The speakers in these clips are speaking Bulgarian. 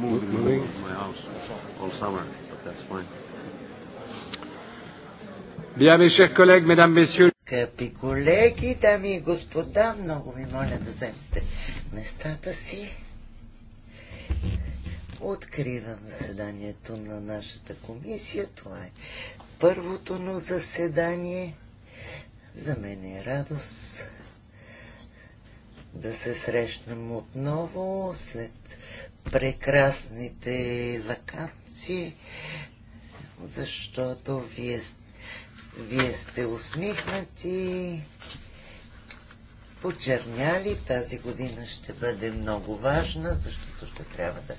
moving, moving. my house all summer, but that's fine. Bien, mes chers collègues, mesdames, messieurs. Скъпи колеги, дами и господа, много ви моля да вземете местата си. Откривам заседанието на нашата комисия. Това е първото но заседание. За мен е радост да се срещнем отново след прекрасните вакансии, защото вие, вие сте усмихнати, почерняли. Тази година ще бъде много важна, защото ще трябва да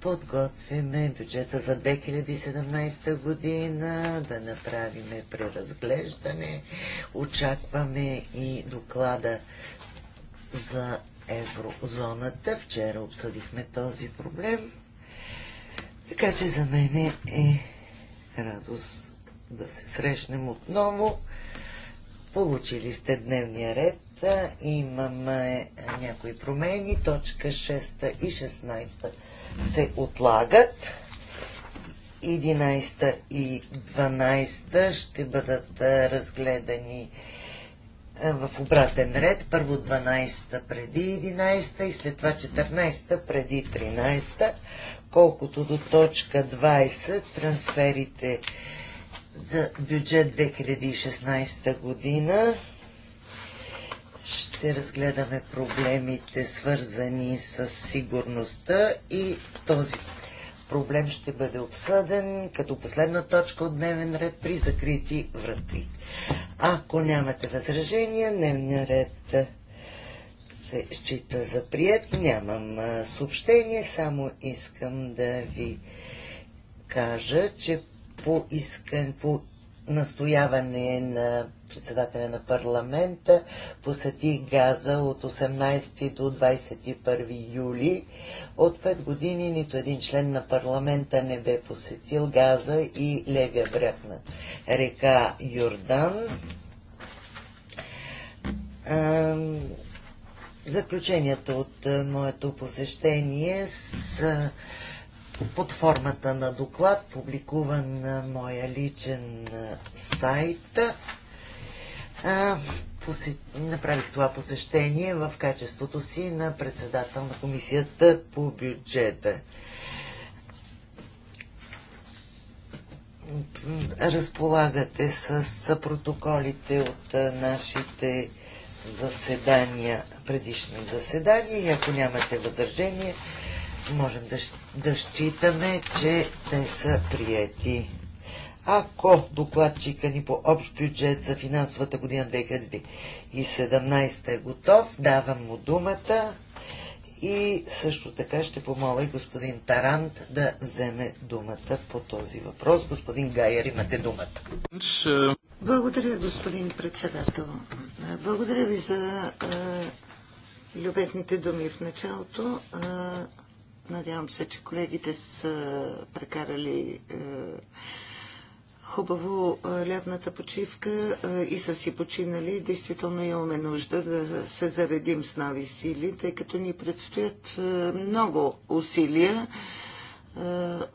подготвиме бюджета за 2017 година, да направиме преразглеждане. Очакваме и доклада за еврозоната. Вчера обсъдихме този проблем. Така че за мен е радост да се срещнем отново. Получили сте дневния ред. Имаме някои промени. Точка 6 и 16 се отлагат. 11 и 12 ще бъдат разгледани е, в обратен ред. Първо 12-та преди 11-та и след това 14-та преди 13-та. Колкото до точка 20, трансферите за бюджет 2016 година. Ще разгледаме проблемите свързани с сигурността и в този проблем ще бъде обсъден като последна точка от дневен ред при закрити врати. Ако нямате възражения, дневният ред се счита за прият. Нямам съобщение, само искам да ви кажа, че по, искан, по настояване на председателя на парламента посети Газа от 18 до 21 юли. От 5 години нито един член на парламента не бе посетил Газа и левия бряг на река Йордан. Заключенията от моето посещение са под формата на доклад, публикуван на моя личен сайт посет... направих това посещение в качеството си на председател на комисията по бюджета. Разполагате с протоколите от нашите заседания, предишни заседания и ако нямате възражение, можем да, да считаме, че те са прияти ако докладчика ни по общ бюджет за финансовата година 2017 е готов, давам му думата и също така ще помоля и господин Тарант да вземе думата по този въпрос. Господин Гайер, имате думата. Благодаря, господин председател. Благодаря ви за е, любезните думи в началото. Е, надявам се, че колегите са прекарали е, хубаво лятната почивка и са си починали. Действително имаме нужда да се заредим с нови сили, тъй като ни предстоят много усилия.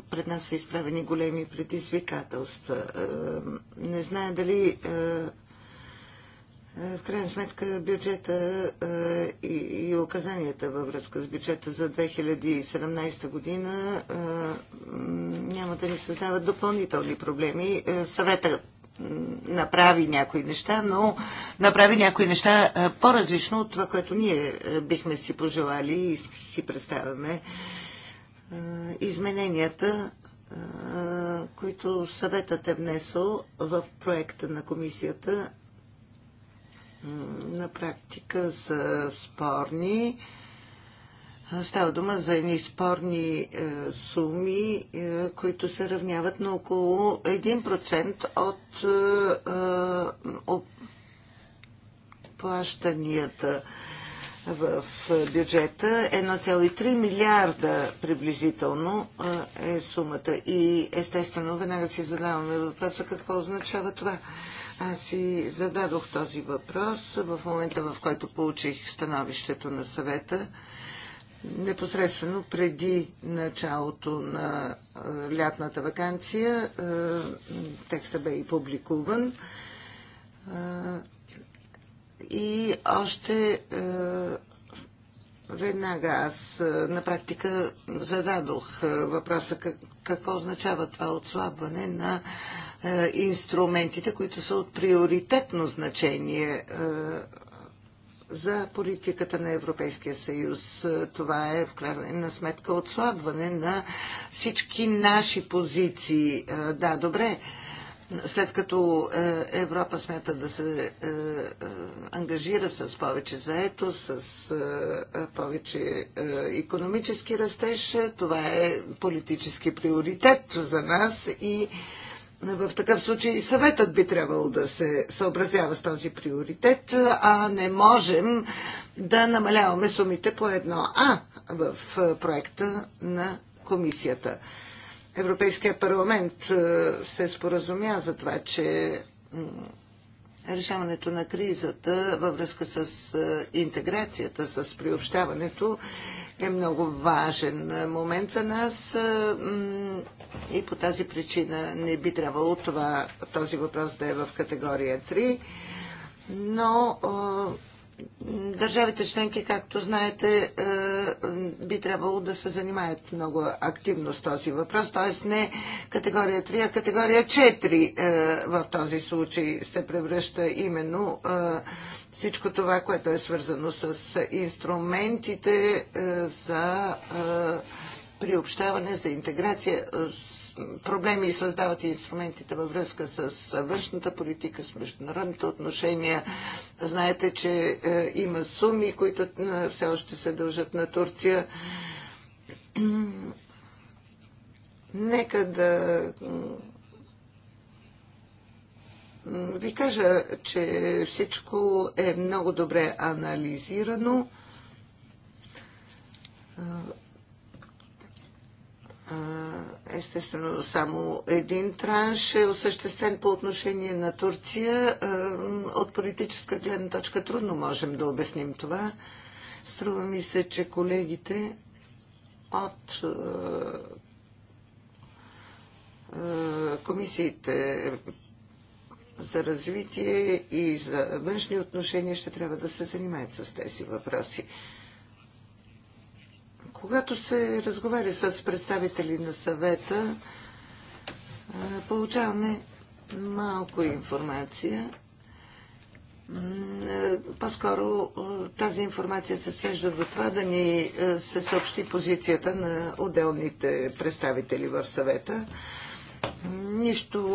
Пред нас са изправени големи предизвикателства. Не зная дали е, в крайна сметка бюджета е, и указанията във връзка с бюджета за 2017 година е, няма да ни създават допълнителни проблеми. Съвета направи някои неща, но направи някои неща по-различно от това, което ние бихме си пожелали и си представяме. Измененията които съветът е внесъл в проекта на комисията, на практика са спорни. Става дума за едни спорни е, суми, е, които се равняват на около 1% е, от плащанията в бюджета. 1,3 милиарда приблизително е сумата. И естествено, веднага си задаваме въпроса какво означава това. Аз си зададох този въпрос в момента, в който получих становището на съвета, непосредствено преди началото на е, лятната вакансия. Е, текста бе и публикуван. Е, и още веднага аз на практика зададох въпроса какво означава това отслабване на е, инструментите, които са от приоритетно значение е, за политиката на Европейския съюз. Е, това е в крайна сметка отслабване на всички наши позиции. Да, добре. След като Европа смята да се ангажира с повече заето, с повече економически растеж, това е политически приоритет за нас и в такъв случай съветът би трябвало да се съобразява с този приоритет, а не можем да намаляваме сумите по едно А в проекта на комисията. Европейския парламент се споразумя за това, че решаването на кризата във връзка с интеграцията, с приобщаването е много важен момент за нас и по тази причина не би трябвало това, този въпрос да е в категория 3. Но държавите членки, както знаете, би трябвало да се занимаят много активно с този въпрос, т.е. не категория 3, а категория 4 в този случай се превръща именно всичко това, което е свързано с инструментите е, за е, приобщаване, за интеграция. Е, проблеми създават и инструментите във връзка с външната политика, с международните отношения. Знаете, че има суми, които все още се дължат на Турция. Нека да ви кажа, че всичко е много добре анализирано. Естествено, само един транш е осъществен по отношение на Турция. От политическа гледна точка трудно можем да обясним това. Струва ми се, че колегите от комисиите за развитие и за външни отношения ще трябва да се занимаят с тези въпроси. Когато се разговаря с представители на съвета, получаваме малко информация. По-скоро тази информация се свежда до това да ни се съобщи позицията на отделните представители в съвета. Нищо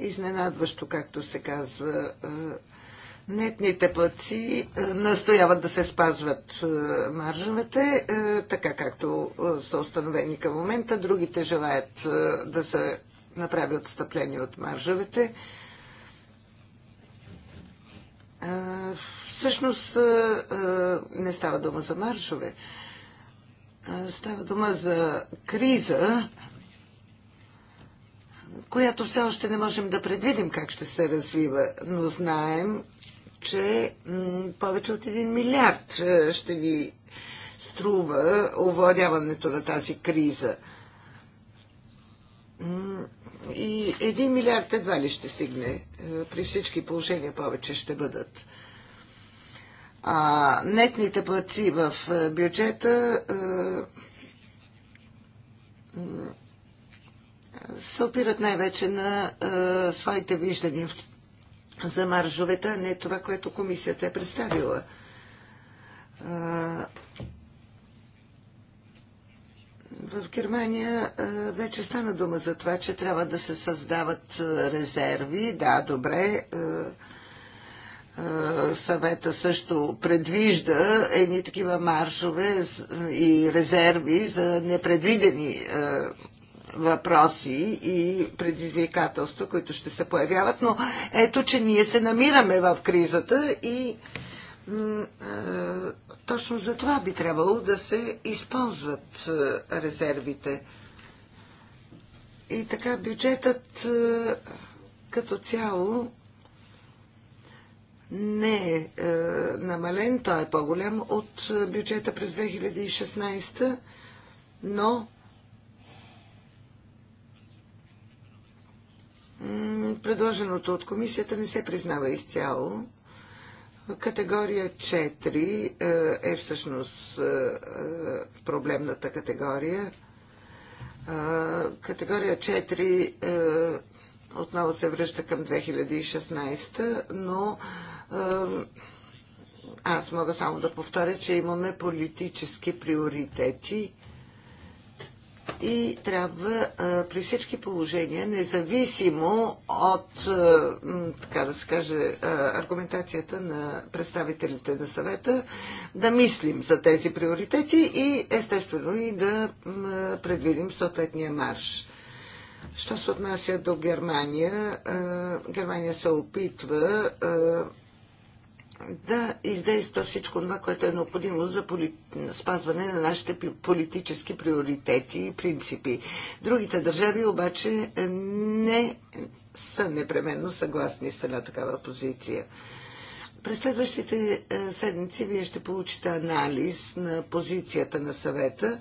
изненадващо, както се казва. Е, нетните платци е, настояват да се спазват е, маржовете, така както са установени към момента. Другите желаят да се направи отстъпление от маржовете. Всъщност не става дума за маржове. Става дума за криза, която все още не можем да предвидим как ще се развива, но знаем, че повече от 1 милиард е, ще ни струва овладяването на тази криза. И един милиард едва ли ще стигне. Е, при всички положения повече ще бъдат. А нетните плаци в е, бюджета се опират най-вече на а, своите виждания за маржовете, а не това, което комисията е представила. А, в Германия вече стана дума за това, че трябва да се създават резерви. Да, добре. Съвета също предвижда едни такива маршове и резерви за непредвидени въпроси и предизвикателства, които ще се появяват, но ето, че ние се намираме в кризата и точно за това би трябвало да се използват резервите. И така бюджетът като цяло не е, е намален, той е по-голям от бюджета през 2016, но предложеното от комисията не се признава изцяло. Категория 4 е, е всъщност е, е, проблемната категория. Категория 4 отново се връща към 2016, но аз мога само да повторя, че имаме политически приоритети и трябва при всички положения, независимо от, така да се каже, аргументацията на представителите на съвета, да мислим за тези приоритети и естествено и да предвидим съответния марш. Що се отнася до Германия, Германия се опитва да издейства всичко това, което е необходимо за поли... спазване на нашите политически приоритети и принципи. Другите държави обаче е, не са непременно съгласни с една такава позиция. През следващите е, седмици вие ще получите анализ на позицията на съвета.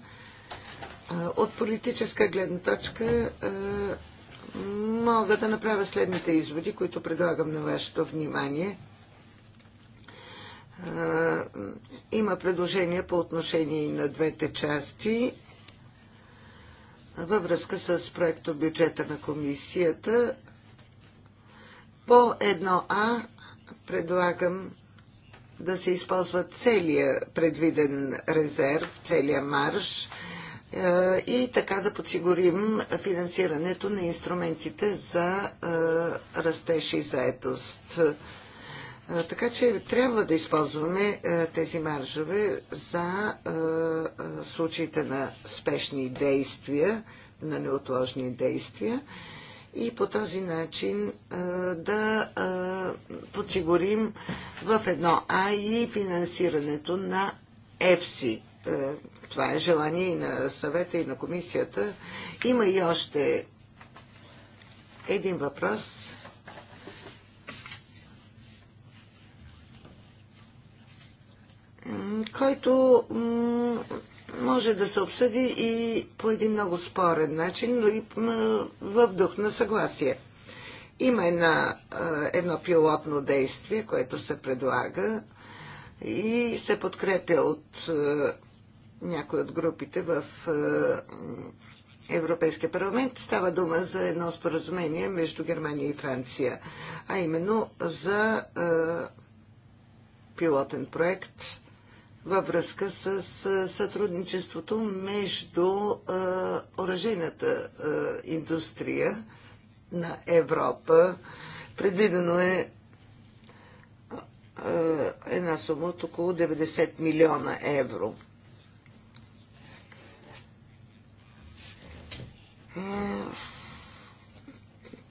Е, от политическа гледна точка мога да направя следните изводи, които предлагам на вашето внимание – е, има предложения по отношение на двете части във връзка с проекто бюджета на комисията. По 1А предлагам да се използва целия предвиден резерв, целия марш е, и така да подсигурим финансирането на инструментите за е, растеж и заетост. Така че трябва да използваме тези маржове за случаите на спешни действия, на неотложни действия и по този начин да подсигурим в едно А и финансирането на ЕФСИ. Това е желание и на съвета, и на комисията. Има и още един въпрос който може да се обсъди и по един много спорен начин, но и в дух на съгласие. Има една, едно пилотно действие, което се предлага и се подкрепя от някои от групите в Европейския парламент. Става дума за едно споразумение между Германия и Франция, а именно за пилотен проект във връзка с сътрудничеството между оръжейната индустрия на Европа. Предвидено е една сума от около 90 милиона евро.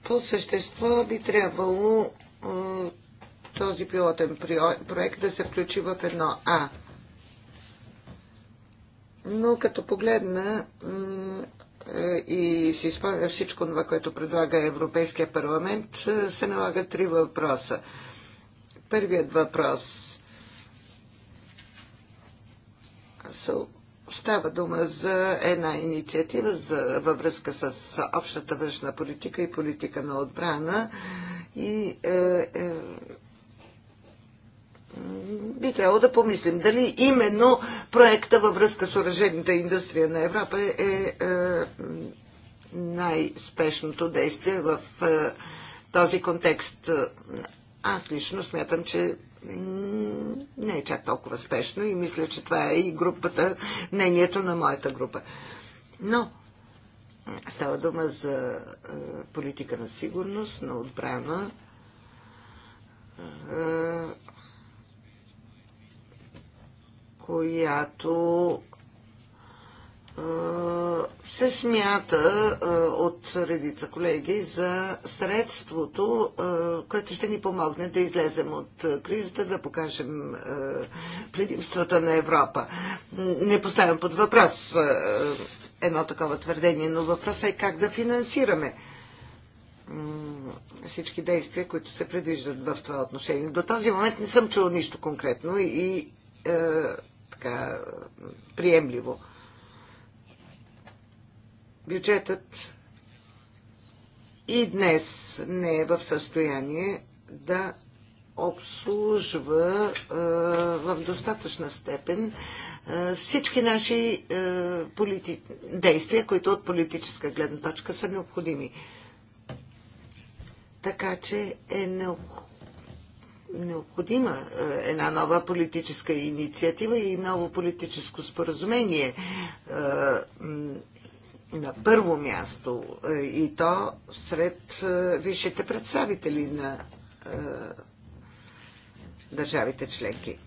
По същество би трябвало този пилотен проект да се включи в едно А но като погледна е, и си спомня всичко това, което предлага Европейския парламент, е, се налага три въпроса. Първият въпрос става дума за една инициатива за, във връзка с общата външна политика и политика на отбрана и е, е, би трябвало да помислим дали именно проекта във връзка с оръжената индустрия на Европа е, е най-спешното действие в е, този контекст. Аз лично смятам, че не е чак толкова спешно и мисля, че това е и групата, мнението на моята група. Но става дума за е, политика на сигурност, на отбрана е, която се смята от редица колеги за средството, което ще ни помогне да излезем от кризата, да покажем предимствата на Европа. Не поставям под въпрос едно такова твърдение, но въпросът е как да финансираме всички действия, които се предвиждат в това отношение. До този момент не съм чула нищо конкретно и е, така приемливо. Бюджетът и днес не е в състояние да обслужва е, в достатъчна степен е, всички наши е, полити... действия, които от политическа гледна точка са необходими. Така че е необходимо необходима е, една нова политическа инициатива и ново политическо споразумение е, на първо място е, и то сред висшите представители на държавите членки.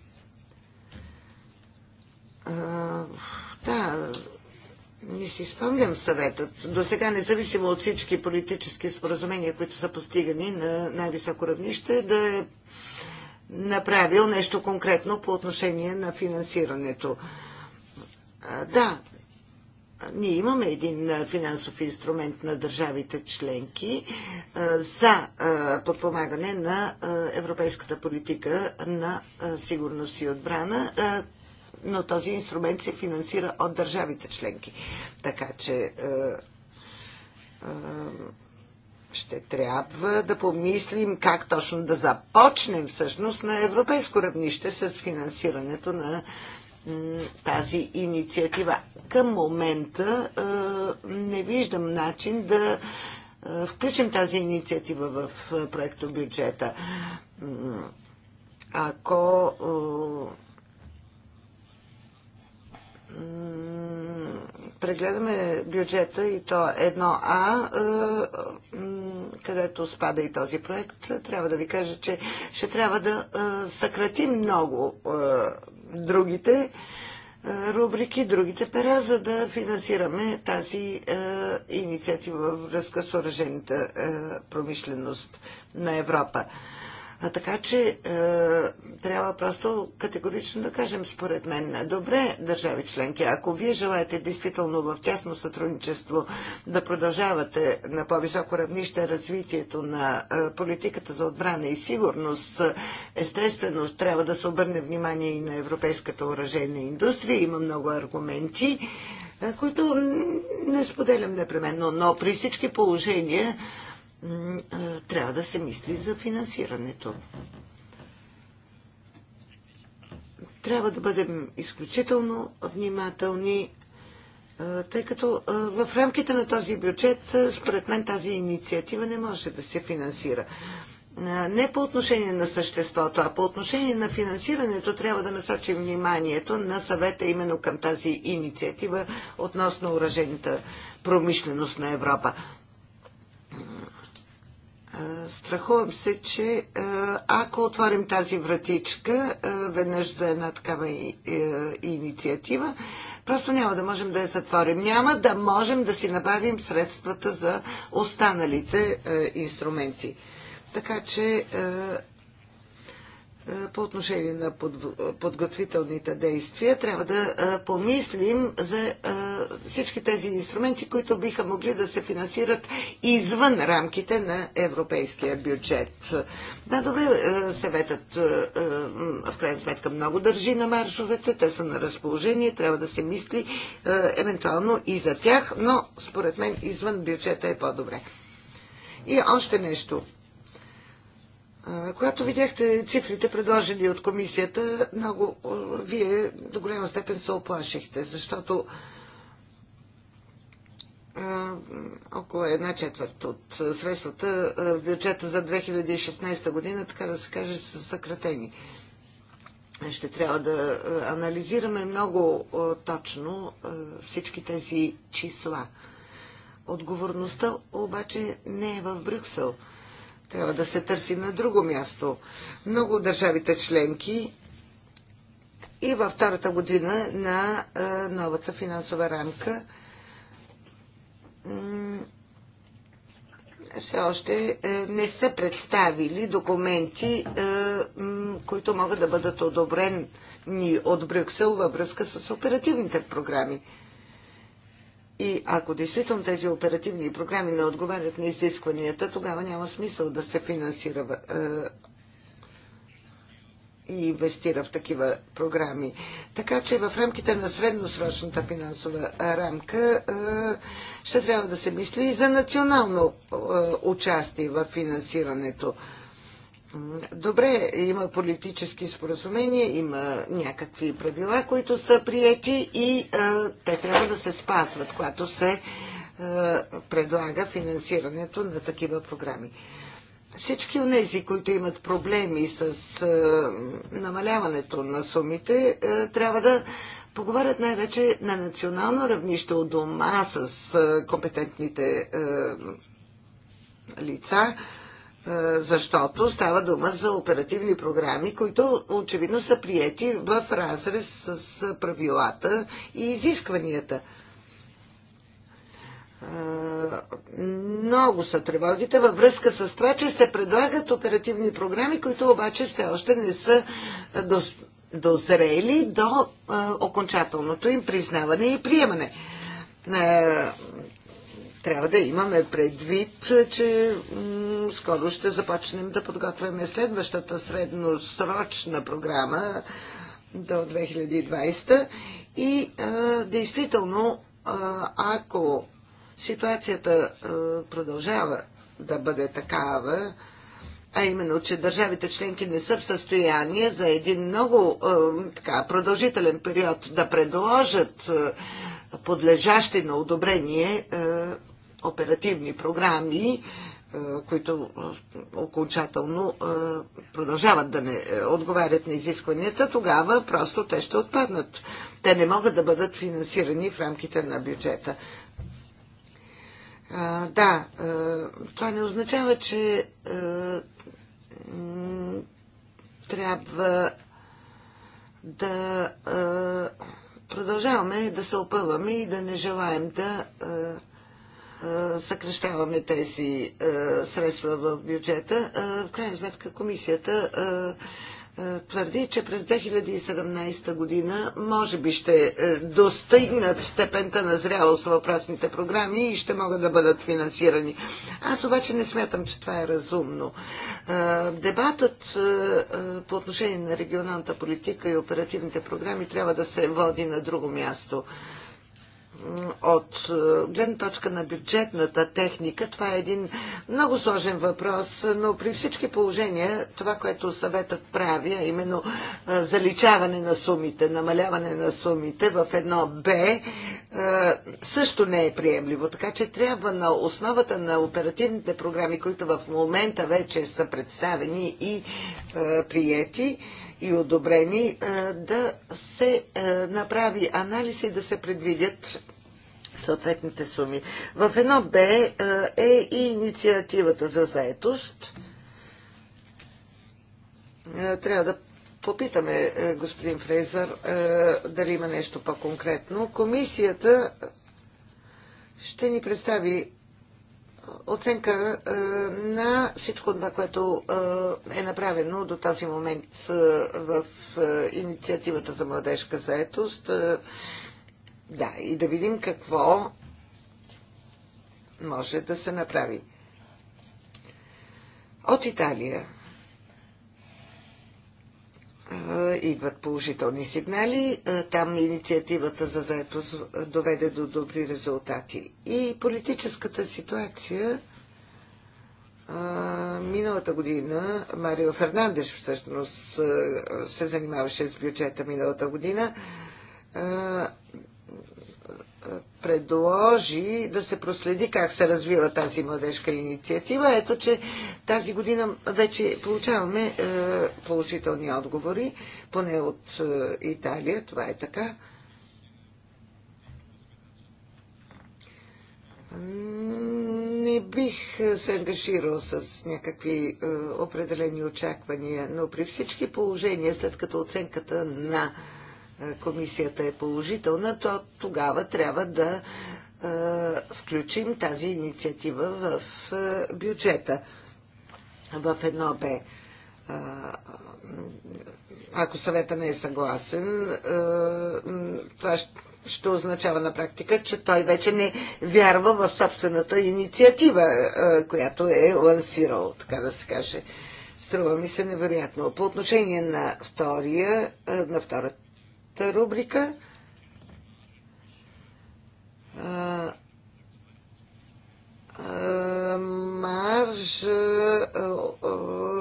Да, не си спомням съветът. До сега, независимо от всички политически споразумения, които са постигани на най-високо равнище, да е направил нещо конкретно по отношение на финансирането. Да, ние имаме един финансов инструмент на държавите членки за подпомагане на европейската политика на сигурност и отбрана, но този инструмент се финансира от държавите членки. Така че е, е, ще трябва да помислим как точно да започнем всъщност на европейско равнище с финансирането на тази инициатива. Към момента е, не виждам начин да е, включим тази инициатива в е, проекто бюджета. Ако е, прегледаме бюджета и то едно, а е, където спада и този проект, трябва да ви кажа, че ще трябва да е, съкратим много е, другите рубрики, другите пера, за да финансираме тази инициатива във връзка с уражената промишленост на Европа. А така че е, трябва просто категорично да кажем, според мен, добре, държави членки, ако вие желаете действително в тясно сътрудничество да продължавате на по-високо равнище развитието на е, политиката за отбрана и сигурност, естествено трябва да се обърне внимание и на европейската оръжейна индустрия. Има много аргументи, е, които не споделям непременно, но при всички положения трябва да се мисли за финансирането. Трябва да бъдем изключително внимателни, тъй като в рамките на този бюджет, според мен, тази инициатива не може да се финансира не по отношение на съществото, а по отношение на финансирането трябва да насочим вниманието на съвета именно към тази инициатива относно уражената промишленост на Европа. Страхувам се, че ако отворим тази вратичка веднъж за една такава е, инициатива, просто няма да можем да я затворим. Няма да можем да си набавим средствата за останалите е, инструменти. Така че е, е, по отношение на подготвителните действия, трябва да е, помислим за е, всички тези инструменти, които биха могли да се финансират извън рамките на европейския бюджет. Да, добре, съветът в крайна сметка много държи на маршовете, те са на разположение, трябва да се мисли евентуално и за тях, но според мен извън бюджета е по-добре. И още нещо – когато видяхте цифрите, предложени от комисията, много вие до голяма степен се оплашихте, защото около една четвърт от средствата в бюджета за 2016 година, така да се каже, са съкратени. Ще трябва да анализираме много точно всички тези числа. Отговорността обаче не е в Брюксел – трябва да се търси на друго място. Много държавите членки и във втората година на новата финансова рамка все още е, не са представили документи, е, които могат да бъдат одобрени от Брюксел във връзка с оперативните програми. И ако действително тези оперативни програми не отговарят на изискванията, тогава няма смисъл да се финансира е, и инвестира в такива програми. Така че в рамките на средносрочната финансова рамка е, ще трябва да се мисли и за национално е, участие в финансирането. Добре, има политически споразумения, има някакви правила, които са приети и а, те трябва да се спазват, когато се а, предлага финансирането на такива програми. Всички от тези, които имат проблеми с а, намаляването на сумите, а, трябва да поговорят най-вече на национално равнище от дома с а, компетентните а, лица, е, защото става дума за оперативни програми, които очевидно са приети в разрез с правилата и изискванията. Е, много са тревогите във връзка с това, че се предлагат оперативни програми, които обаче все още не са дозрели до е, окончателното им признаване и приемане трябва да имаме предвид, че скоро ще започнем да подготвяме следващата средносрочна програма до 2020 и а, действително, а, ако ситуацията а, продължава да бъде такава, а именно, че държавите членки не са в състояние за един много е, така, продължителен период да предложат е, подлежащи на одобрение е, оперативни програми, е, които е, окончателно продължават да не отговарят на изискванията, тогава просто те ще отпаднат. Те не могат да бъдат финансирани в рамките на бюджета. Да, това не означава, че трябва да продължаваме да се опъваме и да не желаем да е, е, съкрещаваме тези е, средства в бюджета. В крайна сметка комисията е, твърди, че през 2017 година може би ще е, достигнат степента на зрялост въпросните програми и ще могат да бъдат финансирани. Аз обаче не смятам, че това е разумно. Е, дебатът по отношение на регионалната политика и оперативните програми трябва да се води на друго място от е, гледна точка на бюджетната техника, това е един много сложен въпрос, но при всички положения това, което съветът прави, а именно е, заличаване на сумите, намаляване на сумите в едно Б, е, също не е приемливо. Така че трябва на основата на оперативните програми, които в момента вече са представени и приети, и одобрени, е, да се е, направи анализ и да се предвидят съответните суми. В едно Б е, е и инициативата за заетост. Трябва да попитаме господин Фрейзър дали има нещо по-конкретно. Комисията ще ни представи оценка е, на всичко това, което е, е направено до този момент е, в инициативата за младежка заетост. Да, и да видим какво може да се направи. От Италия е, идват положителни сигнали. Е, там инициативата за заетост доведе до добри резултати. И политическата ситуация е, миналата година Марио Фернандеш всъщност се занимаваше с бюджета миналата година предложи да се проследи как се развива тази младежка инициатива. Ето, че тази година вече получаваме е, положителни отговори, поне от е, Италия, това е така. Не бих се ангажирал с някакви е, определени очаквания, но при всички положения, след като оценката на е, комисията е положителна, то тогава трябва да е, включим тази инициатива в е, бюджета в едно бе. Е, ако съвета не е съгласен, това ще означава на практика, че той вече не вярва в собствената инициатива, която е лансирал, така да се каже. Струва ми се невероятно. По отношение на, втория, на втората рубрика. Марж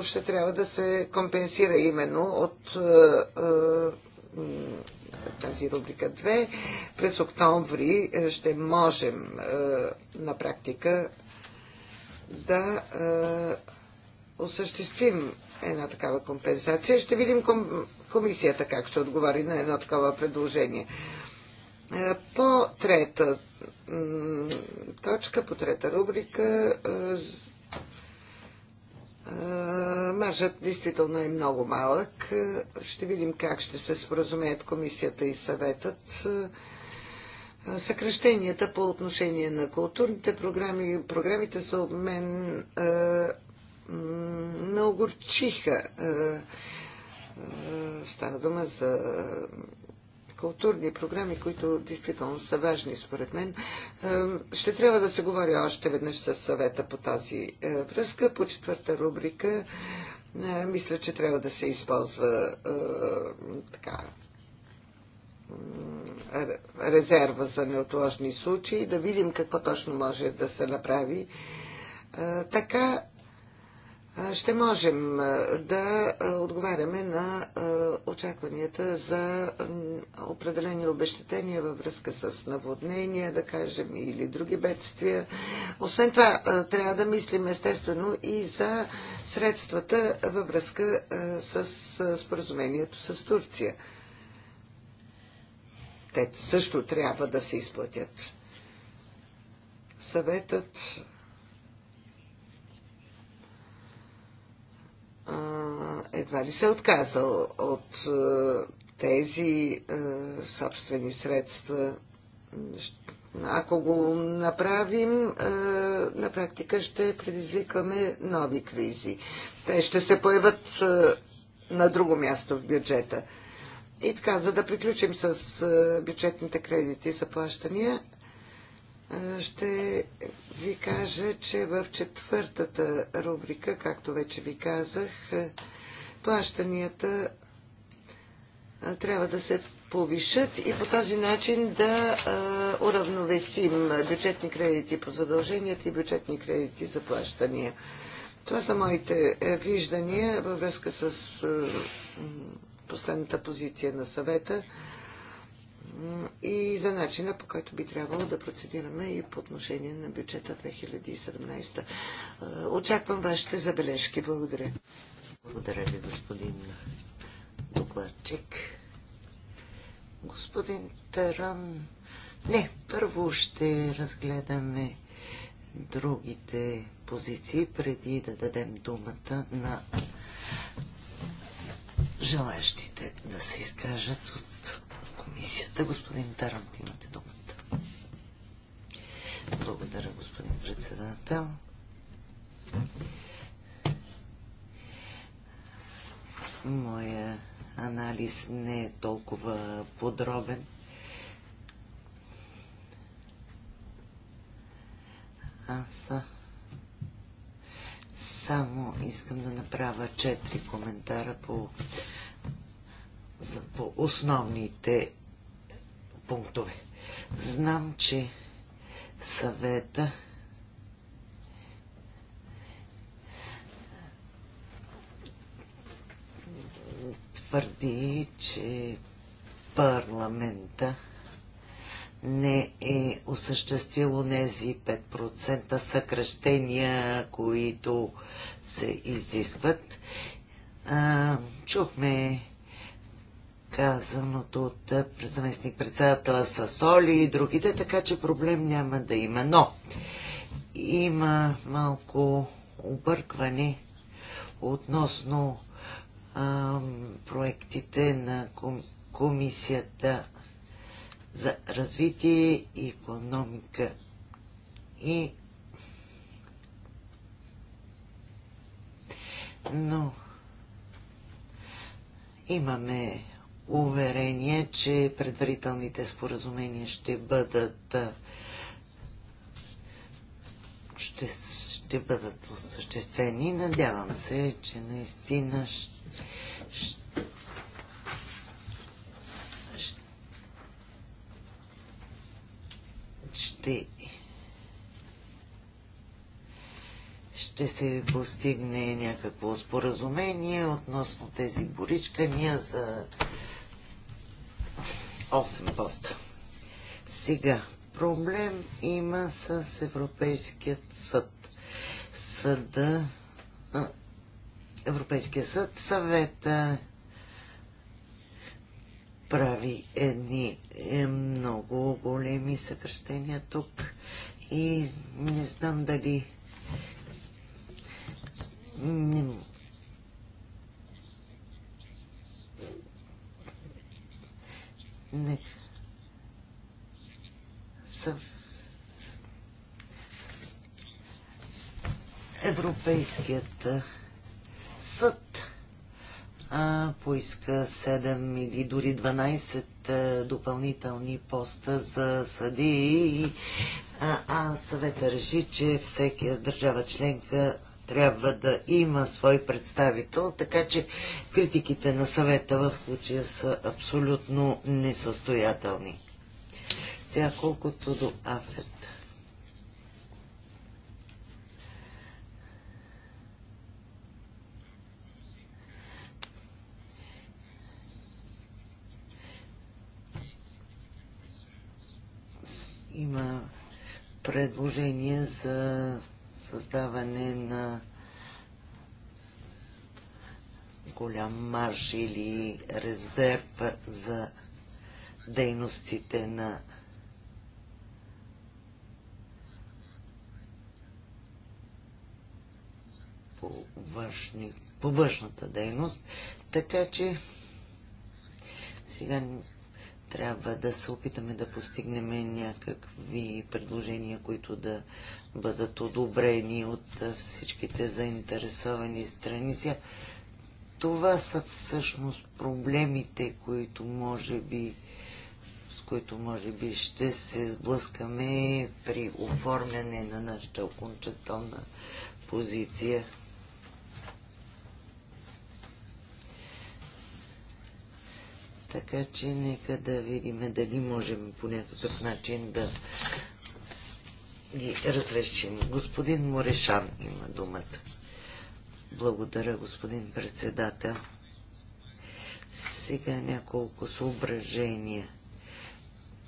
ще трябва да се компенсира именно от тази рубрика 2. През октомври ще можем на практика да осъществим една такава компенсация. Ще видим комисията как ще отговори на едно такова предложение. Е, по трета точка, по трета рубрика, е, е, мъжът действително е много малък. Ще видим как ще се споразумеят комисията и съветът. Съкръщенията по отношение на културните програми, програмите за обмен ме огорчиха. Е, Става дума за е, културни програми, които действително са важни, според мен. Е, ще трябва да се говори още веднъж с съвета по тази връзка. По четвърта рубрика мисля, че трябва да се използва така резерва за неотложни случаи, да видим какво точно може да се направи. Така ще можем да отговаряме на очакванията за определени обещетения във връзка с наводнения, да кажем, или други бедствия. Освен това, трябва да мислим естествено и за средствата във връзка с споразумението с Турция. Те също трябва да се изплатят. Съветът едва ли се е отказал от тези собствени средства. Ако го направим, на практика ще предизвикаме нови кризи. Те ще се появят на друго място в бюджета. И така, за да приключим с бюджетните кредити и заплащания, ще ви кажа, че в четвъртата рубрика, както вече ви казах, плащанията трябва да се повишат и по този начин да уравновесим бюджетни кредити по задълженията и бюджетни кредити за плащания. Това са моите е, виждания във връзка с е, последната позиция на съвета и за начина по който би трябвало да процедираме и по отношение на бюджета 2017. Е, очаквам вашите забележки. Благодаря. Благодаря ви, господин докладчик. Господин Таран, не, първо ще разгледаме другите позиции, преди да дадем думата на желащите да се изкажат от комисията. Господин Тарант, имате думата. Благодаря, господин председател. Моя анализ не е толкова подробен. Аз само искам да направя четири коментара по, за, по основните пунктове. Знам, че съвета твърди, че парламента не е осъществило нези 5% съкръщения, които се изискват. А, чухме казаното от е, заместник председателя соли и другите, така че проблем няма да има. Но има малко объркване относно ам, проектите на ком, Комисията за развитие и економика и но имаме уверение, че предварителните споразумения ще бъдат ще, ще бъдат осъществени. Надявам се, че наистина ще, ще, ще, се постигне някакво споразумение относно тези боричкания за 8 поста. Сега, проблем има с Европейският съд. Съда Европейския съд, съвета прави едни е, много големи съкръщения тук и не знам дали не. Съв... Европейският съд а, поиска 7 или дори 12 допълнителни поста за съдии и а, а съвета реши, че всеки държава членка трябва да има свой представител, така че критиките на съвета в случая са абсолютно несъстоятелни. Сега колкото до Афет. Има предложение за създаване на голям марш или резерв за дейностите на по, външни, по външната дейност. Така че сега трябва да се опитаме да постигнем някакви предложения, които да бъдат одобрени от всичките заинтересовани страни. Това са всъщност проблемите, които може би, с които може би ще се сблъскаме при оформяне на нашата окончателна позиция. Така че нека да видим дали можем по някакъв начин да ги разрешим. Господин Морешан има думата. Благодаря, господин председател. Сега няколко съображения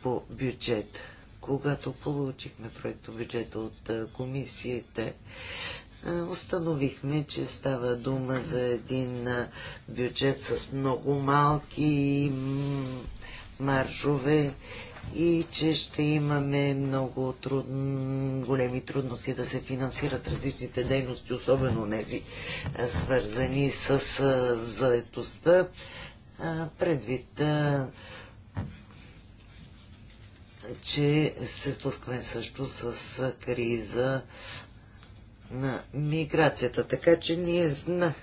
по бюджет. Когато получихме проекто бюджета от комисията, е, установихме, че става дума за един бюджет с много малки маржове и че ще имаме много труд... големи трудности да се финансират различните дейности, особено тези свързани с заетостта, предвид че се спускаме също с криза на миграцията. Така че ние зна,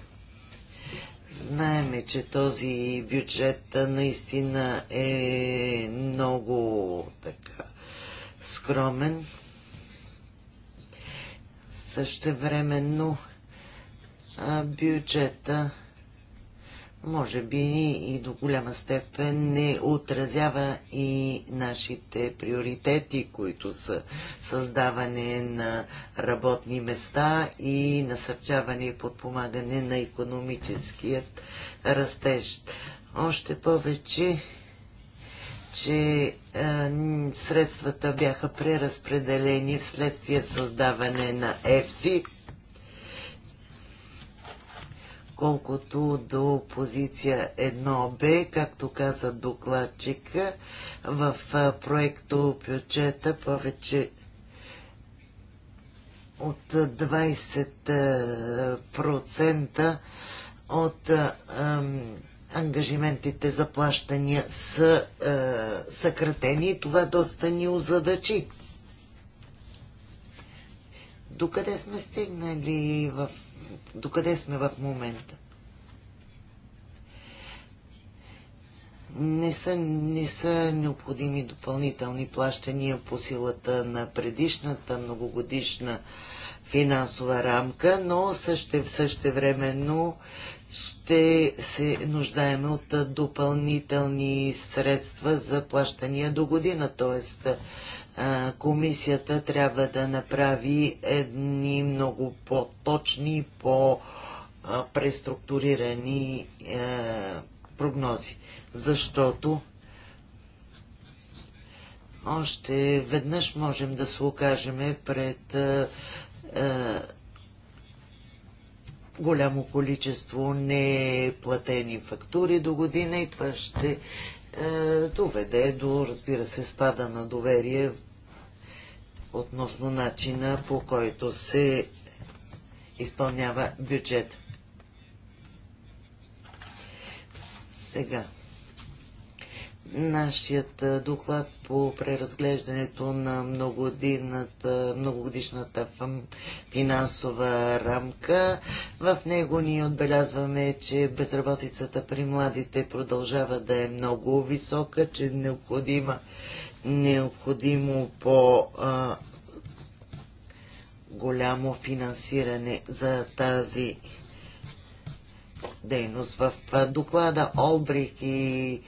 знаеме, че този бюджет наистина е много така скромен. Същевременно бюджета може би и до голяма степен не отразява и нашите приоритети, които са създаване на работни места и насърчаване и подпомагане на економическият растеж. Още повече, че е, средствата бяха преразпределени вследствие създаване на ЕФСИ, Колкото до позиция 1Б, както каза докладчика, в проекто бюджета повече от 20% от ангажиментите за плащания са а, съкратени и това доста ни озадачи. Докъде сме стигнали в докъде сме в момента. не са, не са необходими допълнителни плащания по силата на предишната многогодишна финансова рамка, но също, същевременно ще се нуждаеме от допълнителни средства за плащания до година, т.е комисията трябва да направи едни много по-точни, по-преструктурирани е, прогнози. Защото още веднъж можем да се окажем пред е, е, голямо количество неплатени фактури до година и това ще е, доведе до, разбира се, спада на доверие относно начина по който се изпълнява бюджет. Сега нашият доклад по преразглеждането на многогодишната финансова рамка. В него ние отбелязваме, че безработицата при младите продължава да е много висока, че е необходима, необходимо по голямо финансиране за тази дейност. В доклада Олбрих и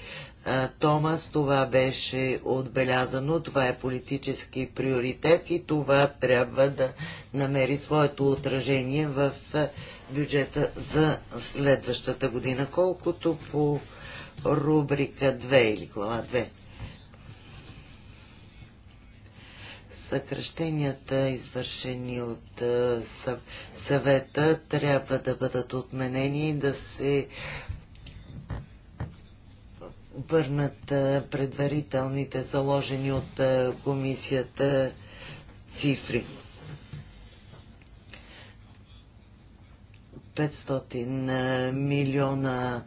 Томас, това беше отбелязано, това е политически приоритет и това трябва да намери своето отражение в бюджета за следващата година, колкото по рубрика 2 или глава 2. съкръщенията, извършени от съвета, трябва да бъдат отменени и да се върнат предварителните заложени от комисията цифри. 500 милиона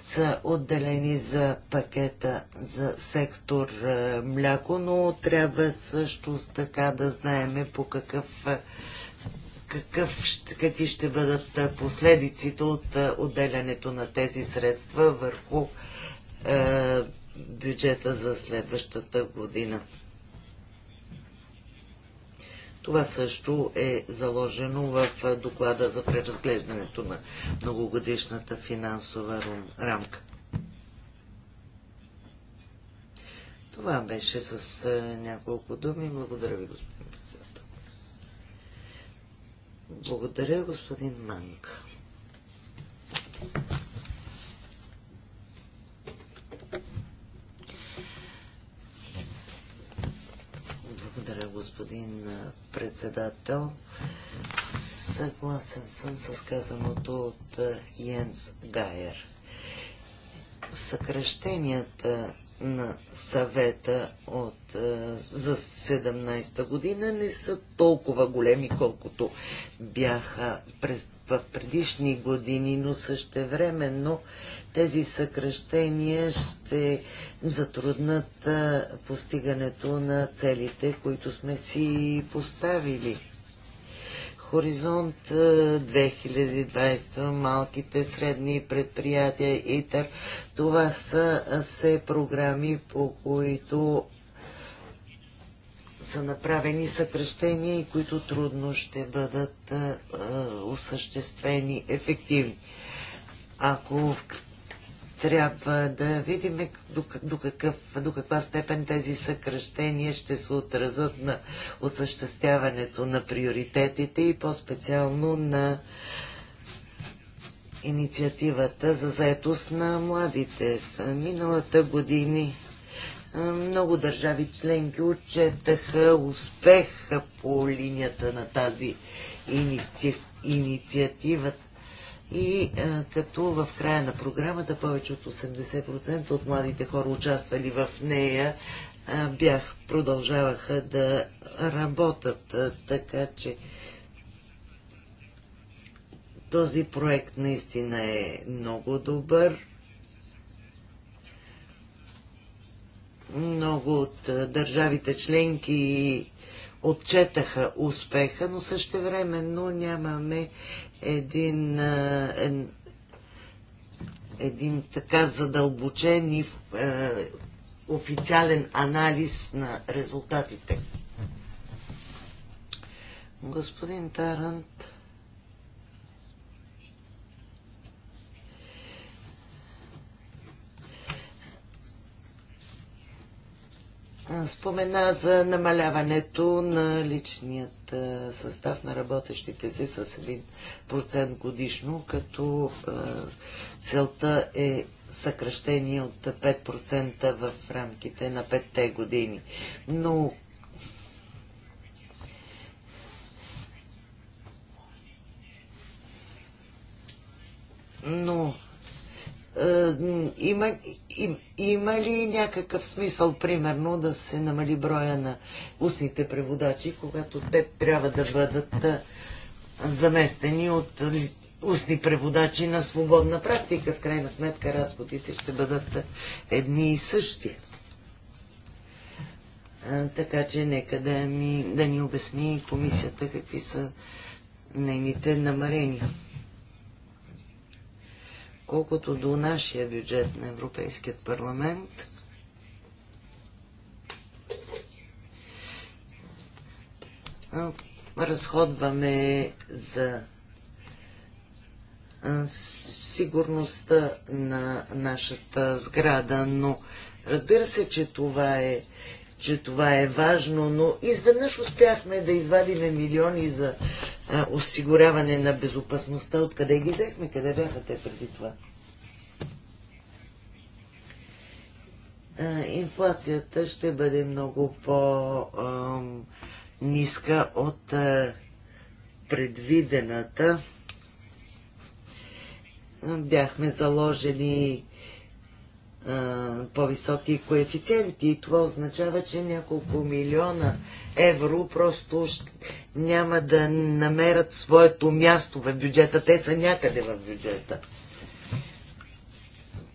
са отделени за пакета за сектор мляко, но трябва също така да знаеме по какъв какъв, какви ще бъдат последиците от отделянето на тези средства върху е, бюджета за следващата година. Това също е заложено в е, доклада за преразглеждането на многогодишната финансова рамка. Това беше с е, няколко думи. Благодаря ви, господин председател. Благодаря, господин Манка. господин председател. Съгласен съм с казаното от Йенс Гайер. Съкръщенията на съвета от, за 17-та година не са толкова големи, колкото бяха през в предишни години, но същевременно тези съкръщения ще затруднат постигането на целите, които сме си поставили. Хоризонт 2020, малките, средни предприятия, ИТЕР, това са се програми, по които са направени съкръщения и които трудно ще бъдат а, осъществени ефективни. Ако трябва да видим до, до, какъв, до каква степен тези съкръщения ще се отразят на осъществяването на приоритетите и по-специално на инициативата за заетост на младите. В миналата години е, много държави членки отчетаха успеха по линията на тази инициатива. И е, като в края на програмата повече от 80% от младите хора участвали в нея, е, бях, продължаваха да работят. Така че този проект наистина е много добър. Много от държавите членки отчетаха успеха, но също времено нямаме един, един, един така задълбочен и официален анализ на резултатите. Господин Тарант, спомена за намаляването на личният състав на работещите си с 1% годишно, като целта е съкръщение от 5% в рамките на 5-те години. Но но е, има, им, има ли някакъв смисъл, примерно, да се намали броя на устните преводачи, когато те трябва да бъдат е, заместени от устни преводачи на свободна практика? В крайна сметка разходите ще бъдат едни и същи. Е, така че нека да, ми, да ни обясни комисията какви са нейните намерения. Колкото до нашия бюджет на Европейският парламент, разходваме за сигурността на нашата сграда, но разбира се, че това е че това е важно, но изведнъж успяхме да извадиме милиони за а, осигуряване на безопасността. Откъде ги взехме? Къде бяха те преди това? А, инфлацията ще бъде много по-ниска от а, предвидената. Бяхме заложени по-високи коефициенти и това означава, че няколко милиона евро просто няма да намерят своето място в бюджета. Те са някъде в бюджета.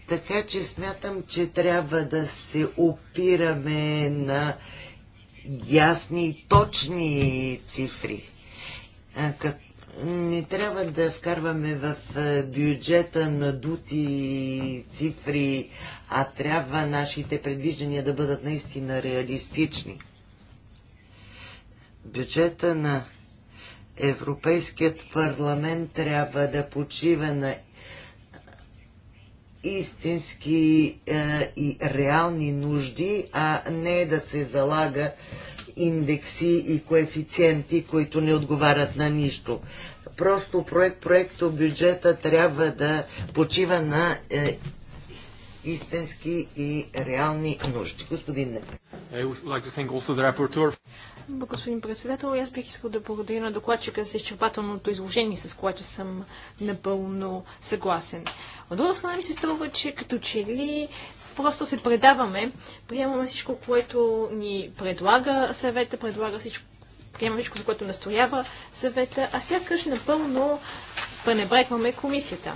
Така че смятам, че трябва да се опираме на ясни и точни цифри. Като не трябва да вкарваме в е, бюджета на дути цифри, а трябва нашите предвиждания да бъдат наистина реалистични. Бюджета на Европейският парламент трябва да почива на истински е, и реални нужди, а не да се залага индекси и коефициенти, които не отговарят на нищо. Просто проект, проекто бюджета трябва да почива на е, истински и реални нужди. Господин Непе. Господин председател, аз бих искал да благодаря на докладчика за изчерпателното изложение, с което съм напълно съгласен. От друга страна ми се струва, че като че ли просто се предаваме, приемаме всичко, което ни предлага съвета, предлага всичко, приема всичко, за което настоява съвета, а сякаш напълно пренебрегваме комисията.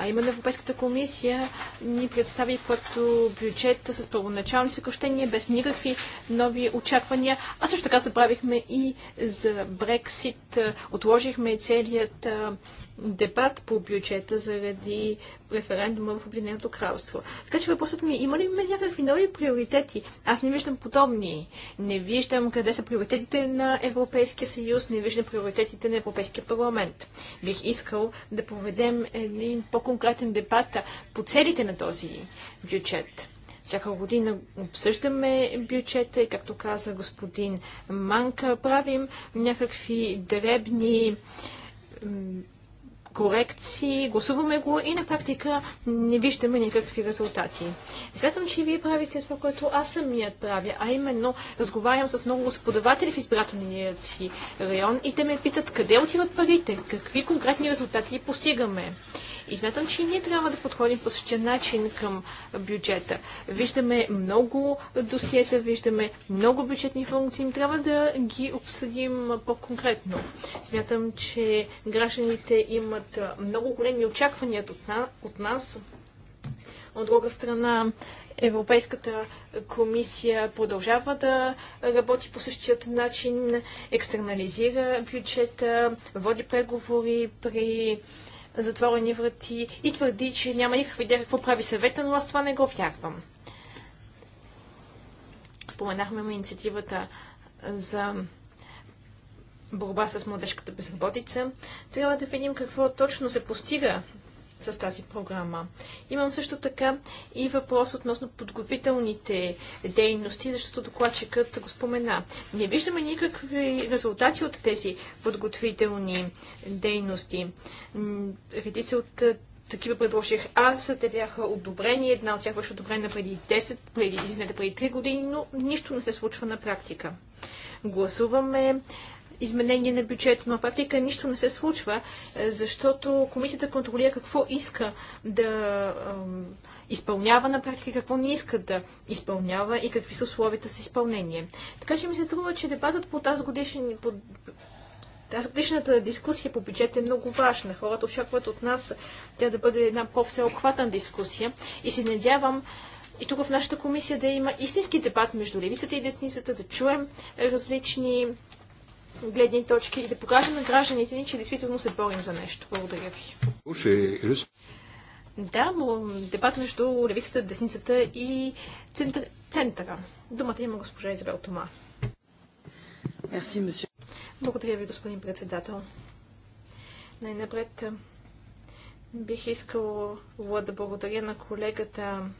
А именно Европейската комисия ни представи като бюджета с първоначални съкръщения, без никакви нови очаквания. А също така забравихме и за Брексит, отложихме целият дебат по бюджета заради референдума в Обединеното кралство. Така че въпросът ми е, има ли някакви нови приоритети? Аз не виждам подобни. Не виждам къде са приоритетите на Европейския съюз, не виждам приоритетите на Европейския парламент. Бих искал да проведем един по-конкретен дебат по целите на този бюджет. Всяка година обсъждаме бюджета и, както каза господин Манка, правим някакви дребни корекции, гласуваме го и на практика не виждаме никакви резултати. Смятам, че вие правите това, което аз самият правя, а именно разговарям с много господаватели в избирателния си район и те ме питат къде отиват парите, какви конкретни резултати постигаме. И смятам, че ние трябва да подходим по същия начин към бюджета. Виждаме много досиета, виждаме много бюджетни функции, трябва да ги обсъдим по-конкретно. Смятам, че гражданите имат много големи очаквания от, от нас. От друга страна, Европейската комисия продължава да работи по същият начин, екстернализира бюджета, води преговори при затворени врати и твърди, че няма никаква идея какво прави съвета, но аз това не го вярвам. Споменахме му инициативата за борба с младежката безработица. Трябва да видим какво точно се постига с тази програма. Имам също така и въпрос относно подготвителните дейности, защото докладчикът го спомена. Не виждаме никакви резултати от тези подготвителни дейности. Редица от такива предложих аз, те бяха одобрени, една от тях беше одобрена преди 10, преди, извинете, преди 3 години, но нищо не се случва на практика. Гласуваме изменение на бюджет, но практика нищо не се случва, е, защото комисията контролира какво иска да изпълнява на практика, какво не иска да изпълнява и какви са условията за изпълнение. Така че ми се струва, че дебатът по тази годишни, по тази годишната дискусия по бюджет е много важна. Хората очакват от нас тя да бъде една по-всеобхватна дискусия и се надявам и тук в нашата комисия да има истински дебат между левицата и десницата, да чуем различни гледни точки и да покажем на гражданите ни, че действително се борим за нещо. Благодаря ви. Да, дебат между левицата, десницата и центъра. Думата има госпожа Изабел Тома. Благодаря ви, господин председател. Най-напред бих искала да благодаря на колегата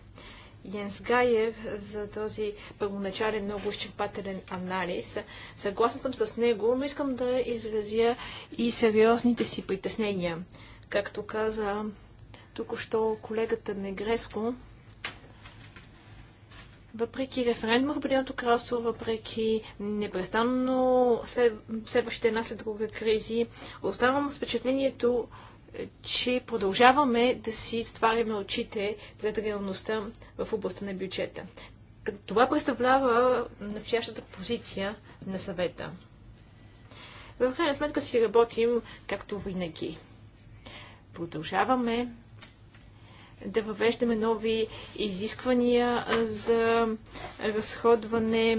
Йенс Гайер за този първоначален много изчерпателен анализ. Съгласна съм с него, но искам да изразя и сериозните си притеснения. Както каза току-що колегата Негреско, въпреки референдума в Обединеното кралство, въпреки непрестанно следващите една след друга кризи, оставам с впечатлението, че продължаваме да си стваряме очите пред реалността в областта на бюджета. Това представлява настоящата позиция на съвета. В крайна сметка си работим както винаги. Продължаваме да въвеждаме нови изисквания за разходване.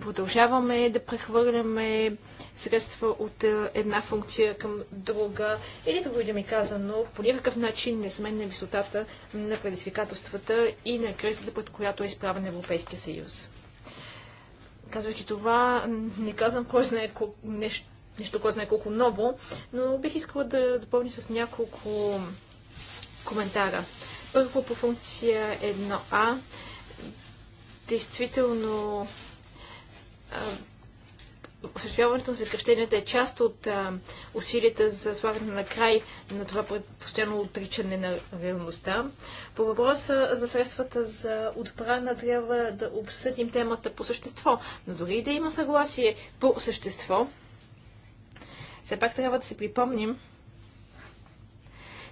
Продължаваме да прехвърляме средства от е, една функция към друга. Или, за да ми казано, по някакъв начин не сме висотата на предизвикателствата и на кризата, пред която е изправен Европейския съюз. Казвайки това, не казвам кой знае колко, нещо, нещо кой знае колко ново, но бих искала да допълня с няколко коментара. Първо по функция 1А. Действително осъществяването на съкръщенията е част от а, усилията за слагане на край на това постоянно отричане на реалността. По въпроса за средствата за отбрана трябва да обсъдим темата по същество, но дори да има съгласие по същество, все пак трябва да се припомним,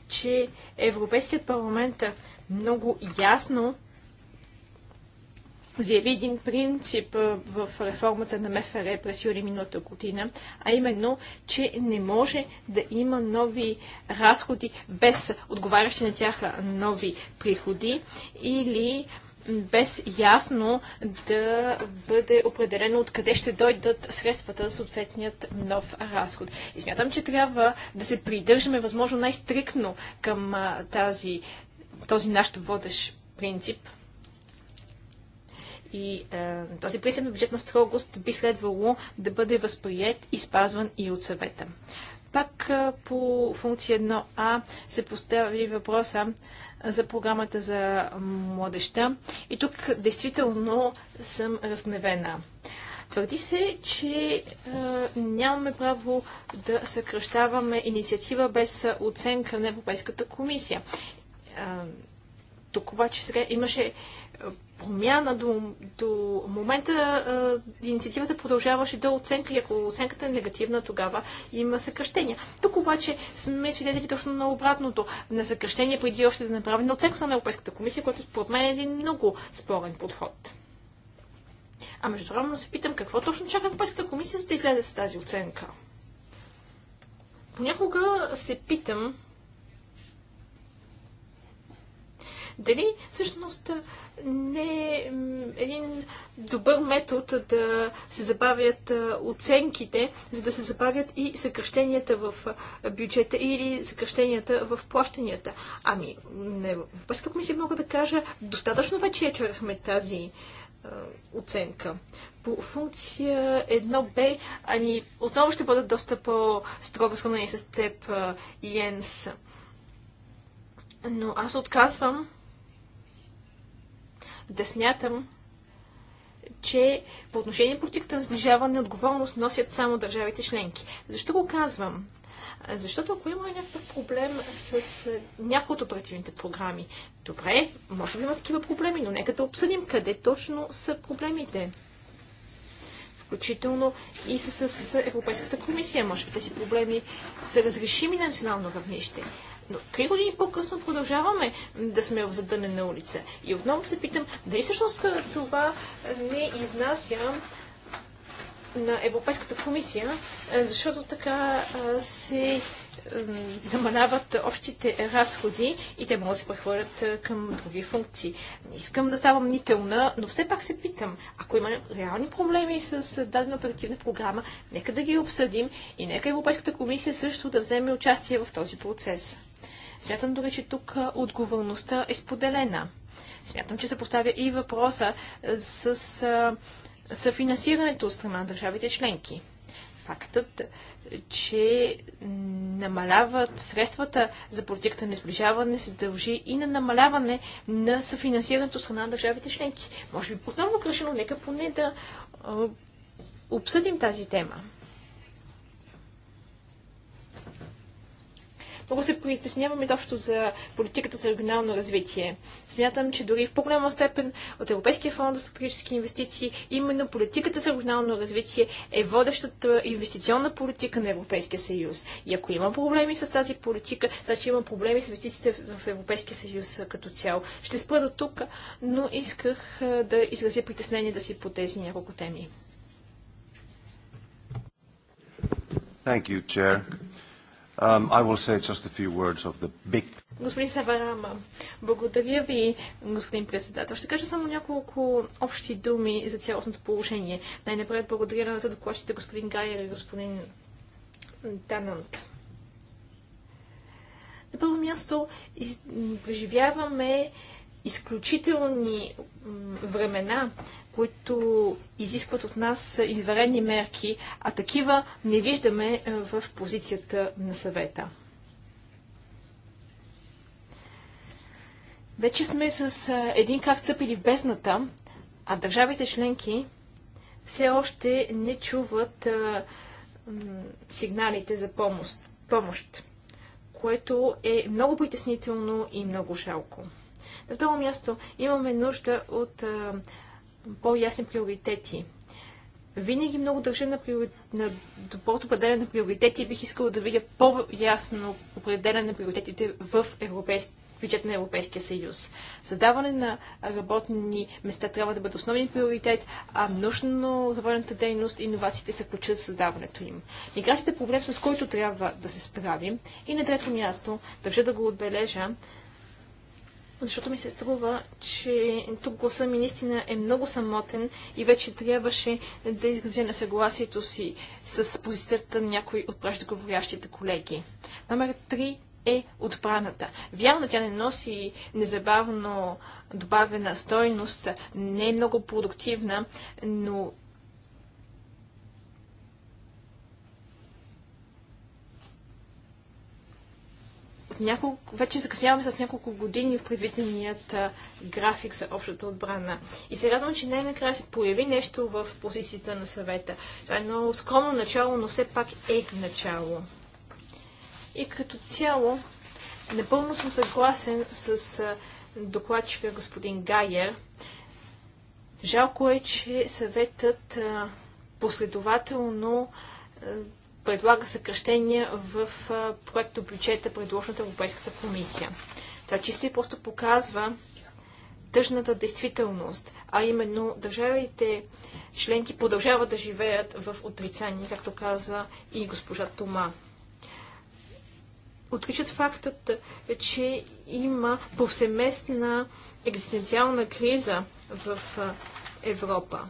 че Европейският парламент много ясно заяви един принцип в реформата на МФР през юли миналата година, а именно, че не може да има нови разходи без отговарящи на тях нови приходи или без ясно да бъде определено откъде ще дойдат средствата за съответният нов разход. И смятам, че трябва да се придържаме възможно най-стрикно към тази, този наш водещ принцип, и е, този принцип на бюджетна строгост би следвало да бъде възприят и спазван и от съвета. Пак е, по функция 1А се постави въпроса за програмата за младеща. И тук действително съм разгневена. Твърди се, че е, нямаме право да съкръщаваме инициатива без оценка на Европейската комисия. Е, тук обаче сега имаше е, промяна до, до момента а, е, инициативата продължаваше до оценка и ако оценката е негативна, тогава има съкръщения. Тук обаче сме свидетели точно на обратното, на съкръщение преди още да направим на оценка на Европейската комисия, което според мен е един много спорен подход. А между време се питам какво точно чака Европейската комисия, за да излезе с тази оценка. Понякога се питам дали всъщност не е един добър метод да се забавят оценките, за да се забавят и съкръщенията в бюджета или съкръщенията в плащанията. Ами, не, в Европейската комисия мога да кажа, достатъчно вече я чарахме тази оценка. По функция 1b, ами отново ще бъдат доста по-строго сравнени с теб Йенс. Но аз отказвам да смятам, че по отношение на политиката на сближаване отговорност носят само държавите членки. Защо го казвам? Защото ако има някакъв проблем с някои от оперативните програми, добре, може би има такива проблеми, но нека да обсъдим къде точно са проблемите. Включително и с, с Европейската комисия. Може би тези проблеми са разрешими на национално равнище. Но три години по-късно продължаваме да сме в задънена улица. И отново се питам, дали всъщност това не изнася на Европейската комисия, защото така се намаляват общите разходи и те могат да се прехвърлят към други функции. Не искам да ставам нителна, но все пак се питам, ако има реални проблеми с дадена оперативна програма, нека да ги обсъдим и нека Европейската комисия също да вземе участие в този процес. Смятам дори, че тук отговорността е споделена. Смятам, че се поставя и въпроса с, съфинансирането от страна на държавите членки. Фактът, че намаляват средствата за политиката на сближаване, се дължи и на намаляване на съфинансирането страна на държавите членки. Може би отново грешено, нека поне да обсъдим тази тема. Много се притеснявам изобщо за политиката за регионално развитие. Смятам, че дори в по-голяма степен от Европейския фонд за стратегически инвестиции, именно политиката за регионално развитие е водещата инвестиционна политика на Европейския съюз. И ако има проблеми с тази политика, значи има проблеми с инвестициите в Европейския съюз като цяло. Ще спра до тук, но исках да изразя притеснение да си по тези няколко теми. Thank you, Chair. Um, господин Саварама, благодаря ви, господин председател. Ще кажа само няколко общи думи за цялостното положение. Най-напред благодаря на докладчите господин Гайер и господин Данант. На първо място преживяваме изключителни времена, които изискват от нас изварени мерки, а такива не виждаме е, в позицията на съвета. Вече сме с е, един крак стъпили в бездната, а държавите членки все още не чуват е, сигналите за помощ, което е много притеснително и много жалко. На второ място имаме нужда от по-ясни приоритети. Винаги много държа на, приори... на доброто определяне на приоритети и бих искала да видя по-ясно определяне на приоритетите в европейски бюджет на Европейския съюз. Създаване на работни места трябва да бъде основен приоритет, а за заводената дейност и иновациите се включат създаването им. Миграцията е проблем, с който трябва да се справим. И на трето място, държа да го отбележа, защото ми се струва, че тук гласа ми наистина е много самотен и вече трябваше да изразя съгласието си с позицията на някои от преждеговорящите колеги. Номер 3 е отбраната. Вярно, тя не носи незабавно добавена стойност, не е много продуктивна, но няколко, вече закъсняваме с няколко години в предвиденият график за общата отбрана. И се радвам, че най-накрая се появи нещо в позицията на съвета. Това е едно скромно начало, но все пак е начало. И като цяло, напълно съм съгласен с докладчика господин Гайер. Жалко е, че съветът последователно предлага съкръщения в проекто бюджета, предложен от Европейската комисия. Това чисто и просто показва тъжната действителност, а именно държавите членки продължават да живеят в отрицание, както каза и госпожа Тома. Отричат фактът, че има повсеместна екзистенциална криза в Европа.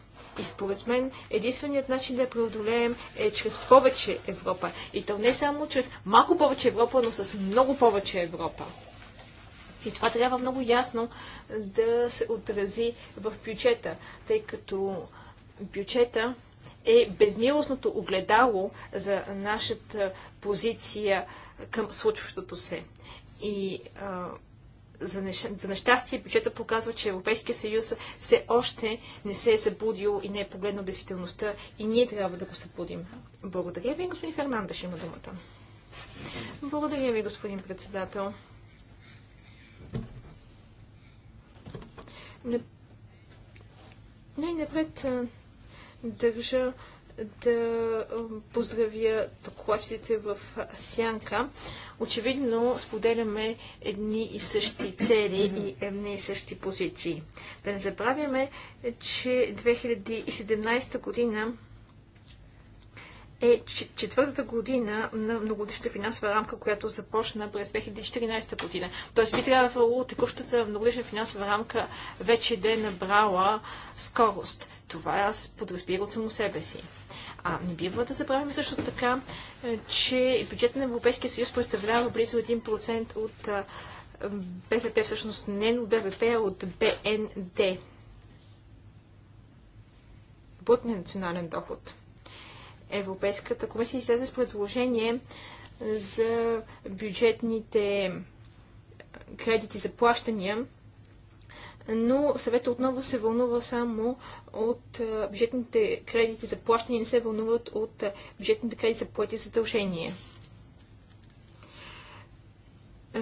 И според мен единственият начин да я преодолеем е чрез повече Европа. И то не само чрез малко повече Европа, но с много повече Европа. И това трябва много ясно да се отрази в бюджета, тъй като бюджета е безмилостното огледало за нашата позиция към случващото се. И а, за, неща, за нещастие бюджета показва, че Европейския съюз все още не се е събудил и не е погледнал действителността и ние трябва да го събудим. Благодаря ви, господин Фернандеш има думата. Благодаря ви, господин председател. Най-напред държа да поздравя докладчиците в Сянка очевидно споделяме едни и същи цели и едни и същи позиции. Да не забравяме, че 2017 година е четвъртата година на многодишната финансова рамка, която започна през 2014 година. Тоест би трябвало текущата многодишна финансова рамка вече да е набрала скорост. Това подразбира от само себе си. А не бива да забравяме също така, е, че бюджет на Европейския съюз представлява близо 1% от е, БВП, всъщност не от БВП, а от БНД. Брутния национален доход. Европейската комисия излезе с предложение за бюджетните кредити за плащания но съвета отново се вълнува само от бюджетните кредити за плащане и не се вълнуват от бюджетните кредити за плати задължение.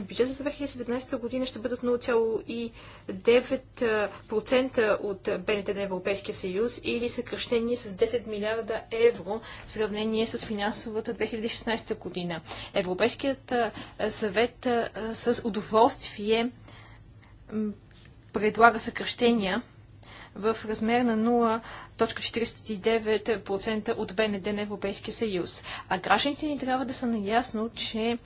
Бюджет за 2017 година ще бъде от 0,9% от БНТ на Европейския съюз или съкръщени с 10 милиарда евро в сравнение с финансовата 2016 година. Европейският съвет с удоволствие предлага съкръщения в размер на 0.49% от БНД на Европейския съюз. А гражданите ни трябва да са наясно, че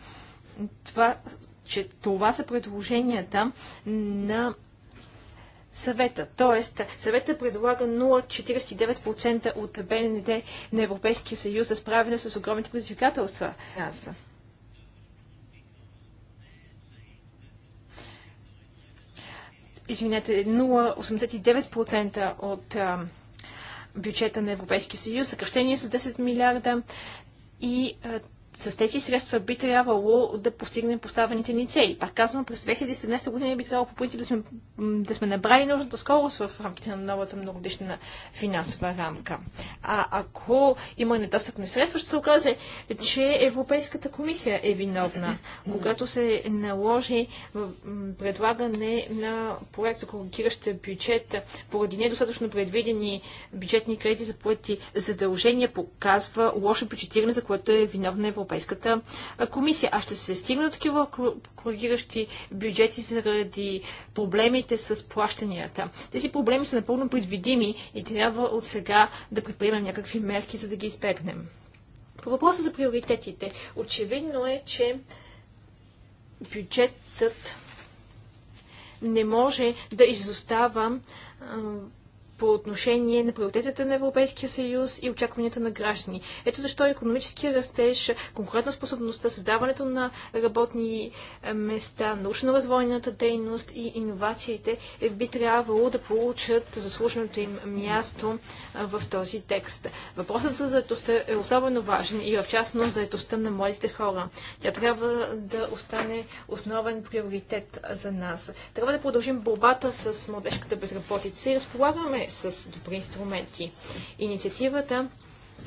това, че това са предложенията на съвета. Тоест, съвета предлага 0,49% от БНД на Европейския съюз за справяне с огромните предизвикателства. извинете, 0,89% от а, бюджета на Европейския съюз, съкръщение с 10 милиарда и с тези средства би трябвало да постигнем поставените ни цели. Пак казвам, през 2017 година би трябвало по принцип да сме, да сме набрали нужната скорост в рамките на новата многодишна финансова рамка. А ако има недостатък на средства, ще се окаже, че Европейската комисия е виновна, когато се наложи предлагане на проект за коригиращия бюджет поради недостатъчно предвидени бюджетни кредити за поети задължения, показва лошо бюджетиране, за което е виновна Европейската Европейската комисия. А ще се стигна такива коригиращи бюджети заради проблемите с плащанията. Тези проблеми са напълно предвидими и трябва от сега да предприемем някакви мерки, за да ги избегнем. По въпроса за приоритетите, очевидно е, че бюджетът не може да изостава по отношение на приоритетите на Европейския съюз и очакванията на граждани. Ето защо економическия растеж, конкурентоспособността, създаването на работни е, места, научно-развойната дейност и иновациите е, би трябвало да получат заслуженото им място е, в този текст. Въпросът за заедостта е особено важен и в частност заедостта на младите хора. Тя трябва да остане основен приоритет за нас. Трябва да продължим борбата с младежката безработица и разполагаме с добри инструменти. Инициативата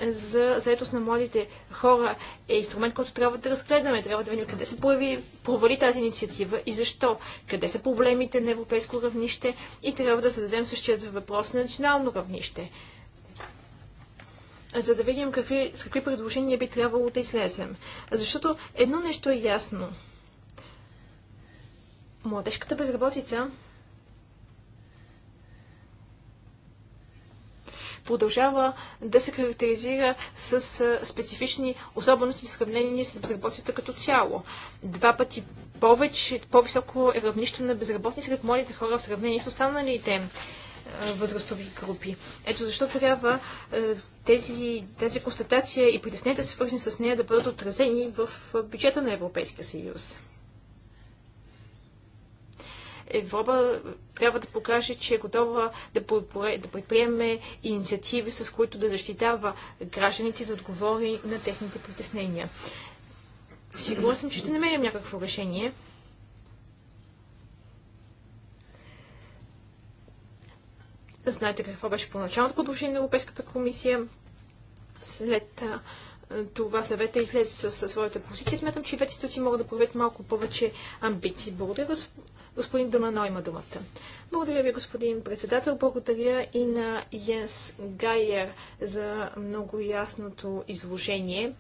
за заетост на младите хора е инструмент, който трябва да разгледаме. Трябва да видим къде се появи, провали тази инициатива и защо. Къде са проблемите на европейско равнище и трябва да зададем същият въпрос на национално равнище. За да видим какви, с какви предложения би трябвало да излезем. Защото едно нещо е ясно. Младежката безработица продължава да се характеризира с специфични особености в сравнение с безработицата като цяло. Два пъти повече, по-високо е равнището на безработни сред младите хора в сравнение с останалите възрастови групи. Ето защо трябва тези, тази констатация и притесненията, свързани с нея, да бъдат отразени в бюджета на Европейския съюз. Европа трябва да покаже, че е готова да, предприеме инициативи, с които да защитава гражданите да отговори на техните притеснения. Сигурна съм, че ще намерим някакво решение. Знаете какво беше по началното предложение на Европейската комисия. След това съвета е излезе с своята позиция. Смятам, че двете институции могат да проявят малко повече амбиции. Благодаря, господин Донано има думата. Благодаря ви, господин председател. Благодаря и на Йенс Гайер за много ясното изложение.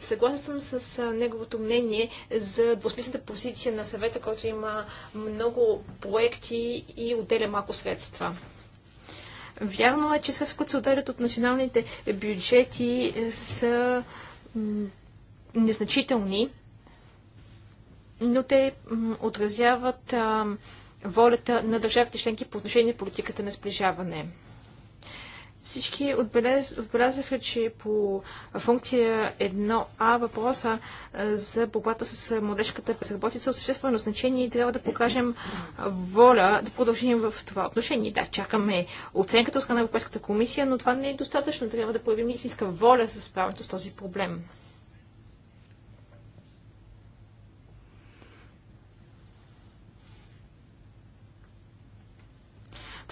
Съгласен съм с неговото мнение за двусмислената позиция на съвета, който има много проекти и отделя малко средства. Вярно е, че средства, които се отделят от националните бюджети, е, са незначителни, но те отразяват волята на държавите членки по отношение на политиката на сближаване. Всички отбелязаха, че по функция 1А въпроса за борбата с младежката безработица е от съществено значение и трябва да покажем воля да продължим в това отношение. Да, чакаме оценката от страна Европейската комисия, но това не е достатъчно. Трябва да проявим истинска воля за справянето с този проблем.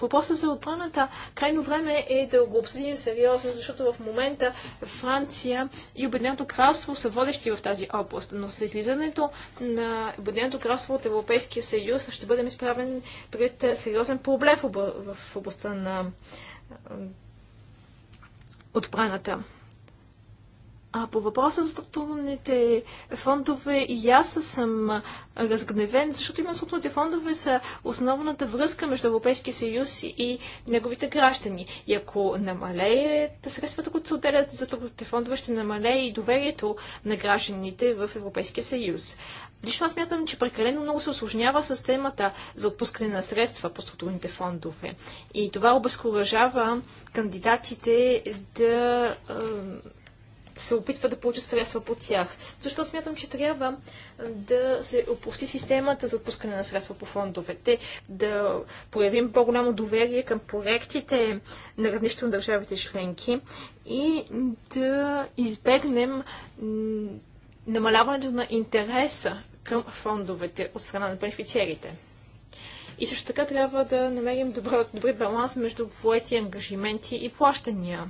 Въпросът за отбраната, крайно време е да го обсъдим сериозно, защото в момента Франция и Обединеното кралство са водещи в тази област. Но с излизането на Обединеното кралство от Европейския съюз ще бъдем изправени пред сериозен проблем в областта на отбраната. А по въпроса за структурните фондове и аз съм разгневен, защото именно структурните фондове са основната връзка между Европейския съюз и неговите граждани. И ако намалеят средствата, които се отделят за структурните фондове, ще намалее и доверието на гражданите в Европейския съюз. Лично аз мятам, че прекалено много се осложнява с темата за отпускане на средства по структурните фондове. И това обезкуражава кандидатите да се опитва да получат средства по тях. Защо смятам, че трябва да се опусти системата за отпускане на средства по фондовете, да проявим по-голямо доверие към проектите на равнището на държавите членки и да избегнем намаляването на интереса към фондовете от страна на бенефициерите. И също така трябва да намерим добър, добър баланс между поети ангажименти и плащания.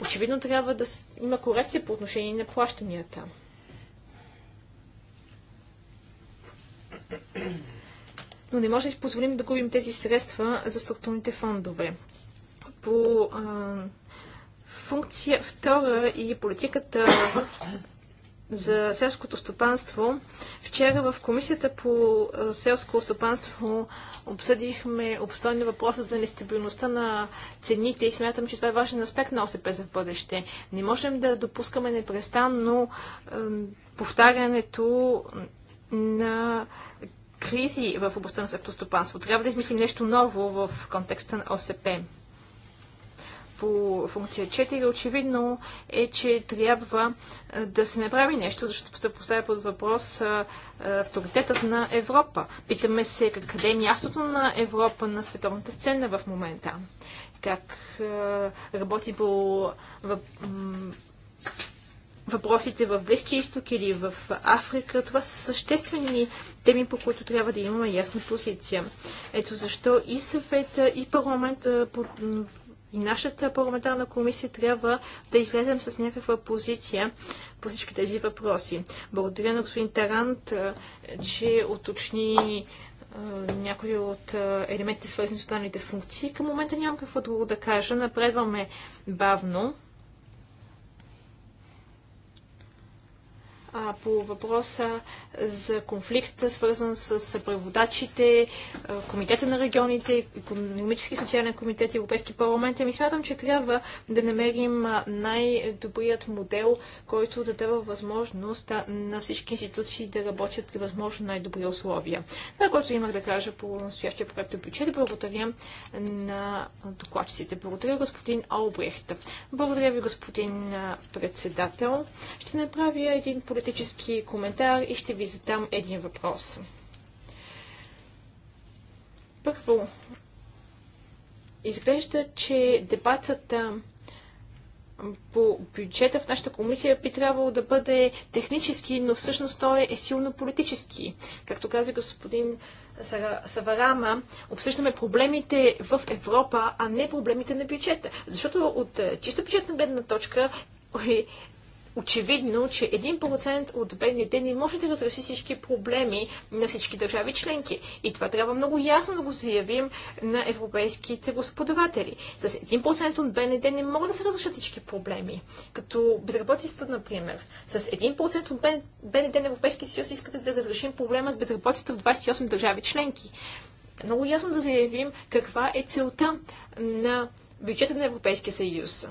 Очевидно трябва да има корекция по отношение на плащанията. Но не може да си позволим да губим тези средства за структурните фондове. По а, функция втора и политиката за селското стопанство. Вчера в Комисията по селско стопанство обсъдихме обстойни въпроса за нестабилността на цените и смятам, че това е важен аспект на ОСП за бъдеще. Не можем да допускаме непрестанно повтарянето на кризи в областта на стопанство. Трябва да измислим нещо ново в контекста на ОСП по функция 4, очевидно е, че трябва да се направи нещо, защото се поставя под въпрос авторитетът на Европа. Питаме се къде е мястото на Европа на световната сцена в момента. Как работи по въпросите в Близки изток или в Африка. Това са съществени теми, по които трябва да имаме ясна позиция. Ето защо и съвета, и парламента и нашата парламентарна комисия трябва да излезем с някаква позиция по всички тези въпроси. Благодаря на господин Тарант, че уточни някои от елементите, свързани с останалите функции. Към момента нямам какво друго да кажа. Напредваме бавно. по въпроса за конфликта, свързан с преводачите, Комитета на регионите, Економически и социален комитет и Европейски парламент. Ами смятам, че трябва да намерим най-добрият модел, който да дава възможност на всички институции да работят при възможно най-добри условия. Това, което имах да кажа по настоящия проект бюджет, благодаря на докладчиците. Благодаря господин Олбрехт. Благодаря ви, господин председател. Ще направя един политик политически коментар и ще ви задам един въпрос. Първо, изглежда, че дебатата по бюджета в нашата комисия би трябвало да бъде технически, но всъщност той е силно политически. Както каза господин Саварама, обсъждаме проблемите в Европа, а не проблемите на бюджета. Защото от чисто бюджетна гледна точка очевидно, че 1% от БНД не може да разреши всички проблеми на всички държави членки. И това трябва много ясно да го заявим на европейските господаватели. С 1% от БНД не могат да се разрешат всички проблеми. Като безработицата, например. С 1% от БНД на европейски съюз искате да разрешим проблема с безработицата в 28 държави членки. Много ясно да заявим каква е целта на бюджета на Европейския съюз.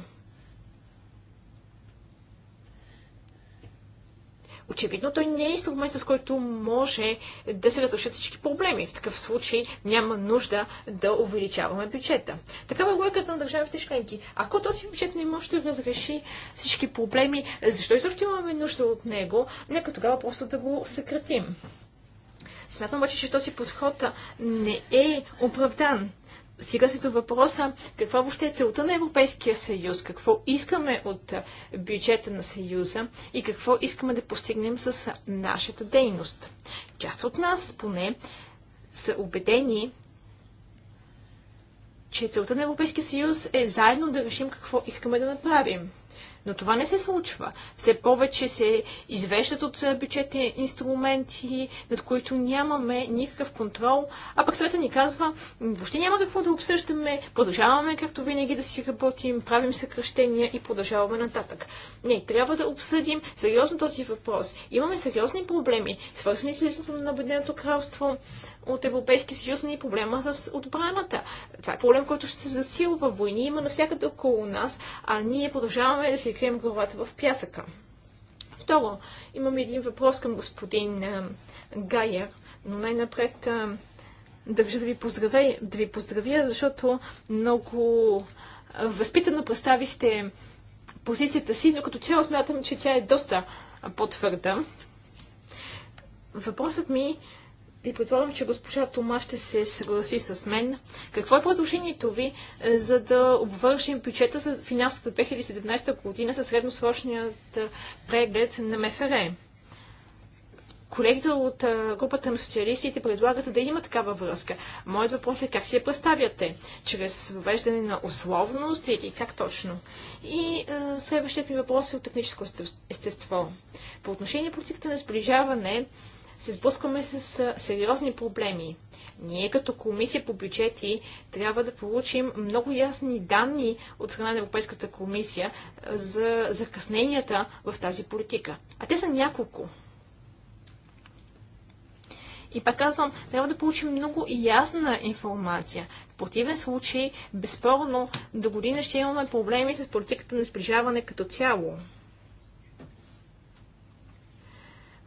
Очевидно той не е инструмент, с който може да се разрешат всички проблеми. В такъв случай няма нужда да увеличаваме бюджета. Такава е логиката на държавите членки. Ако този бюджет не може да разреши всички проблеми, защо изобщо имаме нужда от него? Нека тогава просто да го съкратим. Смятам обаче, че този подход не е оправдан. Сига се до въпроса каква въобще е целта на Европейския съюз, какво искаме от бюджета на съюза и какво искаме да постигнем с нашата дейност. Част от нас поне са убедени, че целта на Европейския съюз е заедно да решим какво искаме да направим. Но това не се случва. Все повече се извеждат от е, бюджетни инструменти, над които нямаме никакъв контрол, а пък света ни казва, въобще няма какво да обсъждаме, продължаваме както винаги да си работим, правим съкръщения и продължаваме нататък. Не, трябва да обсъдим сериозно този въпрос. Имаме сериозни проблеми, свързани с лицето на Обединеното кралство от Европейския съюз, но и е проблема с отбраната. Това е проблем, който ще се засилва. Войни има навсякъде около нас, а ние продължаваме да си крием главата в пясъка. Второ, имам един въпрос към господин а, Гайер, но най-напред държа да ви, поздравя, да ви поздравя, защото много възпитано представихте позицията си, но като цяло смятам, че тя е доста по-твърда. Въпросът ми и предполагам, че госпожа Тома ще се съгласи с мен. Какво е предложението ви, е, за да обвършим бюджета за финансовата 2017 година със средносрочният е, преглед на МФР? Колегите от е, групата на социалистите предлагат да има такава връзка. Моят въпрос е как си я представяте? Чрез въвеждане на условност или как точно? И е, следващият ми въпрос е от техническо естество. По отношение на политиката на сближаване, се сблъскваме с сериозни проблеми. Ние като комисия по бюджети трябва да получим много ясни данни от страна на Европейската комисия за закъсненията в тази политика. А те са няколко. И пак казвам, трябва да получим много ясна информация. В противен случай, безспорно, до година ще имаме проблеми с политиката на сближаване като цяло.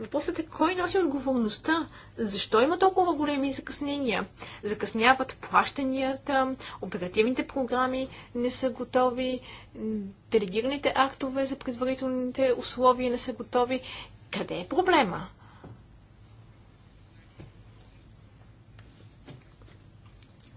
Въпросът е кой носи отговорността? Защо има толкова големи закъснения? Закъсняват плащанията, оперативните програми не са готови, делегираните актове за предварителните условия не са готови. Къде е проблема?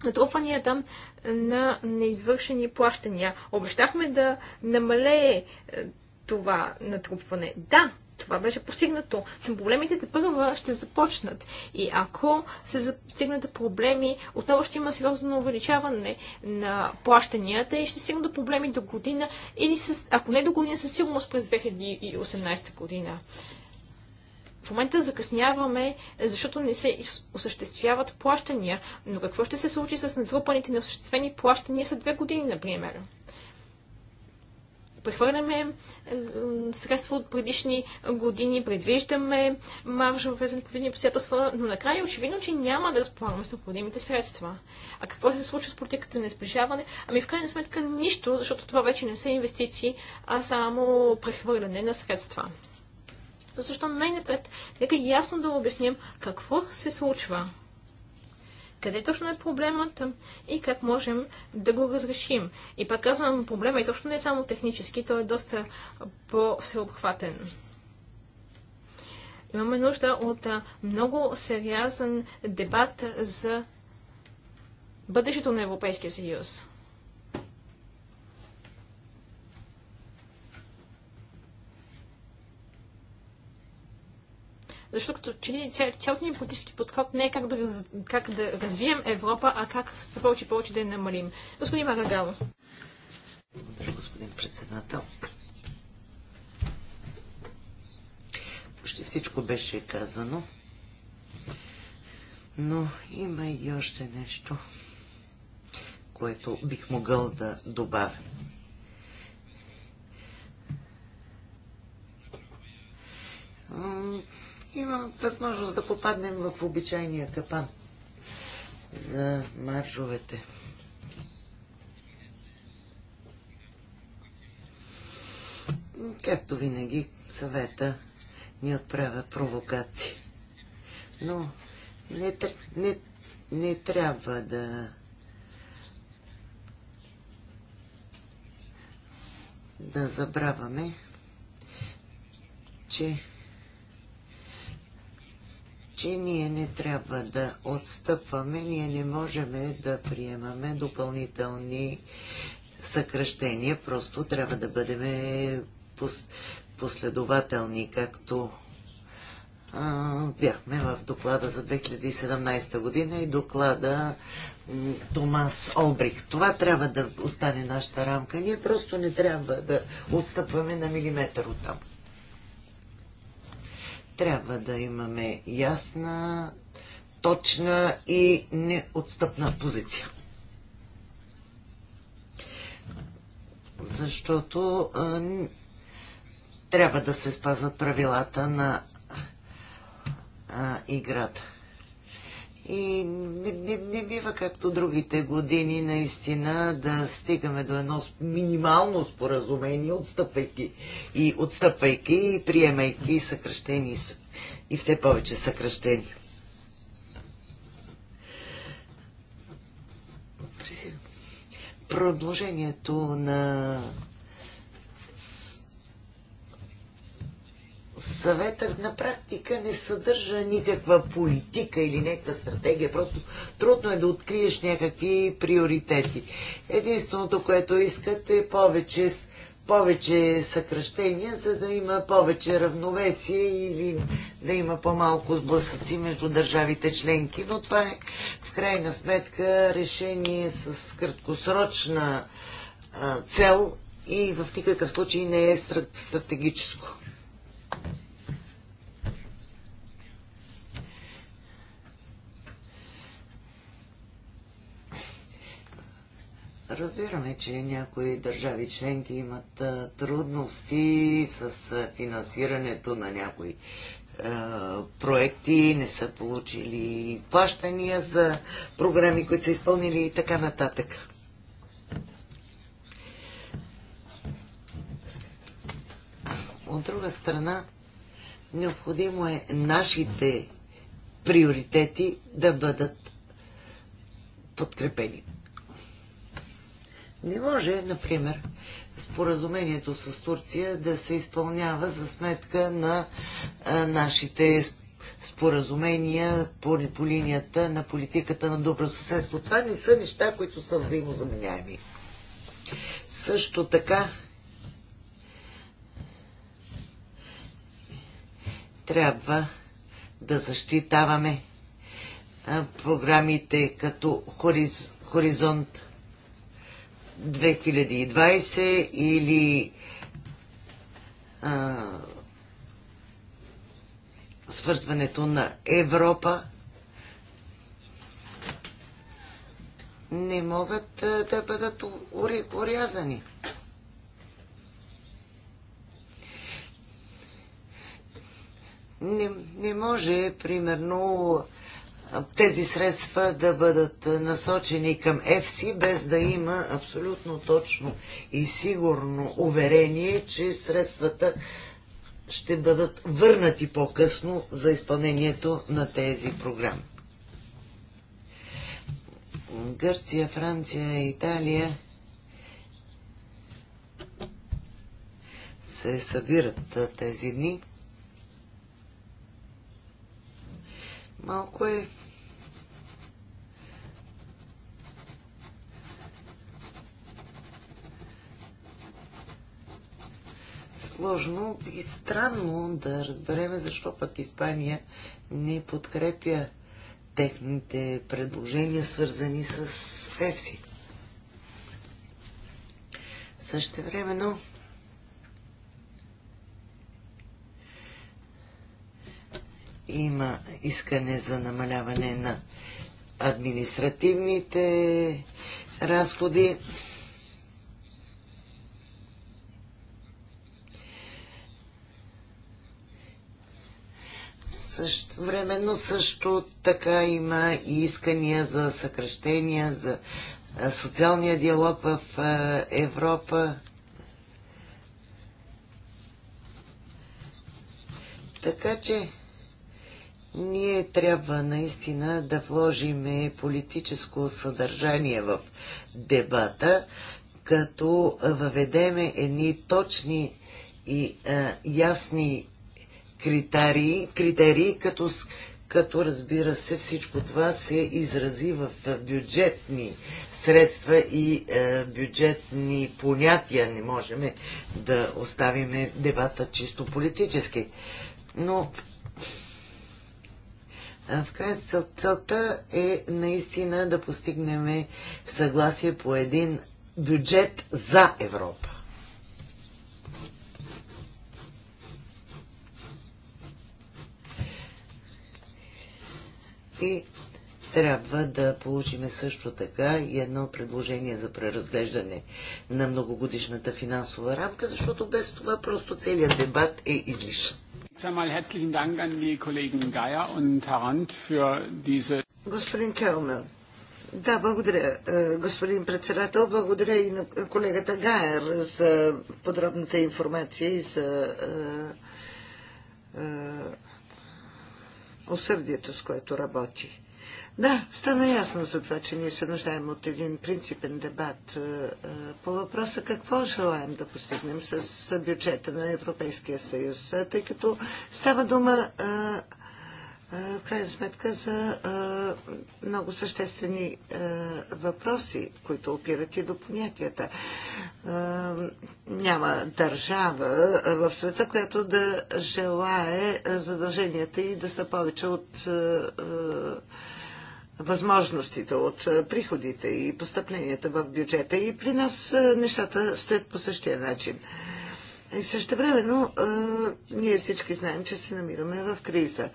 натрупванията на неизвършени плащания. Обещахме да намалее е, това натрупване. Да, това беше постигнато. проблемите те първа ще започнат. И ако се стигнат проблеми, отново ще има сериозно увеличаване на плащанията и ще стигна до проблеми до година или с, ако не до година, със сигурност през 2018 година. В момента закъсняваме, защото не се осъществяват плащания. Но какво ще се случи с натрупаните неосъществени плащания след две години, например? прехвърляме средства от предишни години, предвиждаме маржове за непредвидени обстоятелства, но накрая е очевидно, че няма да разполагаме с необходимите средства. А какво се случва с политиката на сближаване? Ами в крайна сметка нищо, защото това вече не са инвестиции, а само прехвърляне на средства. Защо най-напред? Нека ясно да обясним какво се случва къде точно е проблемът и как можем да го разрешим. И пак казвам, проблема изобщо не е само технически, той е доста по-всеобхватен. Имаме нужда от много сериозен дебат за бъдещето на Европейския съюз. защото като че ли цялото ни политически подход не е как да, раз, как да развием Европа, а как все повече повече да я намалим. Господин Марагало. Благодаря, господин председател. Почти всичко беше казано. Но има и още нещо, което бих могъл да добавя. Има възможност да попаднем в обичайния капан за маржовете. Както винаги, съвета ни отправя провокации. Но не, не, не трябва да да забравяме, че че ние не трябва да отстъпваме, ние не можем да приемаме допълнителни съкръщения, просто трябва да бъдем последователни, както бяхме в доклада за 2017 година и доклада Томас Обрик. Това трябва да остане нашата рамка. Ние просто не трябва да отстъпваме на милиметър от там. Трябва да имаме ясна, точна и неотстъпна позиция. Защото а, трябва да се спазват правилата на а, играта. И не, не, не бива както другите години наистина да стигаме до едно минимално споразумение, отстъпвайки и отстъпвайки и приемайки съкръщени и все повече съкръщени. Продължението на съветът на практика не съдържа никаква политика или някаква стратегия. Просто трудно е да откриеш някакви приоритети. Единственото, което искат е повече, повече съкръщения, за да има повече равновесие или да има по-малко сблъсъци между държавите членки. Но това е в крайна сметка решение с краткосрочна а, цел и в никакъв случай не е стратегическо. Разбираме, че някои държави членки имат трудности с финансирането на някои проекти, не са получили плащания за програми, които са изпълнили и така нататък. От друга страна, необходимо е нашите приоритети да бъдат подкрепени. Не може, например, споразумението с Турция да се изпълнява за сметка на а, нашите споразумения по, по линията на политиката на добро съседство. Това не са неща, които са взаимозаменяеми. Също така трябва да защитаваме програмите като Хориз, Хоризонт 2020 или а, свързването на Европа не могат да бъдат урязани. не, не може, примерно, тези средства да бъдат насочени към ЕФСИ, без да има абсолютно точно и сигурно уверение, че средствата ще бъдат върнати по-късно за изпълнението на тези програми. Гърция, Франция, Италия се събират тези дни. Малко е сложно и странно да разбереме защо пък Испания не подкрепя техните предложения, свързани с ЕФСИ. Също времено има искане за намаляване на административните разходи. Също, временно също така има и искания за съкръщения, за социалния диалог в Европа. Така че ние трябва наистина да вложим политическо съдържание в дебата, като въведеме едни точни и а, е, ясни критерии, критерии като, като разбира се всичко това се изрази в бюджетни средства и а, е, бюджетни понятия. Не можем да оставим дебата чисто политически. Но в крайна целта е наистина да постигнем съгласие по един бюджет за Европа. И трябва да получим също така и едно предложение за преразглеждане на многогодишната финансова рамка, защото без това просто целият дебат е излишен. Господин Келнер, да, благодаря, е, господин председател. Благодаря и на колегата Гайер за подробната информация и за е, е, усърдието, с което работи. Да, стана ясно за това, че ние се нуждаем от един принципен дебат е, е, по въпроса какво желаем да постигнем с бюджета на Европейския съюз, е, тъй като става дума в крайна сметка за много съществени въпроси, които опират и до понятията. Няма държава в света, която да желае задълженията и да са повече от възможностите от приходите и постъпленията в бюджета. И при нас нещата стоят по същия начин. И също времено ние всички знаем, че се намираме в криза.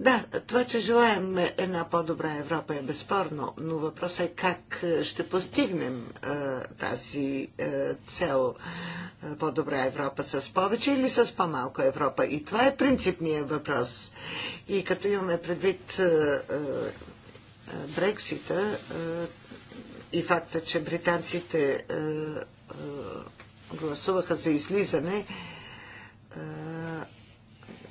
Да, това, че желаем една по-добра Европа е безспорно, но въпросът е как ще постигнем тази цел по-добра Европа с повече или с по-малко Европа. И това е принципният въпрос. И като имаме предвид Брексита и факта, че британците гласуваха за излизане,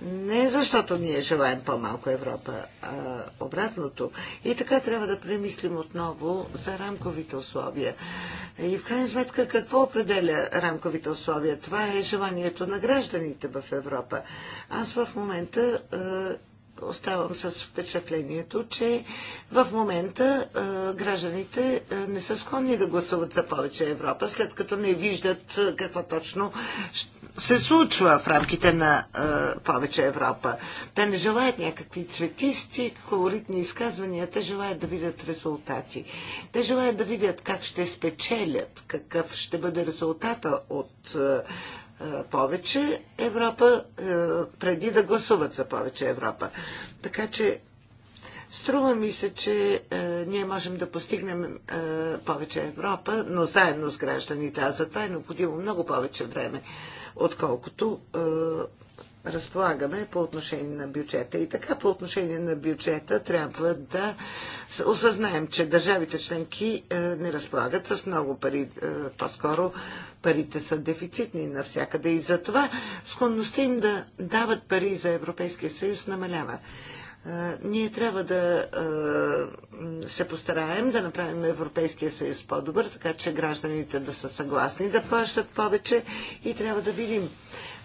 не защото ние желаем по-малко Европа, а обратното. И така трябва да премислим отново за рамковите условия. И в крайна сметка какво определя рамковите условия? Това е желанието на гражданите в Европа. Аз в момента оставам с впечатлението, че в момента е, гражданите е, не са склонни да гласуват за повече Европа, след като не виждат е, какво точно се случва в рамките на повече Европа. Те не желаят някакви цветисти, колоритни изказвания, те желаят да видят резултати. Те желаят да видят как ще спечелят, какъв ще бъде резултата от е, повече Европа, е, преди да гласуват за повече Европа. Така че Струва ми се, че е, ние можем да постигнем повече Европа, но заедно с гражданите. А за това е необходимо много повече време, отколкото разполагаме по отношение на бюджета. И така по отношение на бюджета трябва да осъзнаем, че държавите членки не разполагат с много пари. по-скоро парите са дефицитни навсякъде и затова склонността им да дават пари за Европейския съюз намалява. Ние трябва да се постараем да направим Европейския съюз по-добър, така че гражданите да са съгласни да плащат повече и трябва да видим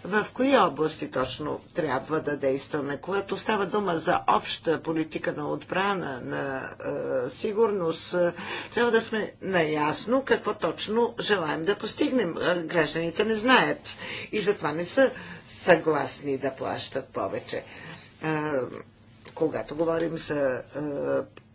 в кои области точно трябва да действаме. Когато става дума за обща политика на отбрана, на е, сигурност, е, трябва да сме наясно какво точно желаем да постигнем. Е, гражданите не знаят и затова не са съгласни да плащат повече. Е, когато говорим за е,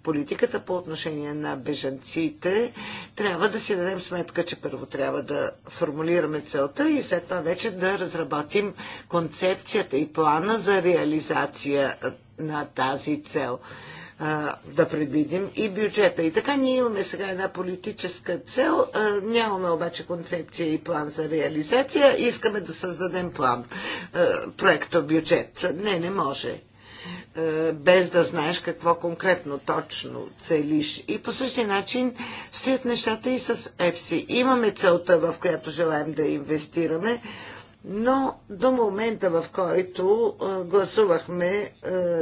политиката по отношение на бежанците, трябва да си дадем сметка, че първо трябва да формулираме целта и след това вече да разработим концепцията и плана за реализация на тази цел. Да предвидим и бюджета. И така ние имаме сега една политическа цел, нямаме обаче концепция и план за реализация, искаме да създадем план, проекто бюджет. Не, не може е, без да знаеш какво конкретно точно целиш. И по същия начин стоят нещата и с EFSI. Имаме целта, в която желаем да инвестираме, но до момента, в който е, гласувахме е,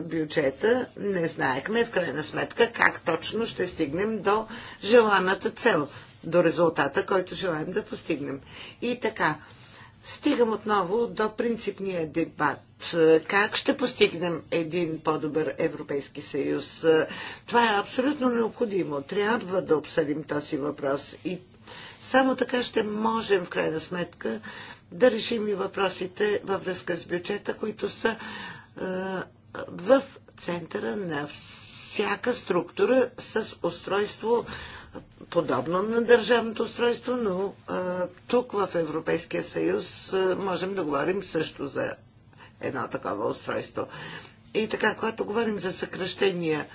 бюджета, не знаехме в крайна сметка как точно ще стигнем до желаната цел, до резултата, който желаем да постигнем. И така, Стигам отново до принципния дебат. Как ще постигнем един по-добър Европейски съюз? Това е абсолютно необходимо. Трябва да обсъдим този въпрос и само така ще можем в крайна сметка да решим и въпросите във връзка с бюджета, които са е, в центъра на всяка структура с устройство подобно на държавното устройство, но а, тук в Европейския съюз а, можем да говорим също за едно такова устройство. И така, когато говорим за съкръщения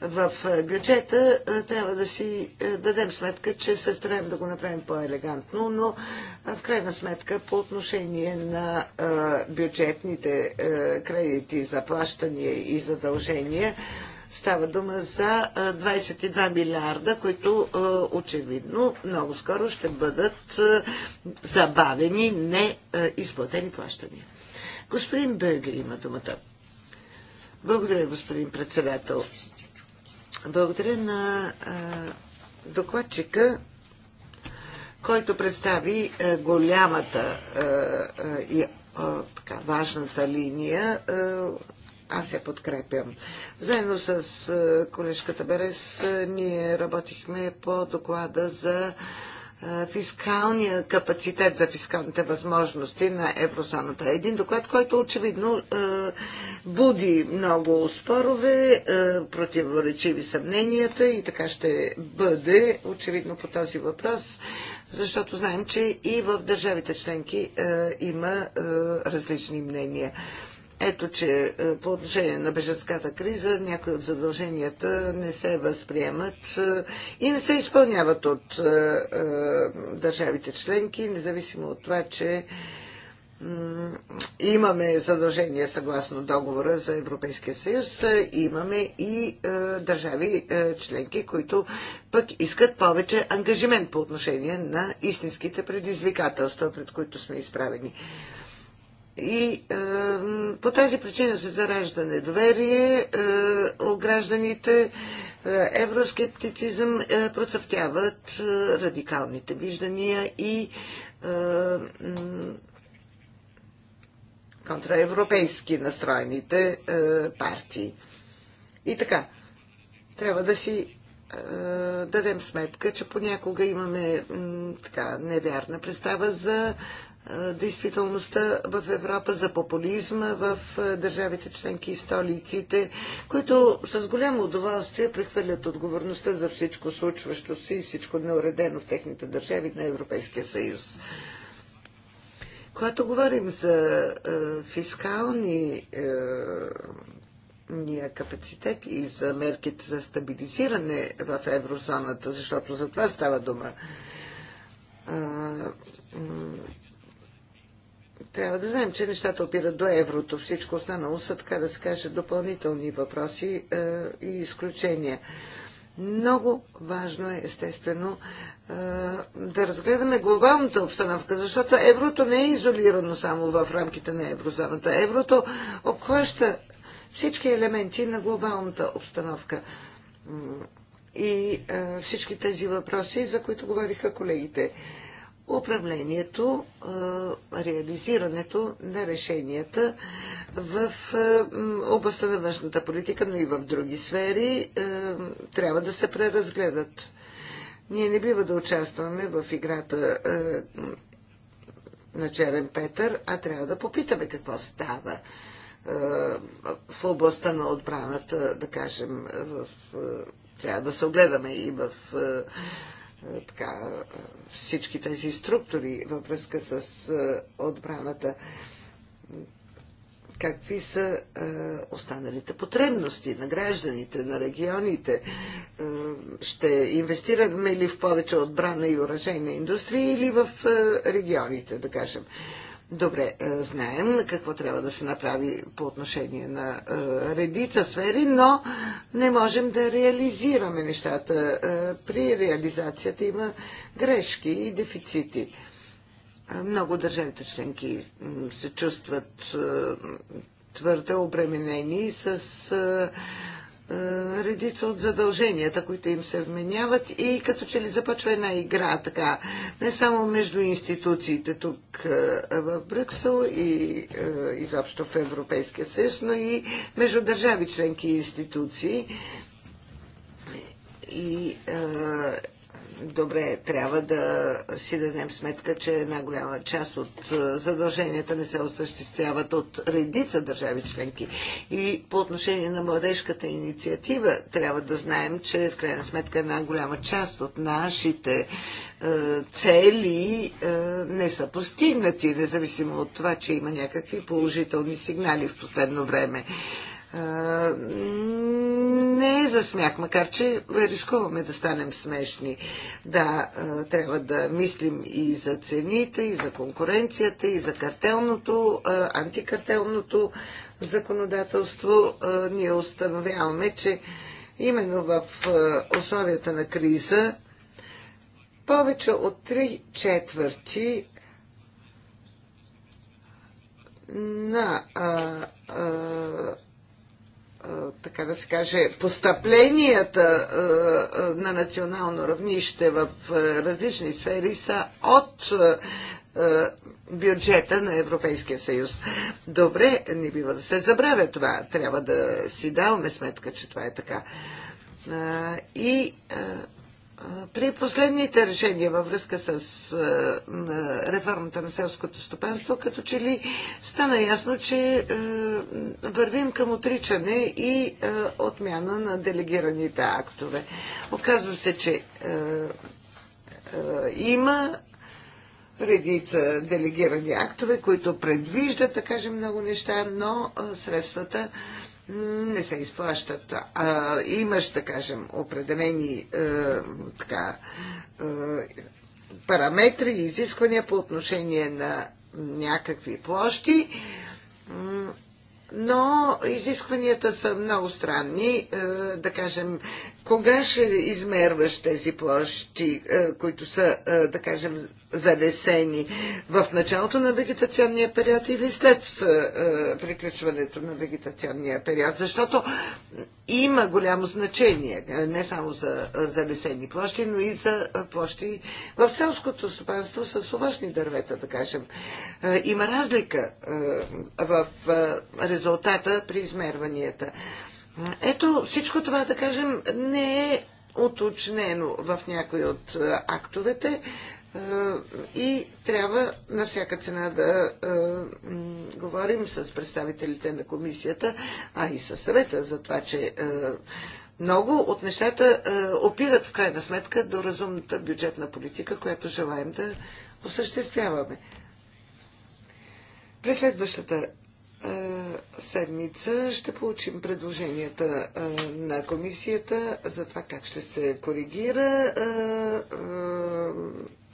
в бюджета, трябва да си дадем сметка, че се стараем да го направим по-елегантно, но в крайна сметка по отношение на бюджетните кредити за плащания и задължения, Става дума за 22 милиарда, които очевидно много скоро ще бъдат забавени, не изплатени плащания. Господин Бъргер има думата. Благодаря, господин председател. Благодаря на докладчика, който представи голямата и така, важната линия аз я подкрепям. Заедно с е, колежката Берес е, ние работихме по доклада за е, фискалния капацитет за фискалните възможности на еврозоната. Един доклад, който очевидно е, буди много спорове, е, противоречиви съмненията и така ще бъде очевидно по този въпрос, защото знаем, че и в държавите членки е, има различни мнения. Ето, че е, по отношение на бежанската криза някои от задълженията не се възприемат е, и не се изпълняват от е, държавите членки, независимо от това, че имаме задължения съгласно договора за Европейския съюз, имаме и държави членки, които пък искат повече ангажимент по отношение на истинските предизвикателства, пред които сме изправени. И е, по тази причина се заражда недоверие е, гражданите, е, евроскептицизъм е, процъфтяват е, радикалните виждания и е, е, контраевропейски настроените е, партии. И така, трябва да си е, дадем сметка, че понякога имаме така невярна представа за действителността в Европа, за популизма в държавите членки и столиците, които с голямо удоволствие прехвърлят отговорността за всичко случващо се и всичко неуредено в техните държави на Европейския съюз. Когато говорим за е, фискални е, ния капацитет и за мерките за стабилизиране в еврозоната, защото за това става дума, трябва да знаем, че нещата опират до еврото. Всичко останало са, така да се каже, допълнителни въпроси е, и изключения. Много важно е, естествено, е, да разгледаме глобалната обстановка, защото еврото не е изолирано само в рамките на еврозоната. Еврото обхваща всички елементи на глобалната обстановка. И е, всички тези въпроси, за които говориха колегите. Е, управлението, реализирането на решенията в областта на външната политика, но и в други сфери трябва да се преразгледат. Ние не бива да участваме в играта на Черен Петър, а трябва да попитаме какво става в областта на отбраната, да кажем, в, трябва да се огледаме и в е, така, е, всички тези структури във връзка с е, отбраната. Какви са останалите потребности на гражданите, на регионите? ще инвестираме ли в повече отбрана и уражение индустрия или в регионите, да кажем? Добре, е, знаем какво трябва да се направи по отношение на е, редица сфери, но не можем да реализираме нещата. Е, при реализацията има грешки и дефицити. Много държавите членки се чувстват твърде обременени с е, редица от задълженията, които им се вменяват и като че ли започва една игра така, не само между институциите тук е, в Брюксел и е, изобщо в Европейския съюз, но и между държави членки и институции. И добре, трябва да си дадем сметка, че една голяма част от е, задълженията не се осъществяват от редица държави членки. И по отношение на младежката инициатива трябва да знаем, че в крайна сметка една голяма част от нашите е, цели е, не са постигнати, независимо от това, че има някакви положителни сигнали в последно време не е за смях, макар че рискуваме да станем смешни. Да, трябва да мислим и за цените, и за конкуренцията, и за картелното, антикартелното законодателство. Ние установяваме, че именно в условията на криза повече от три четвърти на а, а, така да се каже, постъпленията на национално равнище в различни сфери са от бюджета на Европейския съюз. Добре, не бива да се забравя това. Трябва да си даваме сметка, че това е така. И при последните решения във връзка с реформата на селското стопанство, като че ли стана ясно, че вървим към отричане и отмяна на делегираните актове. Оказва се, че има редица делегирани актове, които предвиждат, да кажем, много неща, но средствата не се изплащат. А, имаш, да кажем, определени а, е, така, а, е, параметри и изисквания по отношение на някакви площи, но изискванията са много странни. Е, да кажем, кога ще измерваш тези площи, които са, да кажем, залесени в началото на вегетационния период или след е, приключването на вегетационния период, защото има голямо значение е, не само за е, залесени площи, но и за площи в селското стопанство с овощни дървета, да кажем. Има разлика в резултата при измерванията. Ето всичко това, да кажем, не е уточнено в някои от актовете, е, и трябва на всяка цена да е, говорим с представителите на комисията, а и със съвета за това, че е, много от нещата опират в крайна сметка до разумната бюджетна политика, която желаем да осъществяваме. През следващата седмица ще получим предложенията на комисията за това как ще се коригира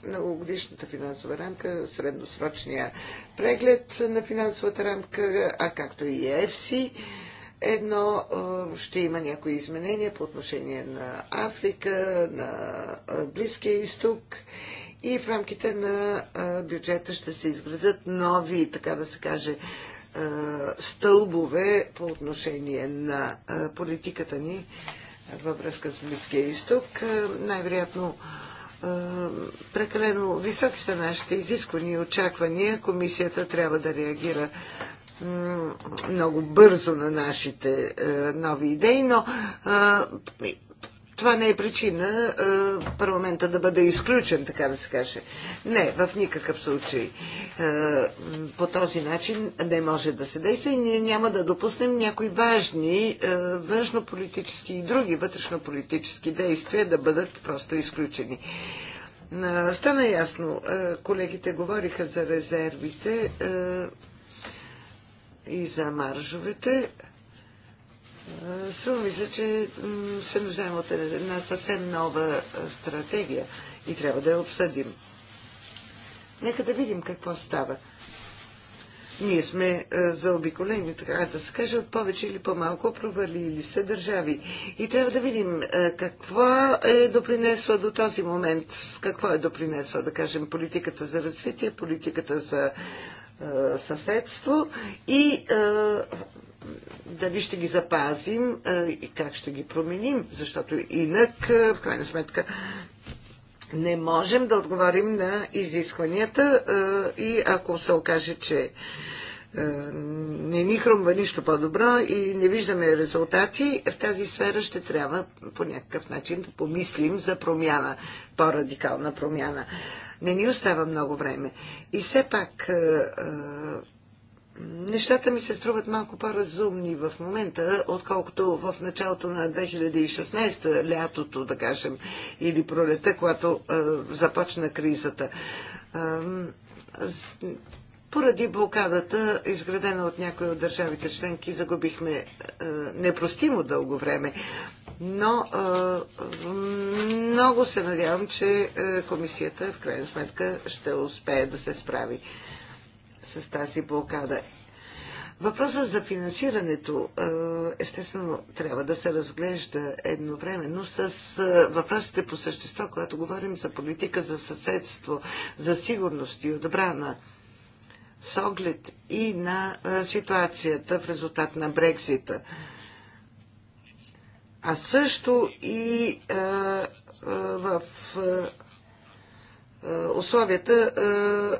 многогодишната финансова рамка, средносрочния преглед на финансовата рамка, а както и ЕФСИ. Едно ще има някои изменения по отношение на Африка, на Близкия изток и в рамките на бюджета ще се изградат нови, така да се каже, стълбове по отношение на политиката ни във връзка с Близкия изток. Най-вероятно е, прекалено високи са нашите изисквания и очаквания. Комисията трябва да реагира много бързо на нашите е, нови идеи, но е, това не е причина парламента да бъде изключен, така да се каже. Не, в никакъв случай. По този начин не може да се действа и ние няма да допуснем някои важни външнополитически и други вътрешнополитически действия да бъдат просто изключени. Стана ясно, колегите говориха за резервите и за маржовете. Е, струва ми се, че се нуждаем от една съвсем нова е, стратегия и трябва да я обсъдим. Нека да видим какво става. Ние сме е, заобиколени, така да се каже, от повече или по-малко провали или са държави. И трябва да видим какво е допринесла до този момент, с какво е допринесла, да кажем, политиката за развитие, политиката за съседство и дали ще ги запазим и как ще ги променим, защото инак, в крайна сметка, не можем да отговорим на изискванията и ако се окаже, че не ни хрумва нищо по-добро и не виждаме резултати, в тази сфера ще трябва по някакъв начин да помислим за промяна, по-радикална промяна. Не ни остава много време. И все пак нещата ми се струват малко по-разумни в момента, отколкото в началото на 2016, лятото, да кажем, или пролета, когато е, започна кризата. Е, с, поради блокадата, изградена от някои от държавите членки, загубихме е, непростимо дълго време. Но е, много се надявам, че е, комисията в крайна сметка ще успее да се справи с тази блокада. Въпросът за финансирането е, естествено трябва да се разглежда едновременно с е, въпросите по същество, когато говорим за политика за съседство, за сигурност и отбрана с оглед и на е, ситуацията в резултат на Брекзита. А също и в е, условията, е,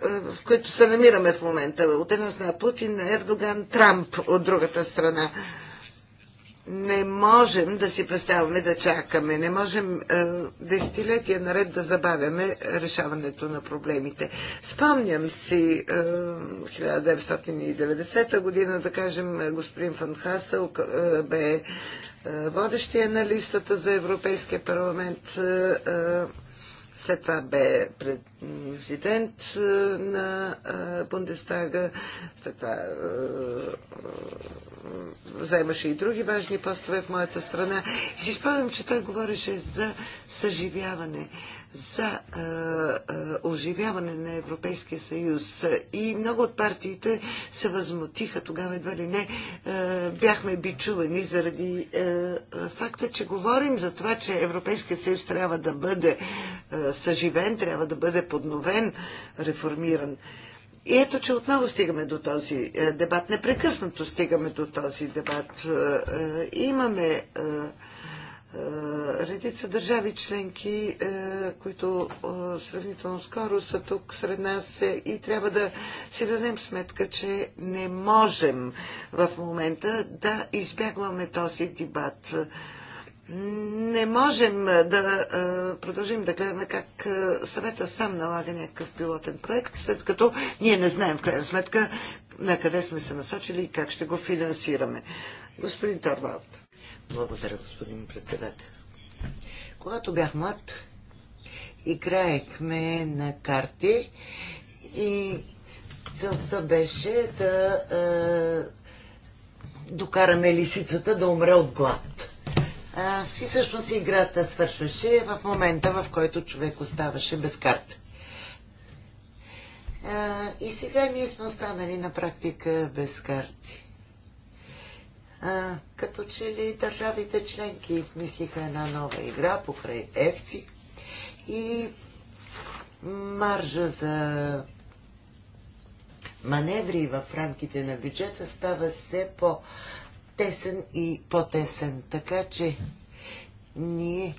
е, в които се намираме в момента. От една страна Путин, Ердоган, Трамп от другата страна. Не можем да си представяме да чакаме, не можем е, десетилетия наред да забавяме решаването на проблемите. Спомням си е, 1990 година, да кажем, господин Фан Хасъл е, бе е, водещия на листата за Европейския парламент. Е, е, след това бе президент е, на е, Бундестага, след това е, заемаше и други важни постове в моята страна. И си спомням, че той говореше за съживяване за а, а, оживяване на Европейския съюз. И много от партиите се възмутиха тогава едва ли не. А, бяхме бичувани заради а, факта, че говорим за това, че Европейския съюз трябва да бъде а, съживен, трябва да бъде подновен, реформиран. И ето, че отново стигаме до този дебат. Непрекъснато стигаме до този дебат. Имаме е, редица държави членки, е, които е, сравнително скоро са тук сред нас и трябва да си дадем сметка, че не можем в момента да избягваме този дебат. Не можем да продължим да гледаме как съвета сам налага някакъв пилотен проект, след като ние не знаем в крайна сметка на къде сме се насочили и как ще го финансираме. Господин Торвалд. Благодаря, господин председател. Когато бях млад, играехме на карти и целта беше да е, докараме лисицата да умре от глад. А, си всъщност играта свършваше в момента, в който човек оставаше без карта. и сега ние сме останали на практика без карти а, като че ли държавите членки измислиха една нова игра покрай ЕФСИ и маржа за маневри в рамките на бюджета става все по-тесен и по-тесен. Така че ние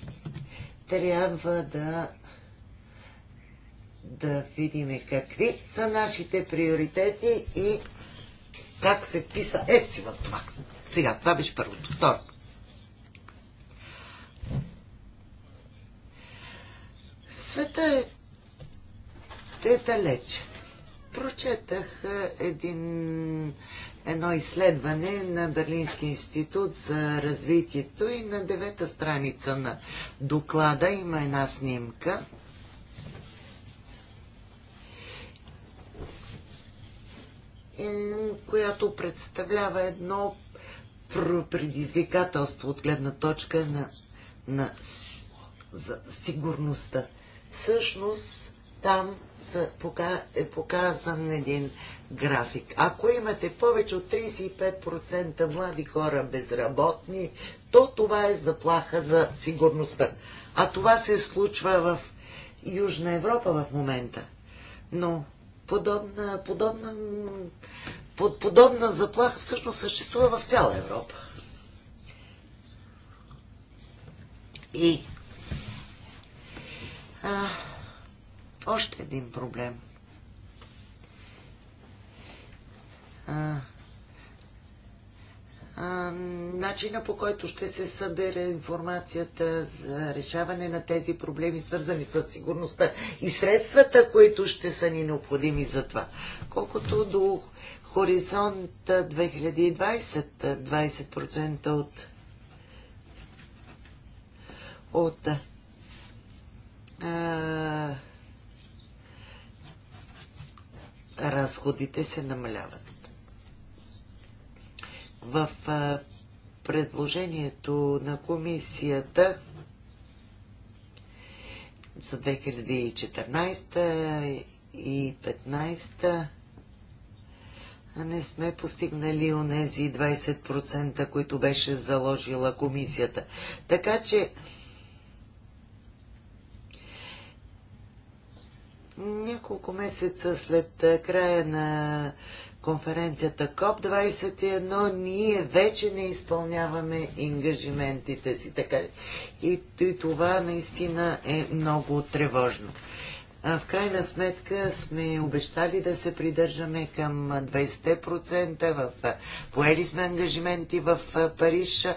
трябва да да видим какви са нашите приоритети и как се писа ЕФСИ в това. Сега, това беше първото. Второ. Света е, е далеч. Прочетах е, един, едно изследване на Берлинския институт за развитието и на девета страница на доклада има една снимка. която представлява едно предизвикателство от гледна точка на, на за сигурността. Всъщност там са, пока, е показан един график. Ако имате повече от 35% млади хора безработни, то това е заплаха за сигурността. А това се случва в Южна Европа в момента. Но подобна, подобна под подобна заплаха всъщност съществува в цяла Европа. И а, още един проблем. А, а, начина по който ще се събере информацията за решаване на тези проблеми, свързани с сигурността и средствата, които ще са ни необходими за това. Колкото до Хоризонт 2020 20% от от а, разходите се намаляват. В а, предложението на комисията за 2014 и 2015 не сме постигнали онези 20%, които беше заложила комисията. Така че няколко месеца след края на конференцията КОП-21, ние вече не изпълняваме ингажиментите си. Така. И, и това наистина е много тревожно. В крайна сметка сме обещали да се придържаме към 20% в поели сме ангажименти в Париж,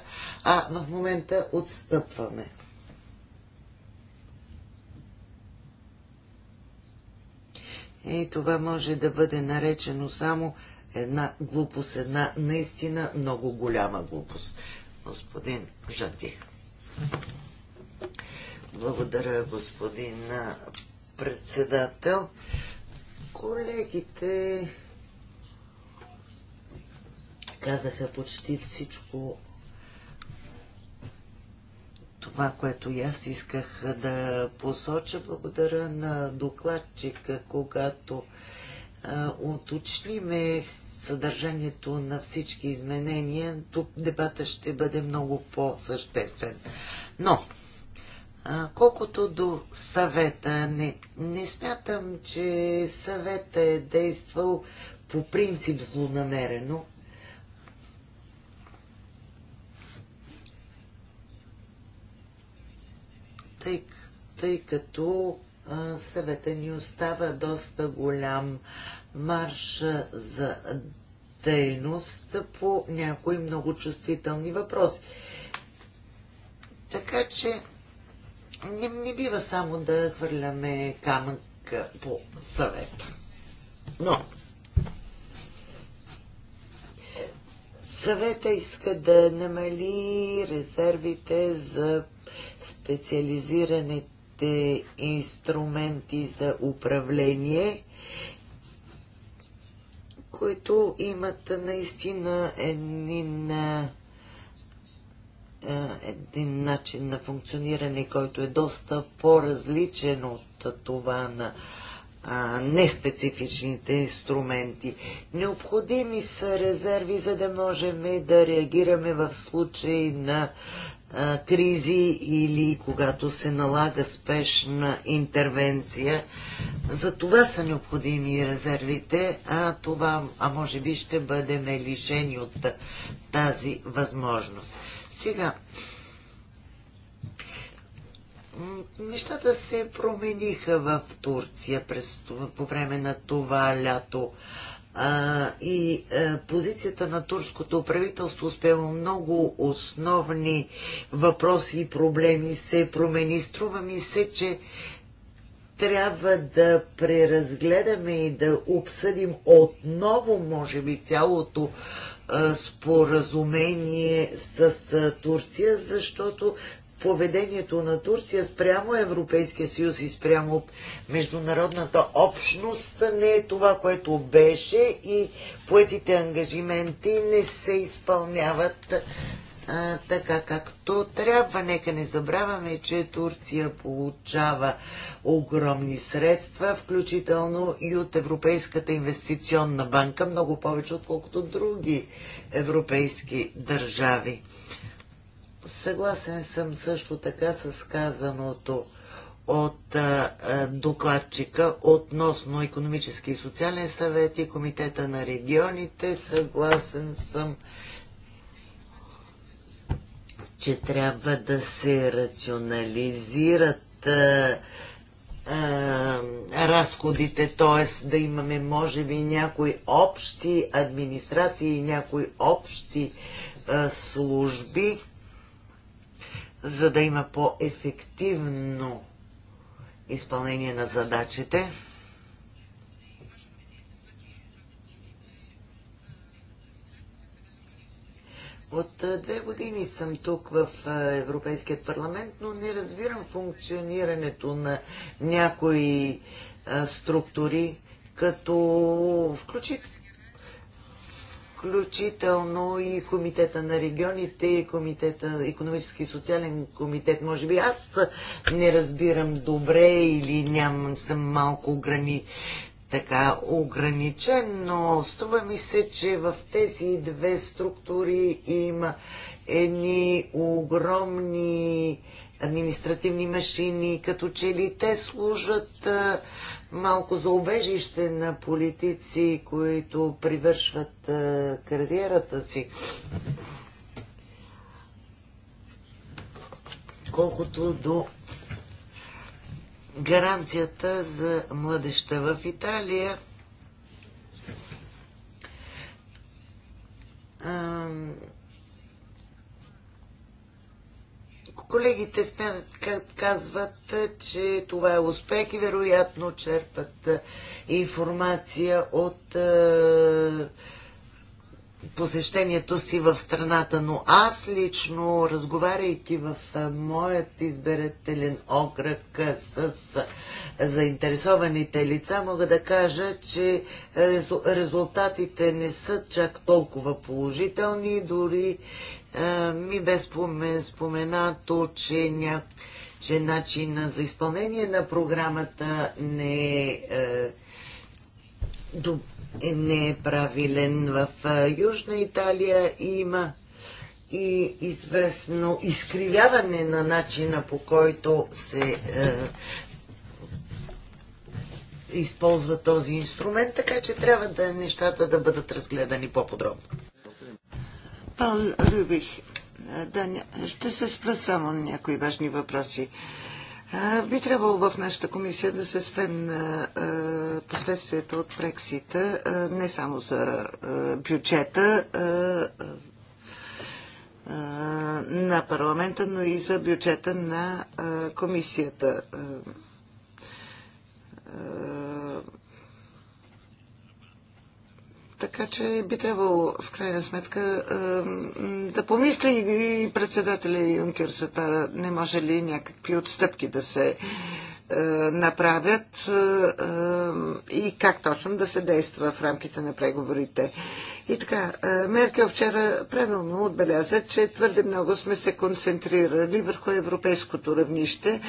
а в момента отстъпваме. И това може да бъде наречено само една глупост, една наистина много голяма глупост. Господин Жади. Благодаря, господин председател. Колегите казаха почти всичко това, което и аз исках да посоча. Благодаря на докладчика, когато а, уточниме съдържанието на всички изменения, тук дебата ще бъде много по-съществен. Но, Колкото до съвета, не, не смятам, че съвета е действал по принцип злонамерено. Тъй, тъй като а, съвета ни остава доста голям марш за дейност по някои много чувствителни въпроси. Така че не, не бива само да хвърляме камък по съвета. Но съвета иска да намали резервите за специализираните инструменти за управление, които имат наистина едни на. Е, един начин на функциониране, който е доста по-различен от това на неспецифичните инструменти. Необходими са резерви, за да можем да реагираме в случай на кризи или когато се налага спешна интервенция. За това са необходими резервите, а това, а може би ще бъдем лишени от тази възможност. Сега, нещата се промениха в Турция през, по време на това лято. А, и а, позицията на турското правителство успява много основни въпроси и проблеми се промени. Струва ми се, че трябва да преразгледаме и да обсъдим отново, може би, цялото споразумение с Турция, защото поведението на Турция спрямо Европейския съюз и спрямо международната общност не е това, което беше и поетите ангажименти не се изпълняват а, така както трябва. Нека не забравяме, че Турция получава огромни средства, включително и от Европейската инвестиционна банка, много повече отколкото други европейски държави. Съгласен съм също така с казаното от а, докладчика относно економически и социален съвет и комитета на регионите. Съгласен съм че трябва да се рационализират а, а, разходите, т.е. да имаме, може би, някои общи администрации, и някои общи а, служби, за да има по-ефективно изпълнение на задачите. От две години съм тук в Европейският парламент, но не разбирам функционирането на някои структури, като включително включително и Комитета на регионите, и Комитета, економически и социален комитет. Може би аз не разбирам добре или нямам, съм малко ограни, така ограничен, но струва ми се, че в тези две структури има едни огромни административни машини, като че ли те служат малко за обежище на политици, които привършват кариерата си. Колкото до гаранцията за младеща в Италия. Колегите смятат, казват, че това е успех и вероятно черпат информация от посещението си в страната, но аз лично, разговаряйки в моят избирателен окръг с заинтересованите лица, мога да кажа, че резултатите не са чак толкова положителни, дори ми бе споменато, че че начина за изпълнение на програмата не е, е е неправилен. В Южна Италия има и известно изкривяване на начина по който се е, използва този инструмент, така че трябва да нещата да бъдат разгледани по-подробно. Павел Рубих, да, ще се спра само на някои важни въпроси. Би трябвало в нашата комисия да се спре на последствията от Брексита, не само за бюджета на парламента, но и за бюджета на комисията Така че би трябвало в крайна сметка да помисли и председателя Юнкер за това, не може ли някакви отстъпки да се направят и как точно да се действа в рамките на преговорите. И така, Меркел вчера правилно отбеляза, че твърде много сме се концентрирали върху европейското равнище,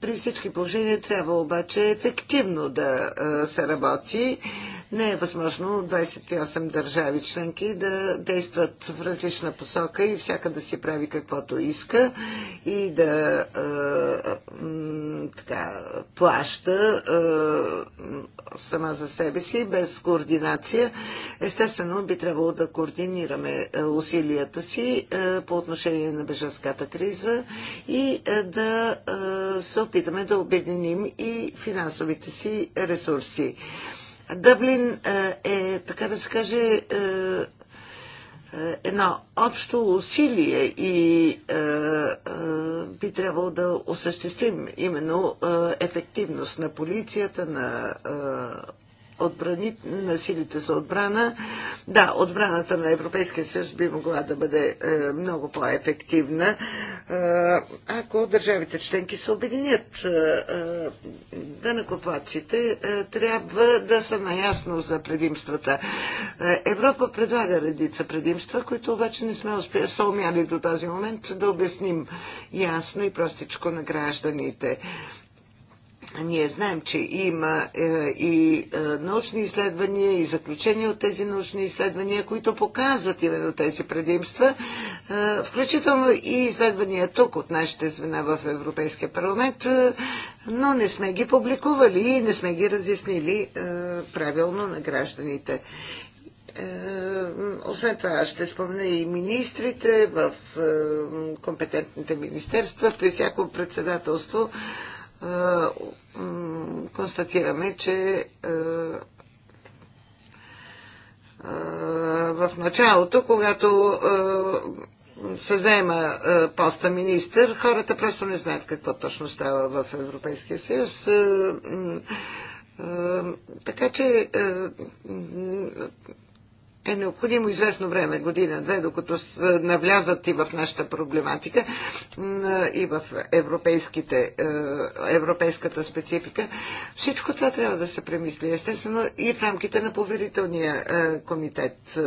при всички положения трябва обаче ефективно да се работи не е възможно 28 държави членки да действат в различна посока и всяка да си прави каквото иска и да е, така, плаща е, сама за себе си без координация. Естествено, би трябвало да координираме усилията си е, по отношение на бежанската криза и е, да е, се опитаме да обединим и финансовите си ресурси. Дъблин е, е, така да се каже, е, е, едно общо усилие и е, е, би трябвало да осъществим именно е, ефективност на полицията, на отбрани, на силите за отбрана. Да, отбраната на Европейския съюз би могла да бъде е, много по-ефективна, е, ако държавите членки се обединят. Е, е, Дънакоплаците е, трябва да са наясно за предимствата. Е, Европа предлага редица предимства, които обаче не сме успя, са умяли до този момент да обясним ясно и простичко на гражданите. Ние знаем, че има е, и е, научни изследвания, и заключения от тези научни изследвания, които показват именно тези предимства, е, включително и изследвания тук от нашите звена в Европейския парламент, е, но не сме ги публикували и не сме ги разяснили е, правилно на гражданите. Е, освен това, ще спомня и министрите в е, компетентните министерства при всяко председателство. Е, констатираме, че е, е, в началото, когато се заема поста министър, хората просто не знаят какво точно става в Европейския съюз. Така че е необходимо известно време, година-две, докато навлязат и в нашата проблематика, и в европейските, е, европейската специфика. Всичко това трябва да се премисли, естествено, и в рамките на поверителния е, комитет е,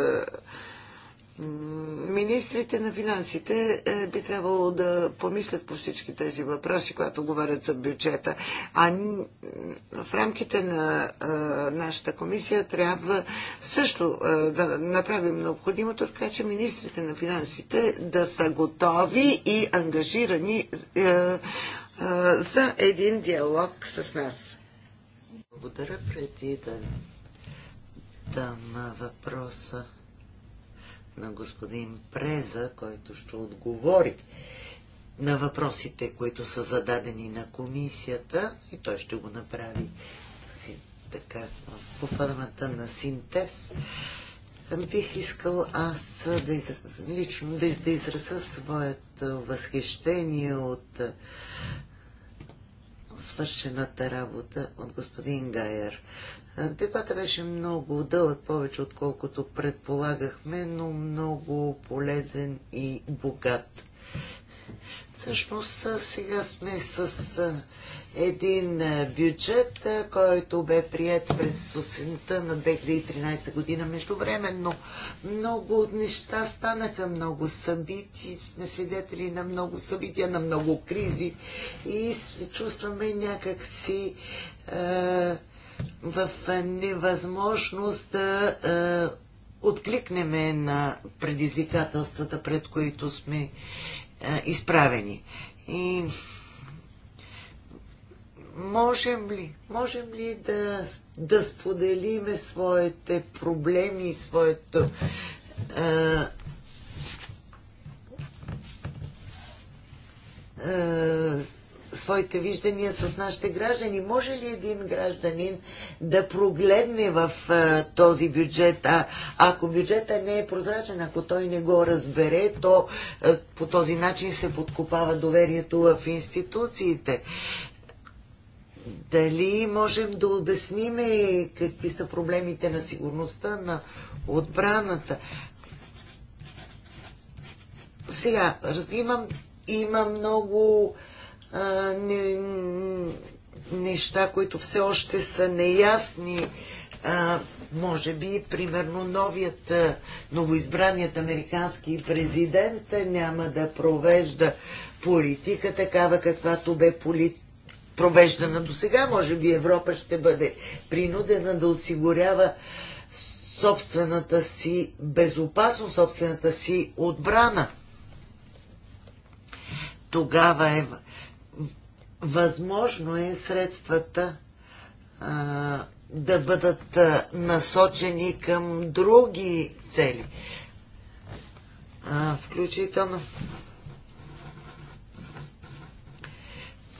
Министрите на финансите е, би трябвало да помислят по всички тези въпроси, когато говорят за бюджета. А в рамките на е, нашата комисия трябва също е, да направим необходимото, така че министрите на финансите да са готови и ангажирани за един диалог с нас. Благодаря преди да дам въпроса на господин Преза, който ще отговори на въпросите, които са зададени на комисията и той ще го направи така, по формата на синтез, бих искал аз да из... лично да, да израза своето възхищение от свършената работа от господин Гайер. Дебата беше много дълъг, повече отколкото предполагахме, но много полезен и богат. Всъщност сега сме с един бюджет, който бе прият през осента на 2013 година. Междувременно много неща станаха, много събития, сме свидетели на много събития, на много кризи и се чувстваме някакси е, в невъзможност да е, откликнеме на предизвикателствата, пред които сме е, изправени. И можем ли, можем ли да, да споделиме своите проблеми, своето е, е своите виждания с нашите граждани. Може ли един гражданин да прогледне в а, този бюджет? А, ако бюджета не е прозрачен, ако той не го разбере, то а, по този начин се подкопава доверието в институциите. Дали можем да обясниме какви са проблемите на сигурността, на отбраната? Сега, имам, има много не, неща, които все още са неясни. А, може би, примерно, новият, новоизбраният американски президент няма да провежда политика такава, каквато бе политика провеждана до сега. Може би Европа ще бъде принудена да осигурява собствената си безопасност, собствената си отбрана. Тогава е Възможно е средствата а, да бъдат насочени към други цели. А, включително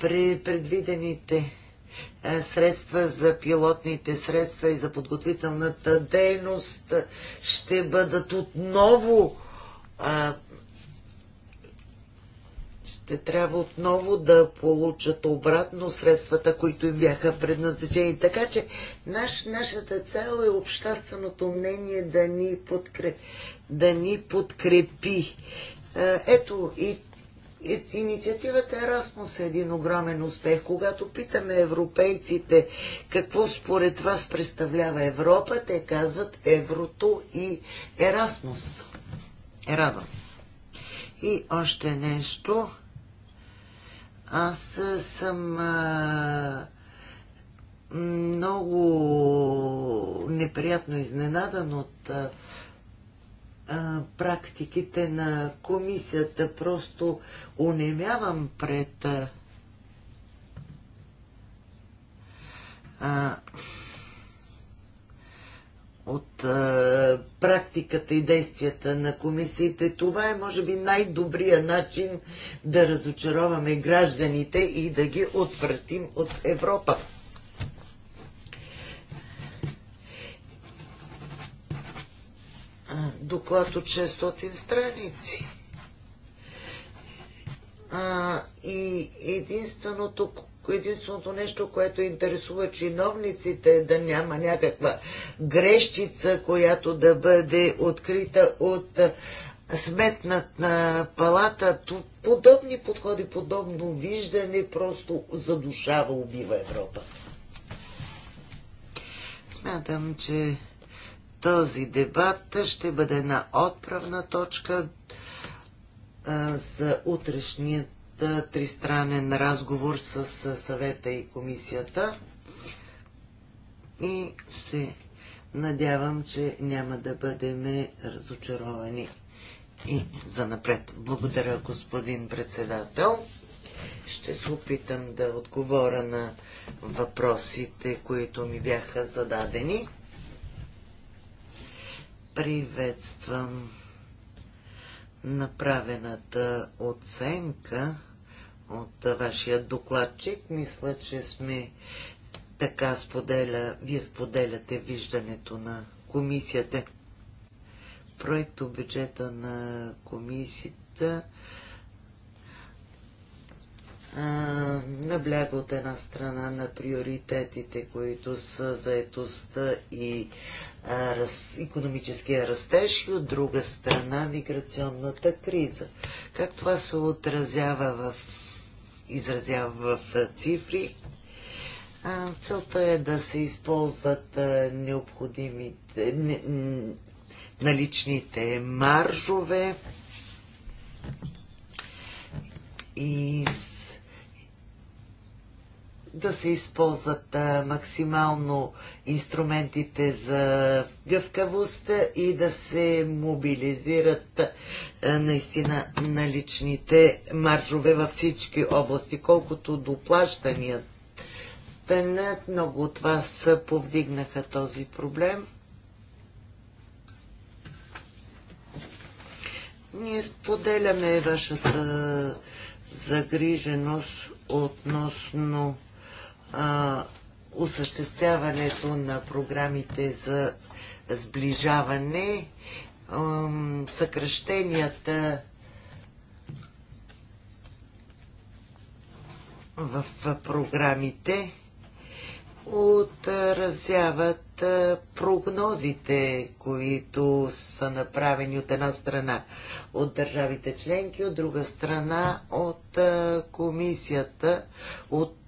при предвидените средства за пилотните средства и за подготвителната дейност ще бъдат отново а, ще трябва отново да получат обратно средствата, които им бяха предназначени. Така че наш, нашата цел е общественото мнение да ни, подкреп, да ни подкрепи. Ето и Инициативата Erasmus е един огромен успех. Когато питаме европейците какво според вас представлява Европа, те казват еврото и Ерасмус. Еразъм. И още нещо. Аз съм а, много неприятно изненадан от а, практиките на комисията. Просто унемявам пред. А, а, от а, е, практиката и действията на комисиите. Това е, може би, най-добрия начин да разочароваме гражданите и да ги отвратим от Европа. Доклад от 600 страници. А, и единственото, единственото нещо, което интересува чиновниците, е да няма някаква грешчица, която да бъде открита от сметната палата. Подобни подходи, подобно виждане просто задушава, убива Европа. Смятам, че този дебат ще бъде една отправна точка за утрешният тристранен разговор с съвета и комисията и се надявам, че няма да бъдем разочаровани и за напред. Благодаря, господин председател. Ще се опитам да отговоря на въпросите, които ми бяха зададени. Приветствам направената оценка от вашия докладчик. Мисля, че сме така споделя, вие споделяте виждането на комисията. Проекто бюджета на комисията набляга от една страна на приоритетите, които са заетостта и а, раз, економическия растеж и от друга страна миграционната криза. Как това се отразява в изразява в цифри. Целта е да се използват необходимите наличните маржове и да се използват а, максимално инструментите за гъвкавост и да се мобилизират а, наистина наличните маржове във всички области, колкото до плащанията. Много от вас повдигнаха този проблем. Ние споделяме вашата загриженост относно а, осъществяването на програмите за сближаване, а, съкръщенията в програмите отразяват прогнозите, които са направени от една страна от държавите членки, от друга страна от комисията, от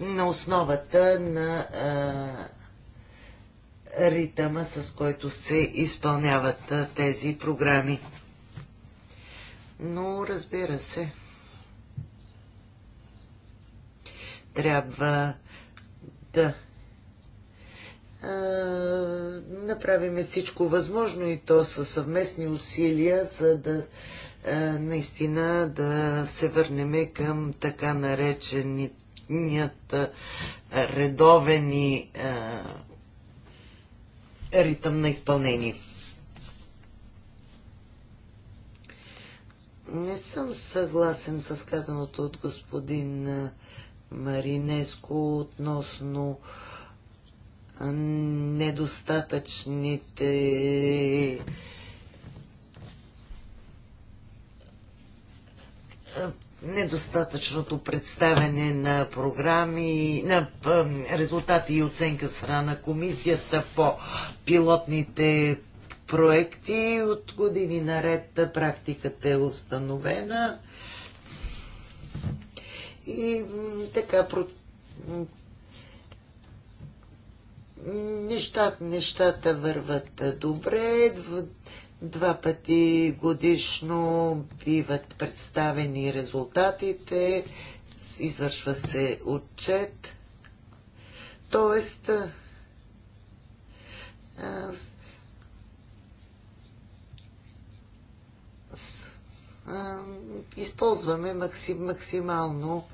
на основата на а, ритъма, с който се изпълняват а, тези програми. Но разбира се, трябва да направим всичко възможно и то със съвместни усилия, за да наистина да се върнем към така наречените техният редовен и ритъм на изпълнение. Не съм съгласен с казаното от господин Маринеско относно недостатъчните недостатъчното представяне на програми, на резултати и оценка страна на комисията по пилотните проекти. От години наред практиката е установена. И така нещата, нещата върват добре. Два пъти годишно биват представени резултатите, извършва се отчет. Тоест, използваме максимално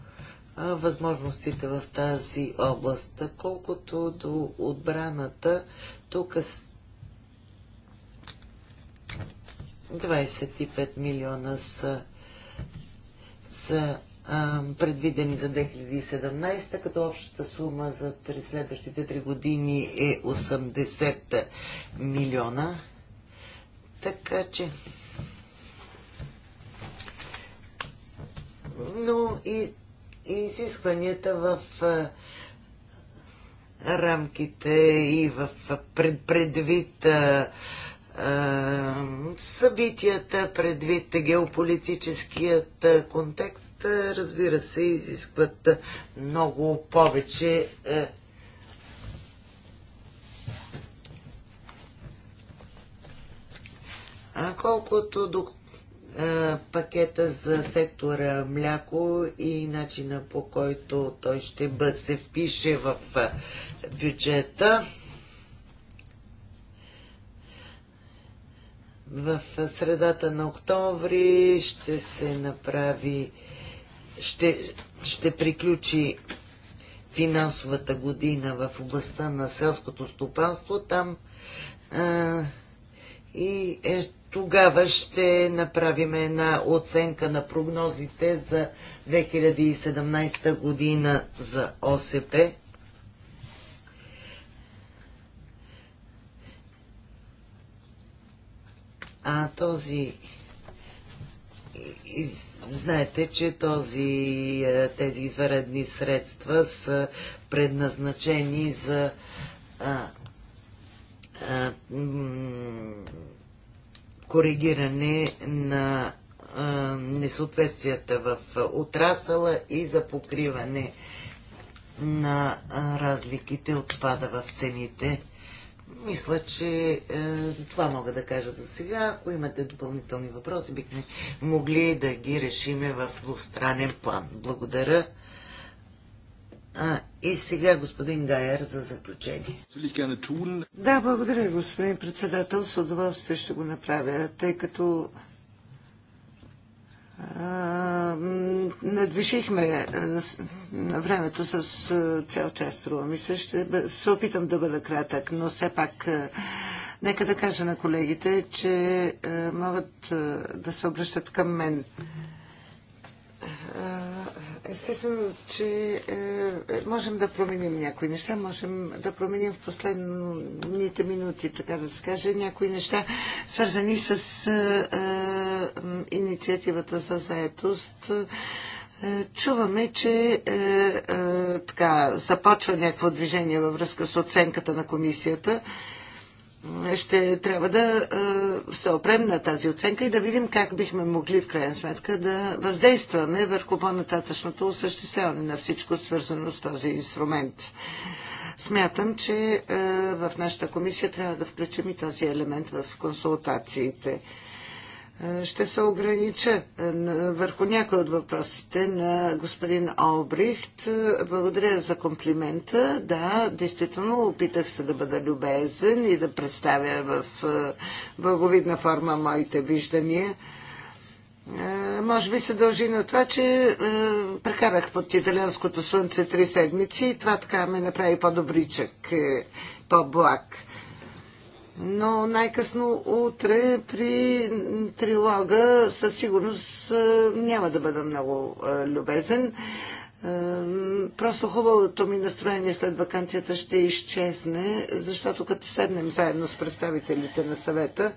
възможностите в тази област. Колкото до отбраната, тук 25 милиона са, са а, предвидени за 2017, като общата сума за три, следващите 3 години е 80 милиона. Така че. Но и, и изискванията в а, рамките и в пред, предвид. А, събитията, предвид геополитическият контекст, разбира се, изискват много повече А колкото до а, пакета за сектора мляко и начина по който той ще бъде, се впише в бюджета, в средата на октомври ще се направи, ще, ще приключи финансовата година в областта на селското стопанство. Там а, и е, тогава ще направим една оценка на прогнозите за 2017 година за ОСП. А този знаете, че този, е, тези изваредни средства са предназначени за а, а, коригиране на а, несъответствията в отрасъла и за покриване на разликите отпада в цените мисля, че е, това мога да кажа за сега. Ако имате допълнителни въпроси, бихме могли да ги решиме в двустранен план. Благодаря. А, и сега господин Гайер за заключение. Да, благодаря, господин председател. С удоволствие ще го направя, тъй като надвишихме времето с цял част струва ми се. Ще се опитам да бъда кратък, но все пак нека да кажа на колегите, че могат да се обръщат към мен. Естествено, че е, е, можем да променим някои неща, можем да променим в последните минути, така да се каже, някои неща, свързани с е, инициативата за заетост. Чуваме, че е, е, така, започва някакво движение във връзка с оценката на комисията ще трябва да се опрем на тази оценка и да видим как бихме могли в крайна сметка да въздействаме върху по-нататъчното осъществяване на всичко свързано с този инструмент. Смятам, че в нашата комисия трябва да включим и този елемент в консултациите. Е, ще се огранича е, върху някои от въпросите на господин Олбрихт. Е, благодаря за комплимента. Да, действително опитах се да бъда любезен и да представя в благовидна форма моите виждания. Може би се дължи на това, че прекарах под италианското слънце три седмици и това така ме направи по-добричък, по-благ но най-късно утре при трилога със сигурност е, няма да бъда много е, любезен. Е, просто хубавото ми настроение след вакансията ще изчезне, защото като седнем заедно с представителите на съвета,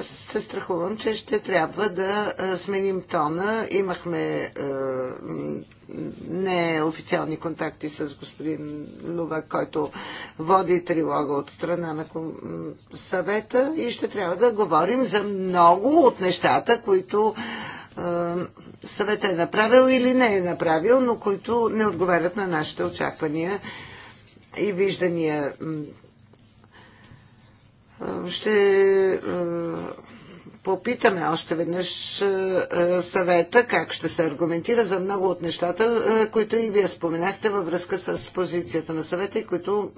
се страхувам, че ще трябва да сменим тона. Имахме неофициални контакти с господин Лувак, който води трилога от страна на съвета и ще трябва да говорим за много от нещата, които съвета е направил или не е направил, но които не отговарят на нашите очаквания и виждания. Ще е, попитаме още веднъж е, е, съвета как ще се аргументира за много от нещата, които и вие споменахте във връзка с позицията на съвета и които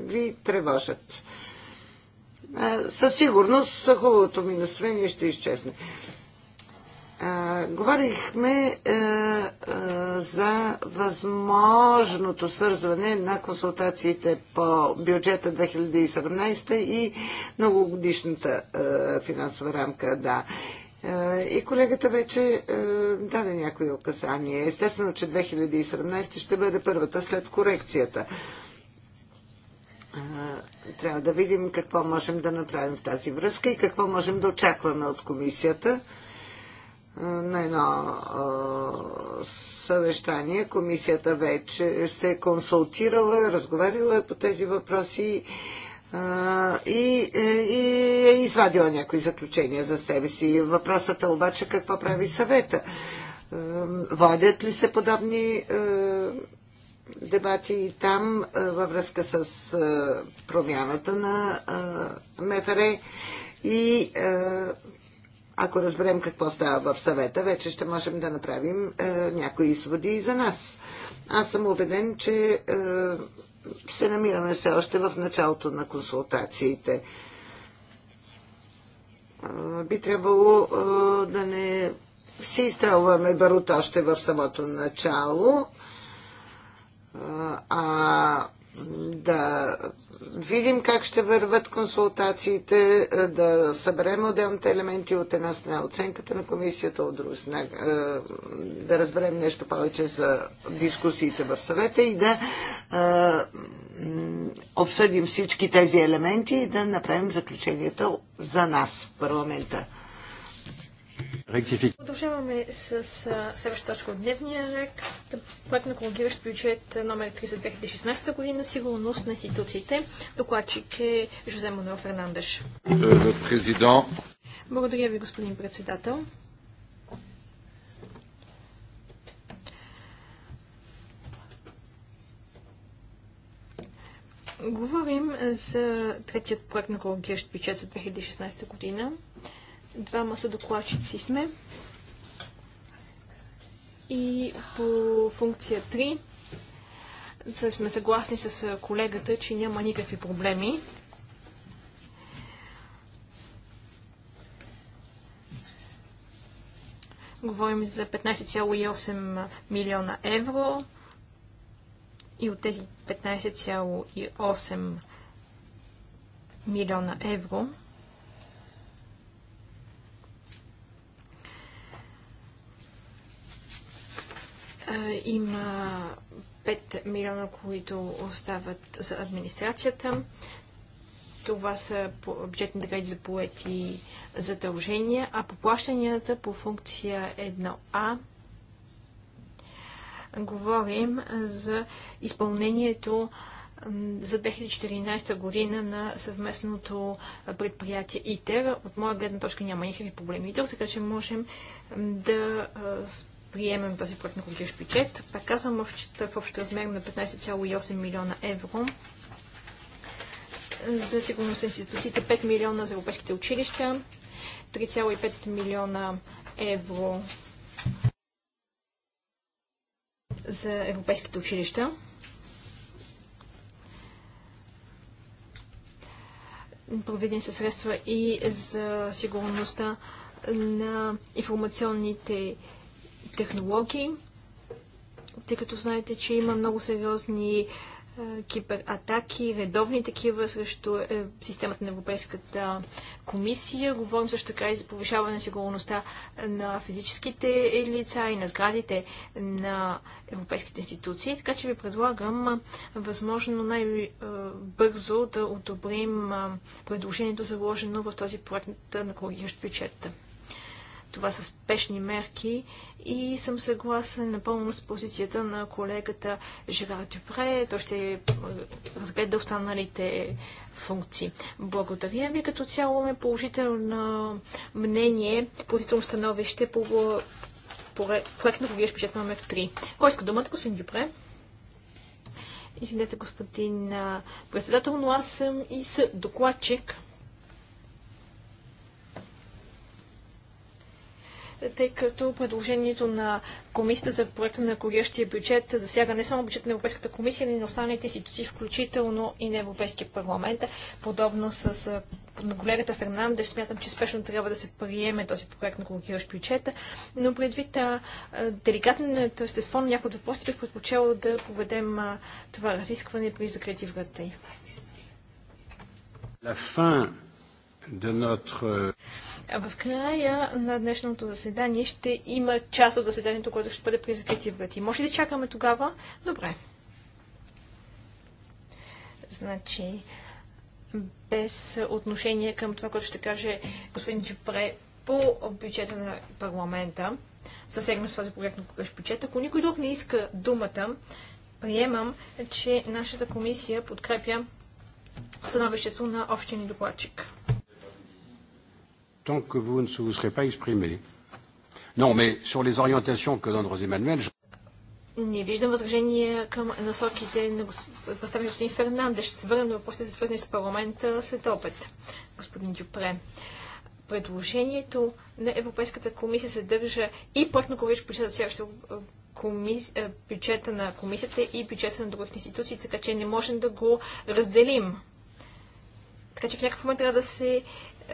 ви тревожат. Със сигурност хубавото ми настроение ще изчезне говорихме е, е, за възможното свързване на консултациите по бюджета 2017 и многогодишната е, финансова рамка, да. И колегата вече даде някои указания. Естествено, че 2017 ще бъде първата след корекцията. Трябва да видим какво можем да направим в тази връзка и какво можем да очакваме от комисията на едно съвещание. Комисията вече се е консултирала, разговаряла е по тези въпроси и, е, и е извадила някои заключения за себе си. Въпросът е обаче какво прави съвета. Е, водят ли се подобни е, дебати и там във връзка с промяната на МФР и ако разберем какво става в съвета, вече ще можем да направим е, някои изводи и за нас. Аз съм убеден, че е, се намираме все още в началото на консултациите. Е, би трябвало е, да не си изстрелваме барут още в самото начало, е, а да видим как ще върват консултациите, е, да съберем отделните елементи от една страна, оценката на комисията от друга страна, е, да разберем нещо повече за дискусиите в съвета и да е, обсъдим всички тези елементи и да направим заключенията за нас в парламента. Продължаваме с следващата точка от дневния рек. Проект на коригиращ бюджет номер 3 за 2016 година. Сигурност на институциите. Докладчик е Жозе Мануел Фернандеш. Е, президент. Благодаря ви, господин председател. Говорим за третият проект на коригиращ бюджет за 2016 година. Двама са докладчици сме. И по функция 3 сме съгласни с колегата, че няма никакви проблеми. Говорим за 15,8 милиона евро и от тези 15,8 милиона евро има 5 милиона, които остават за администрацията. Това са бюджетни кредити за поети задължения, а по плащанията по функция 1А говорим за изпълнението за 2014 година на съвместното предприятие ИТЕР. От моя гледна точка няма никакви проблеми Тук, така че можем да приемем този проект на годиш бюджет. Пак казвам, в общ размер на 15,8 милиона евро за сигурност на институциите, 5 милиона за европейските училища, 3,5 милиона евро за европейските училища. Проведени са средства и за сигурността на информационните технологии, тъй като знаете, че има много сериозни е, кибератаки, редовни такива срещу е, системата на Европейската комисия. Говорим също така и за повишаване на сигурността на физическите лица и на сградите на европейските институции. Така че ви предлагам е, възможно най-бързо да одобрим предложението заложено в този проект на коригиращ бюджет. Това са спешни мерки и съм съгласен напълно с позицията на колегата Жерар Дюпре. Той ще е, разгледа останалите функции. Благодаря ви. Като цяло ме положително мнение, позитивно становище по, проект на Прогреш бюджет номер 3. Кой иска думата, господин Дюпре? Извинете, господин председател, но аз съм и с докладчик тъй като предложението на Комисията за проекта на коригиращия бюджет засяга не само бюджет на Европейската комисия, но и на останалите институции, включително и на Европейския парламент. Подобно с на колегата Фернандеш, смятам, че спешно трябва да се приеме този проект на коригиращ бюджет, но предвид деликатното естество на някои от въпроси, бих предпочела да проведем това разискване при закрити врата La fin de notre... В края на днешното заседание ще има част от заседанието, което ще бъде при закрити врати. Може ли да чакаме тогава? Добре. Значи, без отношение към това, което ще каже господин Чупре по бюджета на парламента, засегнат с този проект на бюджет, ако никой друг не иска думата, приемам, че нашата комисия подкрепя становището на общия ни докладчик tant que vous ne vous serez pas exprimé. Non, mais sur les orientations que donne Rosé Manuel, je... Не виждам възражения към насоките на представен господин Фернандес. Ще се върнем на въпросите, свързани с парламента след опит, господин Дюпре. Предложението на Европейската комисия съдържа и проект на комисия, засягаща комис... Е, бюджета на комисията и бюджета на другите институции, така че не можем да го разделим. Така че в някакъв момент трябва да се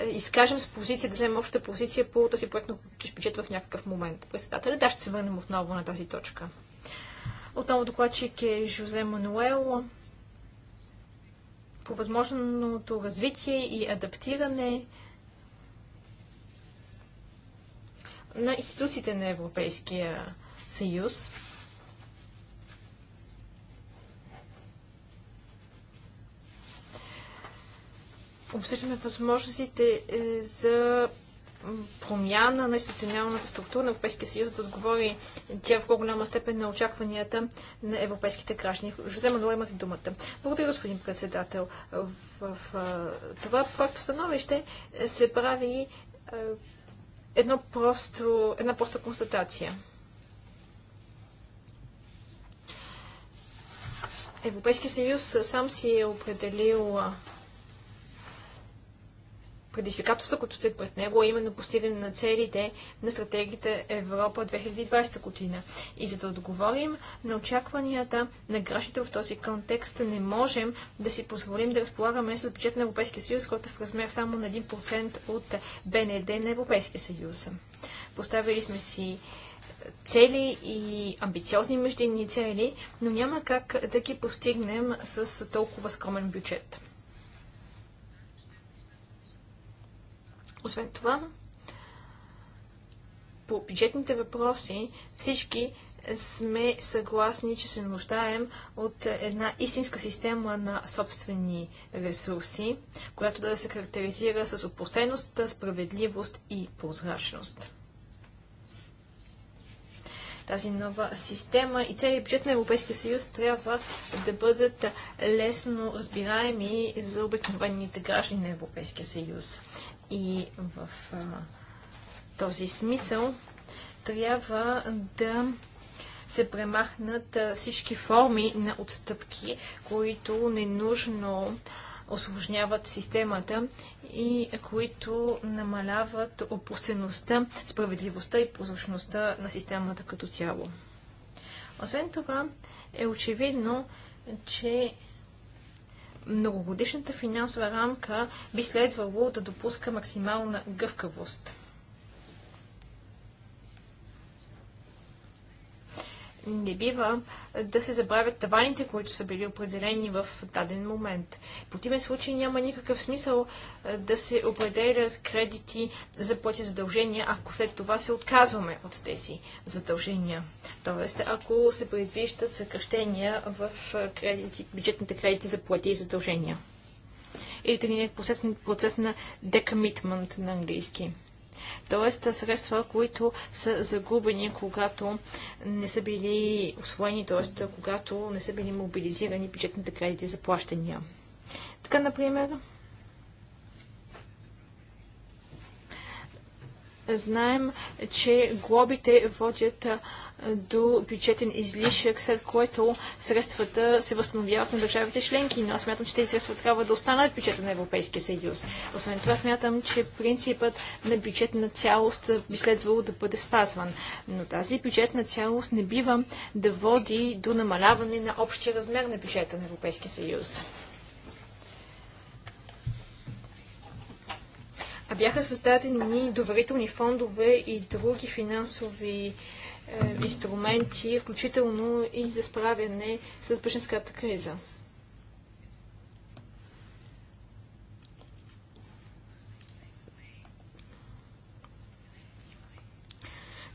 изкажем с позиция, да вземем обща позиция по този проект на бюджет в някакъв момент. Председателя, да, ще се върнем отново на тази точка. Отново докладчик е Жозе Мануел по възможното развитие и адаптиране на институциите на Европейския съюз. обсъждаме възможностите е, за промяна на институционалната структура на Европейския съюз да отговори тя в по-голяма степен на очакванията на европейските граждани. Жозе Мануел, имате думата. Благодаря, господин председател. В, в, в това проекто становище се прави едно просто, една проста констатация. Европейския съюз сам си е определил предизвикателства, които стоят пред него, е именно постигане на целите на стратегията Европа 2020 година. И за да отговорим на очакванията на гражданите в този контекст, не можем да си позволим да разполагаме с бюджет на Европейския съюз, който е в размер само на 1% от БНД на Европейския съюз. Поставили сме си цели и амбициозни междинни цели, но няма как да ги постигнем с толкова скромен бюджет. Освен това, по бюджетните въпроси всички сме съгласни, че се нуждаем от една истинска система на собствени ресурси, която да се характеризира с опростеност, справедливост и прозрачност. Тази нова система и целият бюджет на Европейския съюз трябва да бъдат лесно разбираеми за обикновените граждани на Европейския съюз. И в а, този смисъл трябва да се премахнат всички форми на отстъпки, които ненужно осложняват системата и които намаляват опустеността, справедливостта и прозрачността на системата като цяло. Освен това, е очевидно, че многогодишната финансова рамка би следвало да допуска максимална гъвкавост. не бива да се забравят таваните, които са били определени в даден момент. В противен случай няма никакъв смисъл да се определят кредити за плати задължения, ако след това се отказваме от тези задължения. Тоест, ако се предвиждат съкръщения в кредити, бюджетните кредити за плати и задължения. Или един процес, процес на декамитмент на английски т.е. средства, които са загубени, когато не са били освоени, т.е. когато не са били мобилизирани бюджетните кредити за плащания. Така, например, знаем, че глобите водят до бюджетен излишък, след което средствата се възстановяват на държавите членки. Но аз смятам, че тези средства трябва да останат в бюджета на Европейския съюз. Освен това, смятам, че принципът на бюджетна цялост би следвало да бъде спазван. Но тази бюджетна цялост не бива да води до намаляване на общия размер на бюджета на Европейския съюз. а бяха създадени доверителни фондове и други финансови е, инструменти, включително и за справяне с бъженската криза.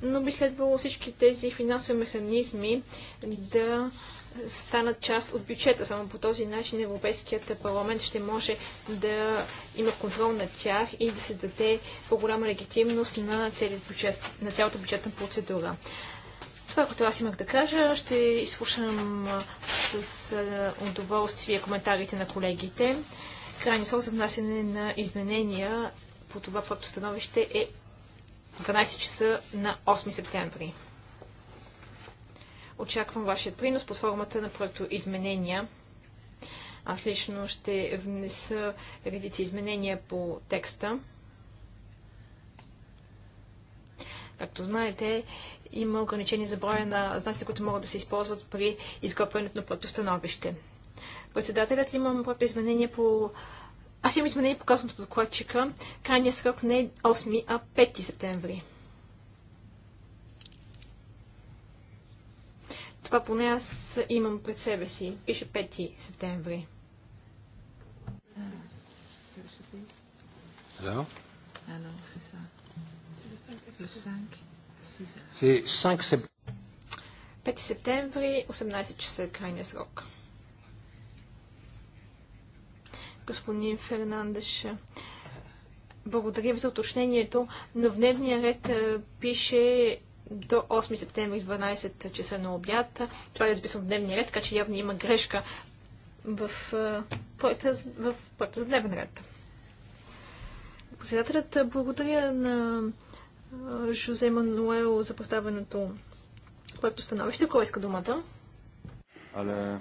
но би следвало всички тези финансови механизми да станат част от бюджета. Само по този начин Европейският парламент ще може да има контрол над тях и да се даде по-голяма легитимност на, бюджет, на цялата бюджетна процедура. Това, което аз имах да кажа, ще изслушам с удоволствие коментарите на колегите. Крайни срок за внасяне на изменения по това фактостановище е 12 часа на 8 септември. Очаквам вашият принос под формата на проекто изменения. Аз лично ще внеса редици изменения по текста. Както знаете, има ограничени за броя на знаците, които могат да се използват при изготвянето на проекто становище. Председателят имам проекто по аз имам изменение по от докладчика. Крайният срок не е 8, а 5 септември. Това поне аз имам пред себе си. Пише 5 септември. Пети септември, 18 часа е крайния срок. Господин Фернандеш, благодаря ви за уточнението, но в дневния ред пише до 8 септември 12 часа на обяд. Това е записано в дневния ред, така че явно има грешка в проекта, в проекта за дневен ред. Председателят благодаря на Жозе Мануел за поставеното проекто становище. Кой иска думата? Але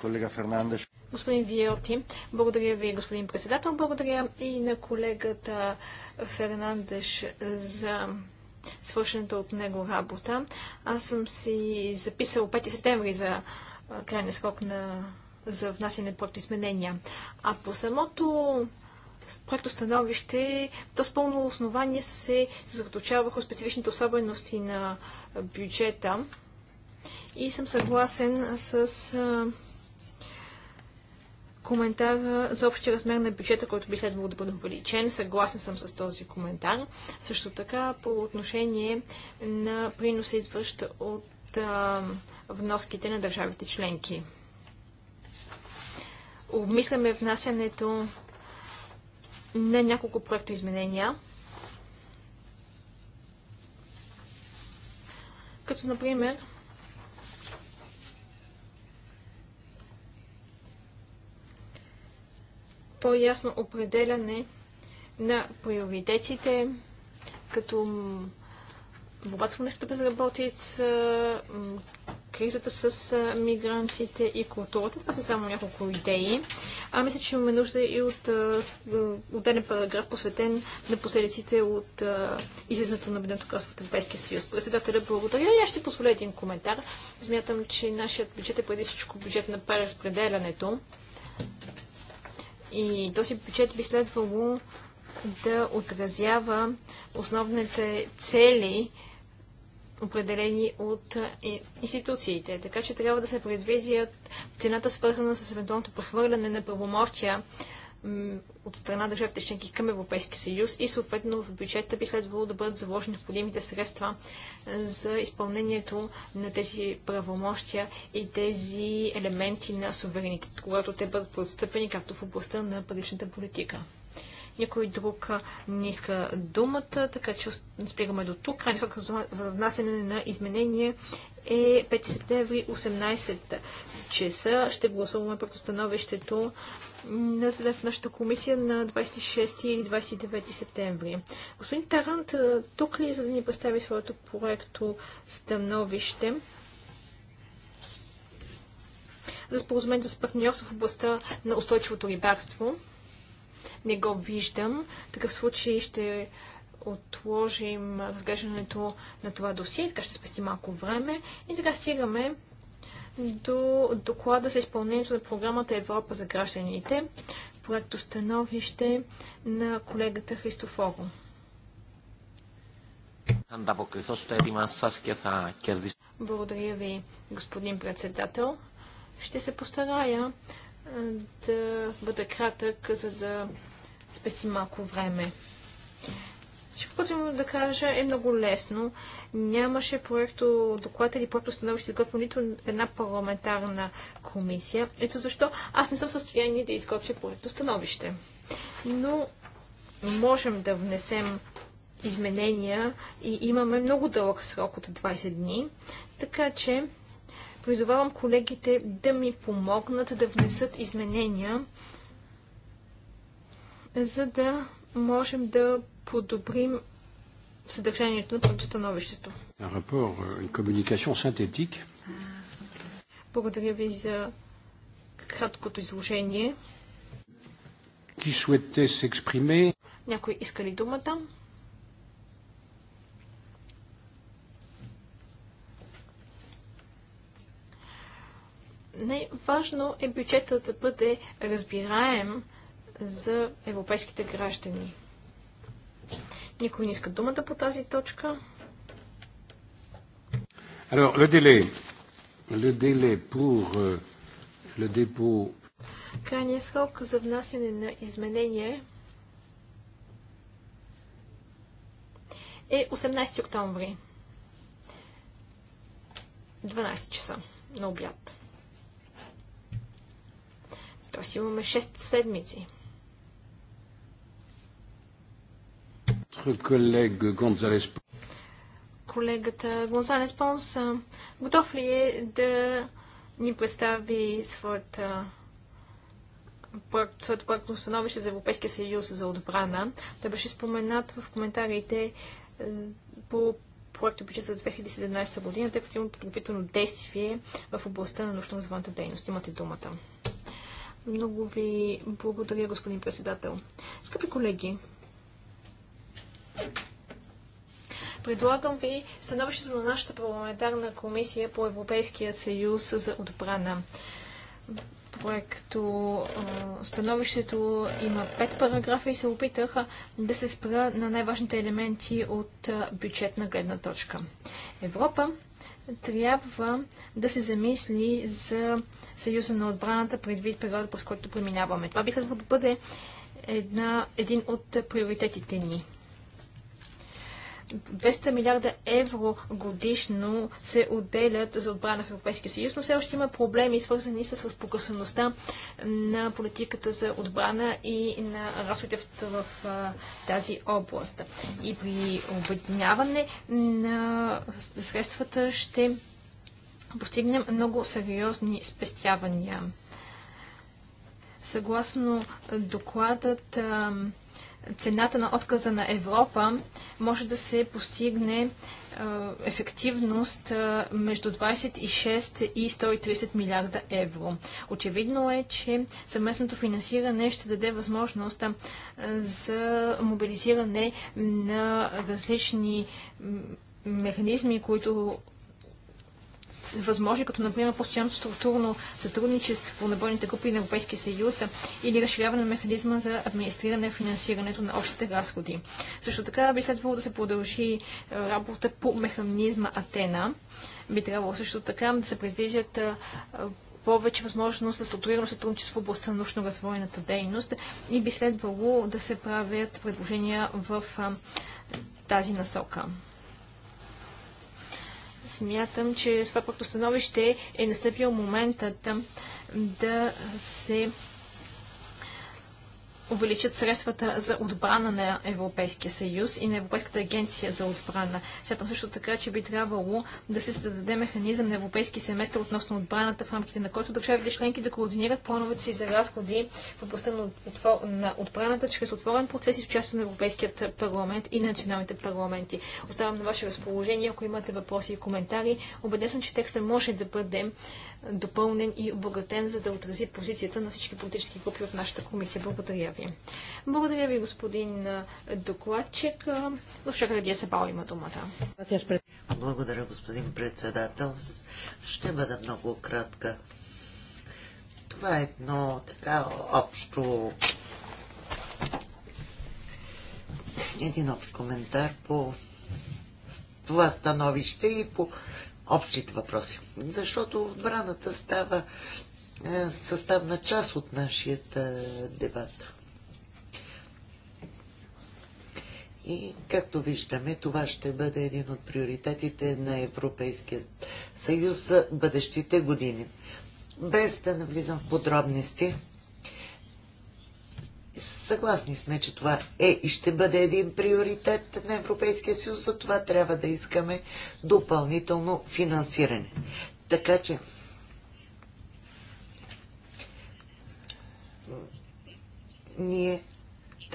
колега Фернандеш. Господин Виоти, благодаря ви, господин председател. Благодаря и на колегата Фернандеш за свършената от него работа. Аз съм си записал 5 септември за крайния скок на, за внасяне проекто изменения. А по самото проекто становище, то с пълно основание се съсредоточава върху специфичните особености на бюджета. И съм съгласен с коментара за общия размер на бюджета, който би следвало да бъде увеличен. Съгласен съм с този коментар. Също така по отношение на приноса, идващ от а, вноските на държавите членки. Обмисляме внасянето на няколко проекто изменения. Като, например, по-ясно определяне на приоритетите, като борбата с младежката безработица, кризата с мигрантите и културата. Това са само няколко идеи. А мисля, че имаме нужда и от отделен параграф, посветен на последиците от излизането на бедното кралство в Европейския съюз. Председателя, благодаря и аз ще позволя един коментар. Смятам, че нашият бюджет е преди всичко бюджет на преразпределянето. И този бюджет би следвало да отразява основните цели, определени от институциите. Така че трябва да се предвидят цената свързана с евентуалното прехвърляне на правомощия от страна държавите членки към Европейския съюз и съответно в бюджета би следвало да бъдат заложени необходимите средства за изпълнението на тези правомощия и тези елементи на суверените, когато те бъдат подстъпени както в областта на паричната политика. Никой друг не иска думата, така че спираме до тук. Крайни срок за внасяне на изменение е 5 септември 18 часа. Ще гласуваме пред становището на в нашата комисия на 26 или 29 септември. Господин Тарант, тук ли е, за да ни представи своето проекто становище? за споразумението с партньорство в областта на устойчивото рибарство. Не го виждам. В такъв случай ще отложим разглеждането на това досие, така ще спести малко време. И така стигаме до доклада за изпълнението на програмата Европа за гражданите, проекто становище на колегата Христофоро. Благодаря ви, господин председател. Ще се постарая да бъда кратък, за да спестим малко време. Всичко, което имам да кажа е много лесно. Нямаше проекто доклад или проекто становище изготвено нито една парламентарна комисия. Ето защо аз не съм в състояние да изготвя проекто становище. Но можем да внесем изменения и имаме много дълъг срок от 20 дни, така че призовавам колегите да ми помогнат да внесат изменения, за да можем да подобрим съдържанието на предостановището. Euh, Благодаря ви за краткото изложение. Някой иска ли думата? най-важно е бюджетът да бъде разбираем за европейските граждани. Никой не иска думата по тази точка. Alors, le délai, le délai pour euh, le dépôt. Крайният срок за внасяне на изменение е 18 октомври. 12 часа на обяд. Тоест имаме 6 седмици. Колегата Гонзалес Понс, готов ли е да ни представи своята своето проектно становище за Европейския съюз за отбрана. Той беше споменат в коментарите по проекта бюджет за 2017 година, тъй като има подготвително действие в областта на научно-развойната дейност. Имате думата. Много ви благодаря, господин председател. Скъпи колеги, Предлагам ви становището на нашата парламентарна комисия по Европейския съюз за отбрана. Проекто становището има пет параграфа и се опитаха да се спра на най-важните елементи от бюджетна гледна точка. Европа трябва да се замисли за Съюза на отбраната предвид периода, през който преминаваме. Това би следвало да бъде една, един от приоритетите ни. 200 милиарда евро годишно се отделят за отбрана в Европейския съюз, но все още има проблеми, свързани с разпокъсаността на политиката за отбрана и на разходите в, в, в тази област. И при обединяване на средствата ще постигнем много сериозни спестявания. Съгласно докладът, цената на отказа на Европа може да се постигне е, ефективност е, между 26 и 130 милиарда евро. Очевидно е, че съместното финансиране ще даде възможност е, за мобилизиране на различни механизми, които възможни, като например постоянно структурно сътрудничество на бойните групи на Европейския съюз или разширяване на механизма за администриране и финансирането на общите разходи. Също така би следвало да се продължи е, работа по механизма Атена. Би трябвало също така да се предвижат е, повече възможност за структурирано сътрудничество в областта на научно-развойната дейност и би следвало да се правят предложения в е, тази насока. Смятам, че с това становище е настъпил моментът да се увеличат средствата за отбрана на Европейския съюз и на Европейската агенция за отбрана. Смятам също така, че би трябвало да се създаде механизъм на европейски семестър относно отбраната, в рамките на който държавите членки да координират плановете си за разходи в областта на, отбраната чрез отворен процес и с участие на Европейският парламент и на националните парламенти. Оставам на ваше разположение, ако имате въпроси и коментари. Обеден съм, че текстът може да бъде допълнен и обогатен, за да отрази позицията на всички политически групи от нашата комисия. Благодаря ви. Благодаря ви, господин докладчик. Госпожа Градия Сабал има думата. Благодаря, господин председател. Ще бъда много кратка. Това е едно така общо един общ коментар по това становище и по общите въпроси. Защото отбраната става е, съставна част от нашия е, дебат. И както виждаме, това ще бъде един от приоритетите на Европейския съюз за бъдещите години. Без да навлизам в подробности, съгласни сме, че това е и ще бъде един приоритет на Европейския съюз, за това трябва да искаме допълнително финансиране. Така че ние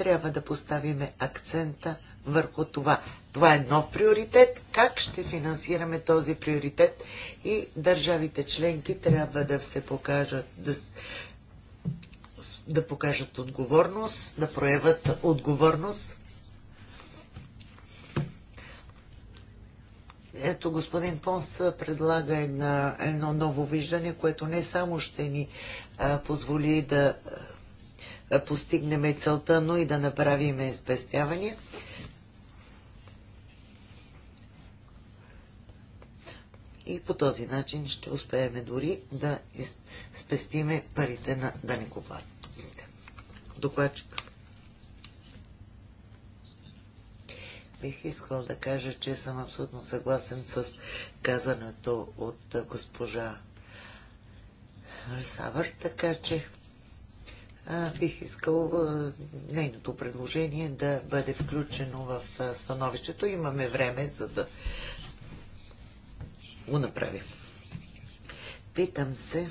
трябва да поставиме акцента върху това. Това е нов приоритет. Как ще финансираме този приоритет? И държавите членки трябва да се покажат, да, да покажат отговорност, да проявят отговорност. Ето господин Понс предлага една, едно ново виждане, което не само ще ни а, позволи да постигнем целта, но и да направим спестявания. И по този начин ще успеем дори да спестиме парите на данекоплатците. Докладчика. Бих искал да кажа, че съм абсолютно съгласен с казаното от госпожа Ресавър, така че бих искал нейното предложение да бъде включено в становището. Имаме време, за да го направим. Питам се,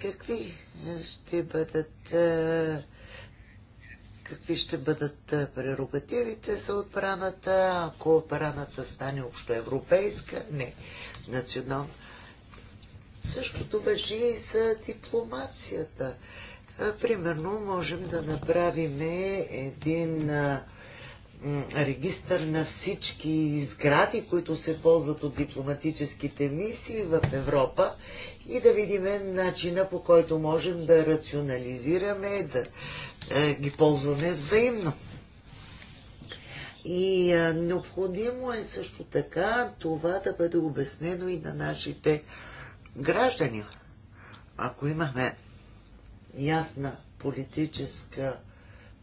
какви ще бъдат какви ще бъдат прерогативите за отбраната, ако отбраната стане общоевропейска, не национална. Същото въжи и за дипломацията. Примерно можем да направим един регистър на всички сгради, които се ползват от дипломатическите мисии в Европа и да видим начина по който можем да рационализираме, да ги ползваме взаимно. И необходимо е също така това да бъде обяснено и на нашите граждани. Ако имахме ясна политическа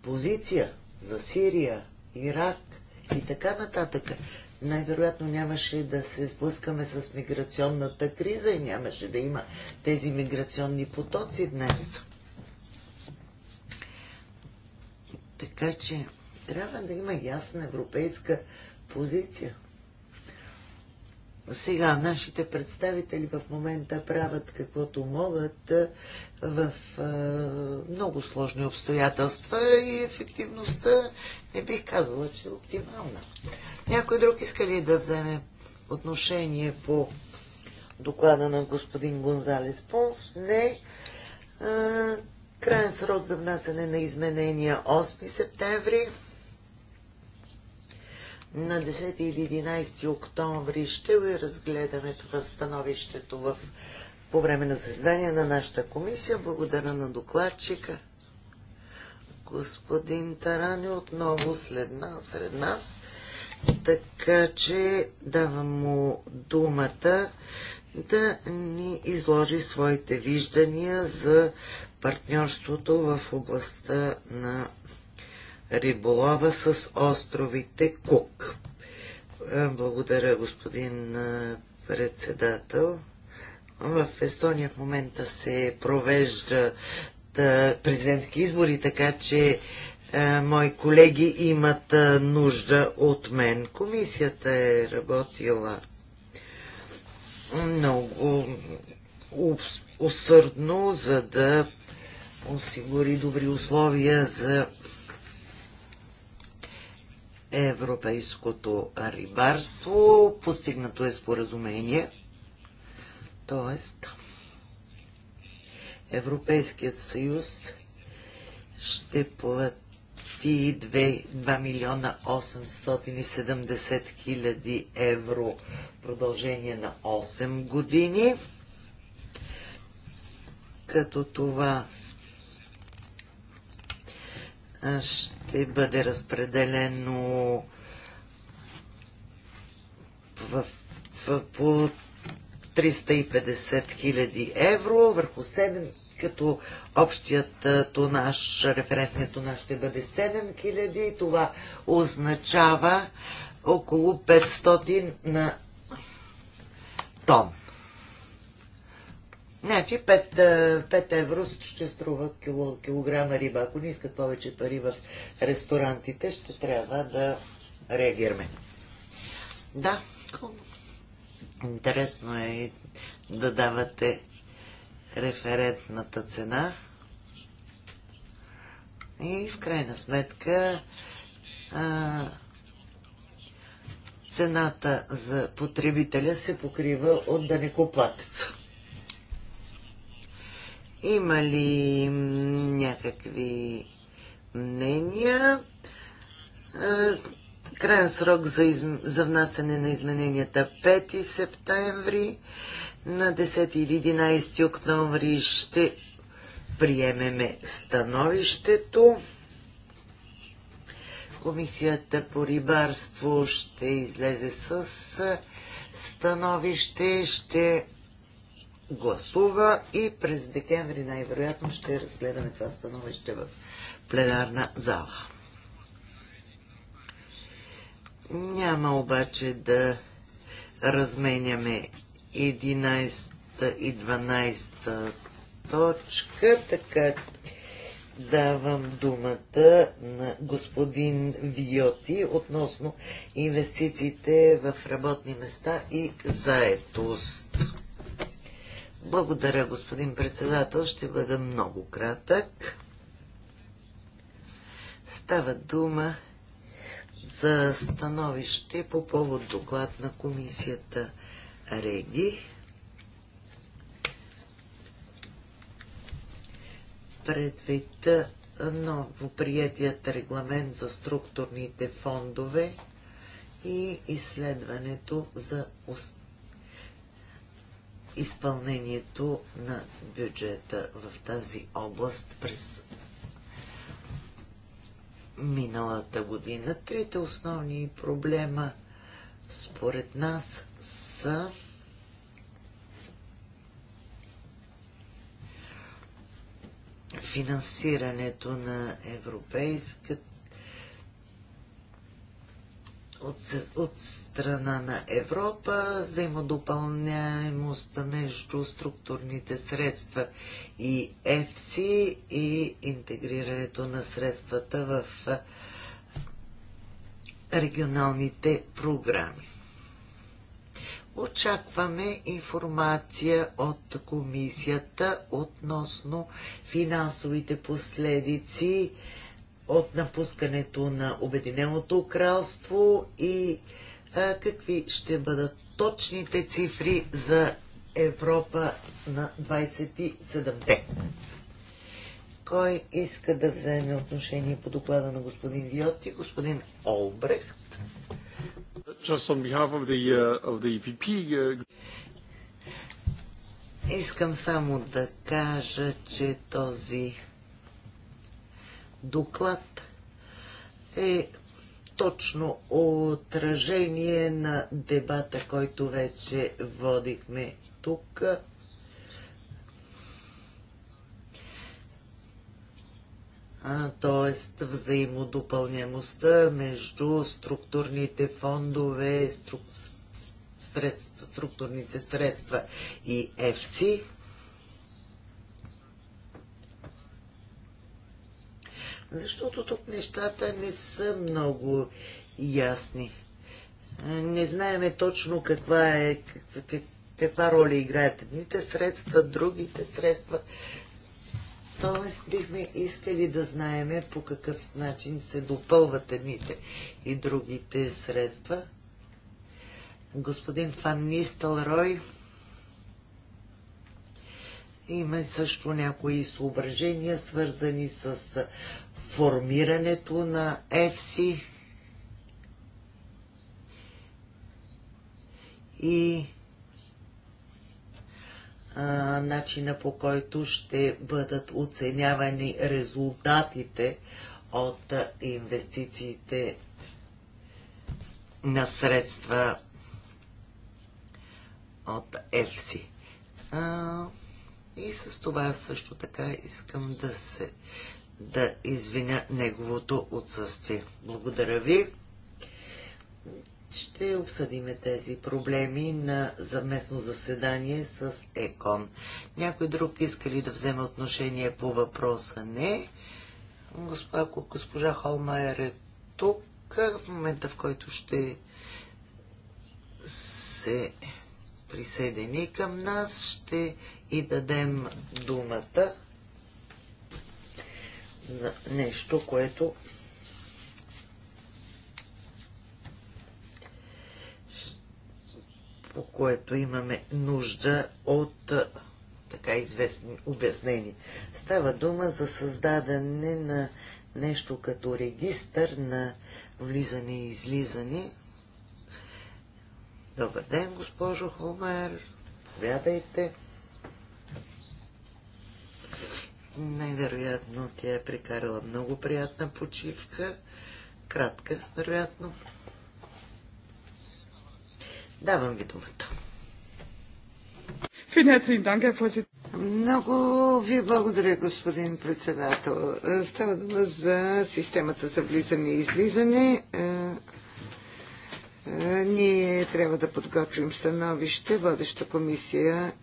позиция за Сирия, Ирак и така нататък, най-вероятно нямаше да се сблъскаме с миграционната криза и нямаше да има тези миграционни потоци днес. Така че трябва да има ясна европейска позиция сега нашите представители в момента правят каквото могат в много сложни обстоятелства и ефективността не бих казала, че е оптимална. Някой друг иска ли да вземе отношение по доклада на господин Гонзалес Понс? Не. Крайен срок за внасяне на изменения 8 септември. На 10 и 11 октомври ще разгледаме това становището в, по време на заседание на нашата комисия. Благодаря на докладчика. Господин Тарани отново след нас, сред нас. Така че давам му думата да ни изложи своите виждания за партньорството в областта на риболова с островите Кук. Е, благодаря, господин е, председател. В Естония в момента се провежда е, президентски избори, така че е, мои колеги имат е, нужда от мен. Комисията е работила много усърдно, за да осигури добри условия за европейското рибарство. Постигнато е споразумение. Тоест, Европейският съюз ще плати 2, 2 милиона 870 хиляди евро продължение на 8 години. Като това ще бъде разпределено в, в, по 350 хиляди евро върху 7, като общият тонаж, референтният тонаж ще бъде 7 хиляди и това означава около 500 на тон. Значи 5, 5 евро ще струва кило, килограма риба. Ако не искат повече пари в ресторантите, ще трябва да реагираме. Да, интересно е да давате референтната цена. И в крайна сметка а, цената за потребителя се покрива от данекоплатеца. Има ли някакви мнения? Крайен срок за, из... за внасяне на измененията 5 септември. На 10 или 11 октомври ще приемеме становището. Комисията по рибарство ще излезе с становище, ще гласува и през декември най-вероятно ще разгледаме това становище в пленарна зала. Няма обаче да разменяме 11 и 12 точка, така давам думата на господин Виоти относно инвестициите в работни места и заетост. Благодаря, господин председател. Ще бъда много кратък. Става дума за становище по повод доклад на комисията Реги. Предвид новоприятият регламент за структурните фондове и изследването за изпълнението на бюджета в тази област през миналата година. Трите основни проблема според нас са финансирането на европейската от, от страна на Европа, взаимодопълняемостта между структурните средства и ЕФСИ и интегрирането на средствата в регионалните програми. Очакваме информация от комисията относно финансовите последици от напускането на Обединеното кралство и а, какви ще бъдат точните цифри за Европа на 27-те. Кой иска да вземе отношение по доклада на господин Виоти? Господин Олбрехт. Just on behalf of the, uh, of the EPP, uh... Искам само да кажа, че този доклад е точно отражение на дебата, който вече водихме тук. т.е. взаимодопълнямостта между структурните фондове, стру... средства, структурните средства и ЕФСИ. Защото тук нещата не са много ясни. Не знаеме точно каква е, каква, каква роля играят едните средства, другите средства. Тоест бихме искали да знаеме по какъв начин се допълват едните и другите средства. Господин Фан Рой. има също някои съображения, свързани с формирането на ЕФСИ и а, начина по който ще бъдат оценявани резултатите от инвестициите на средства от ЕФСИ. А, и с това също така искам да се да извиня неговото отсъствие. Благодаря ви. Ще обсъдиме тези проблеми на заместно заседание с ЕКОН. Някой друг иска ли да вземе отношение по въпроса? Не. Ако госпожа Холмайер е тук, в момента в който ще се присъедини към нас, ще и дадем думата за нещо, което по което имаме нужда от така известни обяснения. Става дума за създадане на нещо като регистър на влизане и излизане. Добър ден, госпожо Хомер. повядайте. Най-вероятно тя е прекарала много приятна почивка. Кратка, вероятно. Давам ви думата. Много ви благодаря, господин председател. Става дума за системата за влизане и излизане. Е, е, ние трябва да подготвим становище. Водеща комисия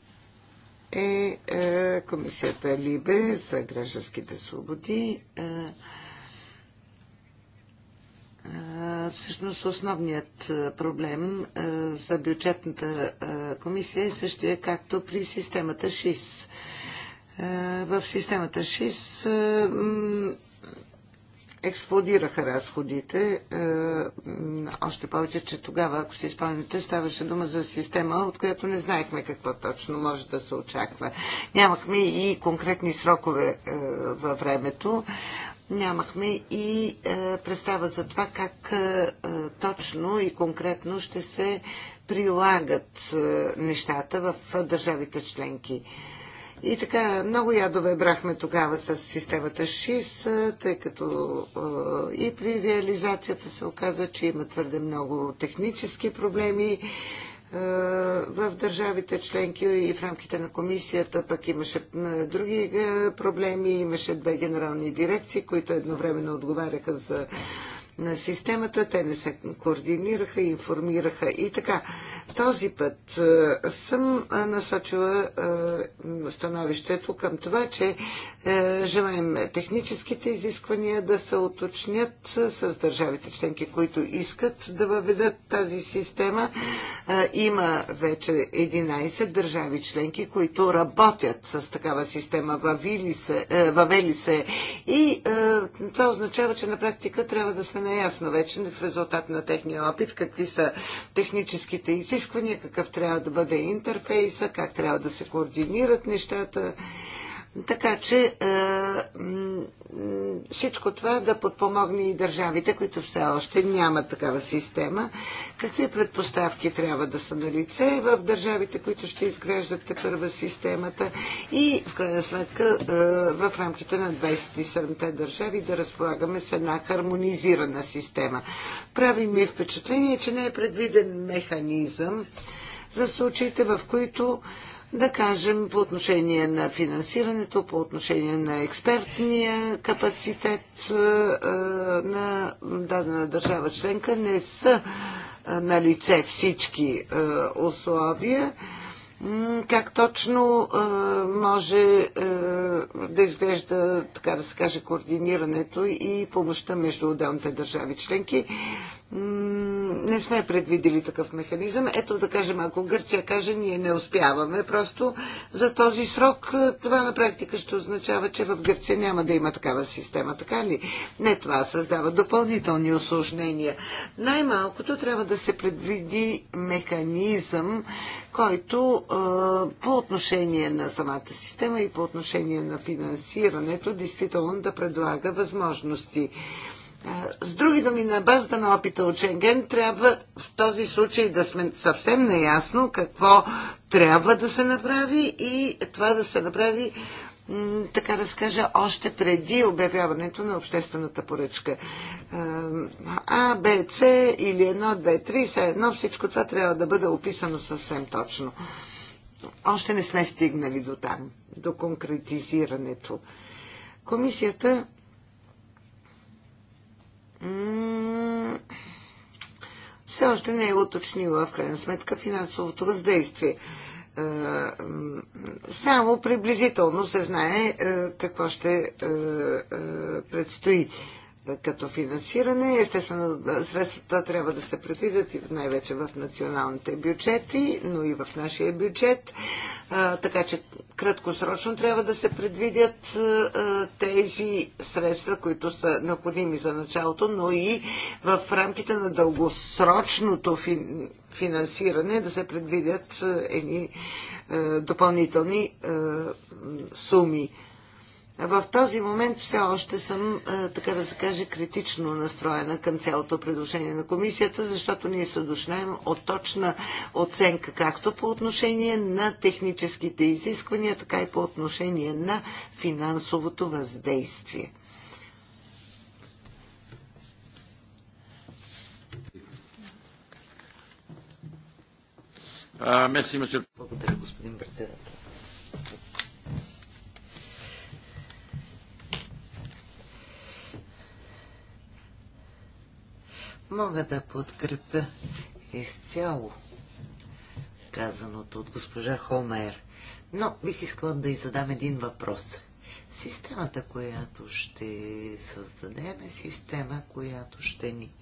е, е, комисията Либе за гражданските свободи. Е, е, всъщност основният проблем за бюджетната комисия е същия, както при системата ШИС. В системата ШИС експлодираха разходите. Е, още повече, че тогава, ако се изпълните, ставаше дума за система, от която не знаехме какво точно може да се очаква. Нямахме и конкретни срокове е, във времето. Нямахме и е, представа за това как точно и конкретно ще се прилагат нещата в държавите членки. И така, много ядове брахме тогава с системата ШИС, тъй като и при реализацията се оказа, че има твърде много технически проблеми в държавите членки и в рамките на комисията пък имаше други проблеми, имаше две генерални дирекции, които едновременно отговаряха за на системата, те не се координираха, информираха и така. Този път е, съм е, насочила е, становището към това, че желаем техническите изисквания да се уточнят с държавите членки, които искат да въведат тази система. Има вече 11 държави членки, които работят с такава система, въвели се, въвели се и това означава, че на практика трябва да сме е ясно вече в резултат на техния опит какви са техническите изисквания, какъв трябва да бъде интерфейса, как трябва да се координират нещата така че е, всичко това да подпомогне и държавите, които все още нямат такава система. Какви предпоставки трябва да са на лице в държавите, които ще изграждат първа системата и в крайна сметка е, в рамките на 27-те държави да разполагаме с една хармонизирана система. Прави ми впечатление, че не е предвиден механизъм за случаите, в които да кажем, по отношение на финансирането, по отношение на експертния капацитет е, е, на дадена държава членка, не са е, на лице всички условия. Как точно може да изглежда, така да се каже, координирането и помощта между отделните държави членки? не сме предвидили такъв механизъм. Ето да кажем, ако Гърция каже, ние не успяваме просто за този срок, е, това на практика ще означава, че в Гърция няма да има такава система, така ли? Не, това създава допълнителни осложнения. Най-малкото трябва да се предвиди механизъм, който е, по отношение на самата система и по отношение на финансирането, действително да предлага възможности. С други думи, на базата на опита от Шенген, трябва в този случай да сме съвсем наясно какво трябва да се направи и това да се направи, така да скажа, още преди обявяването на обществената поръчка. А, Б, С или 1, 2, 3, все едно, всичко това трябва да бъде описано съвсем точно. Още не сме стигнали до там, до конкретизирането. Комисията все още не е уточнила в крайна сметка финансовото въздействие. Е, само приблизително се знае е, какво ще е, предстои като финансиране. Естествено, средствата трябва да се предвидят и най-вече в националните бюджети, но и в нашия бюджет. Така че краткосрочно трябва да се предвидят тези средства, които са необходими за началото, но и в рамките на дългосрочното финансиране да се предвидят едни допълнителни суми в този момент все още съм, е, така да се каже, критично настроена към цялото предложение на комисията, защото ние се дошнем от точна оценка, както по отношение на техническите изисквания, така и по отношение на финансовото въздействие. Благодаря, господин председател. Мога да подкрепя изцяло казаното от госпожа Холмер, но бих искала да й задам един въпрос. Системата, която ще създадем, е система, която ще ни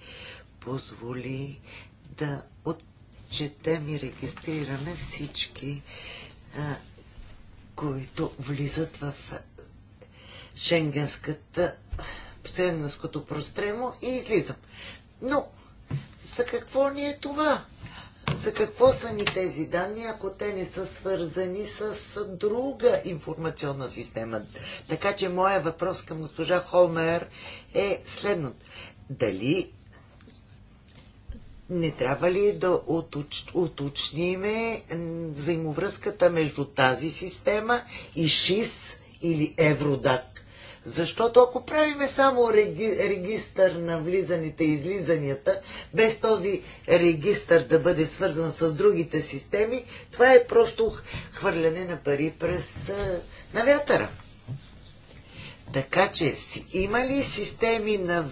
позволи да отчетем и регистрираме всички, а, които влизат в шенгенската Шенгенското простремо и излизам. Но за какво ни е това? За какво са ни тези данни, ако те не са свързани с друга информационна система? Така че моя въпрос към госпожа Холмер е следното. Дали не трябва ли да уточ, уточниме взаимовръзката между тази система и ШИС или Евродат? Защото ако правиме само реги, регистър на влизаните и излизанията, без този регистър да бъде свързан с другите системи, това е просто хвърляне на пари през на вятъра. Така че има ли системи на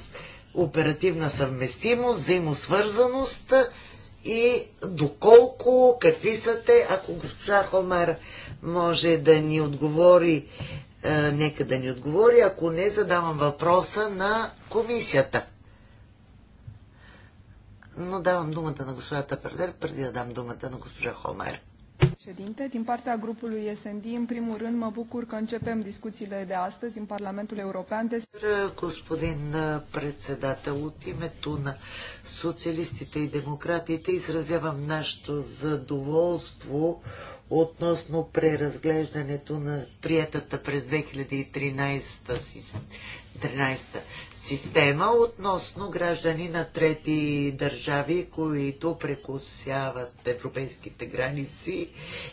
оперативна съвместимост, взаимосвързаност и доколко, какви са те, ако госпожа Хомар може да ни отговори е, нека да ни отговори. Ако не, задавам въпроса на комисията. Но давам думата на господата Пердер, преди да дам думата на госпожа Холмайер. Președinte, din partea grupului SND, în primul rând, mă bucur că începem discuțiile de astăzi în Parlamentul European despre... Господин е, председател, от името на социалистите и демократите изразявам нашето задоволство относно преразглеждането на приятата през 2013 система относно граждани на трети държави, които прекусяват европейските граници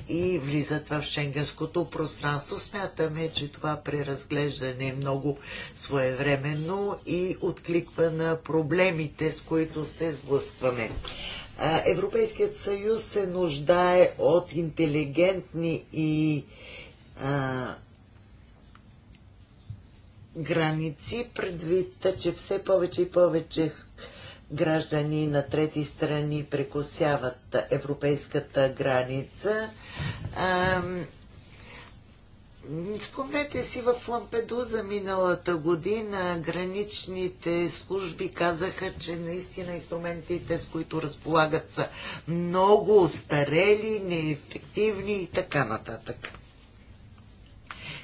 и влизат в шенгенското пространство. Смятаме, че това преразглеждане е много своевременно и откликва на проблемите, с които се сблъскваме. Европейският съюз се нуждае от интелигентни и а, граници, предвид, че все повече и повече граждани на трети страни прекусяват европейската граница. А, Спомнете си в Лампедуза миналата година граничните служби казаха, че наистина инструментите, с които разполагат, са много остарели, неефективни и така нататък.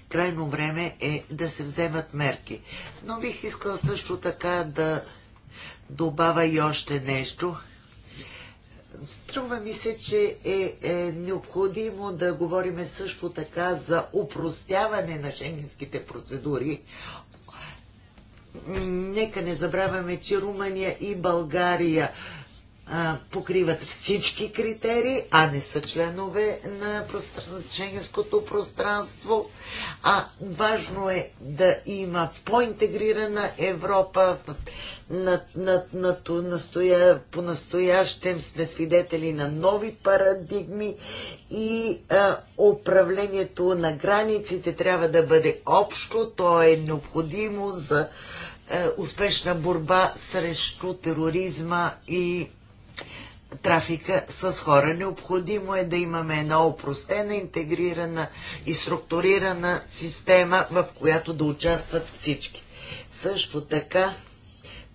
Крайно време е да се вземат мерки. Но бих искала също така да добавя и още нещо – Струва ми се, че е, е необходимо да говорим също така за упростяване на шенгенските процедури. Нека не забравяме, че Румъния и България покриват всички критерии, а не са членове на Шенгенското пространство. А важно е да има по-интегрирана Европа. На, на, на, по-настоящем сме свидетели на нови парадигми и а, управлението на границите трябва да бъде общо. То е необходимо за е, успешна борба срещу тероризма и трафика с хора. Необходимо е да имаме една опростена, интегрирана и структурирана система, в която да участват всички. Също така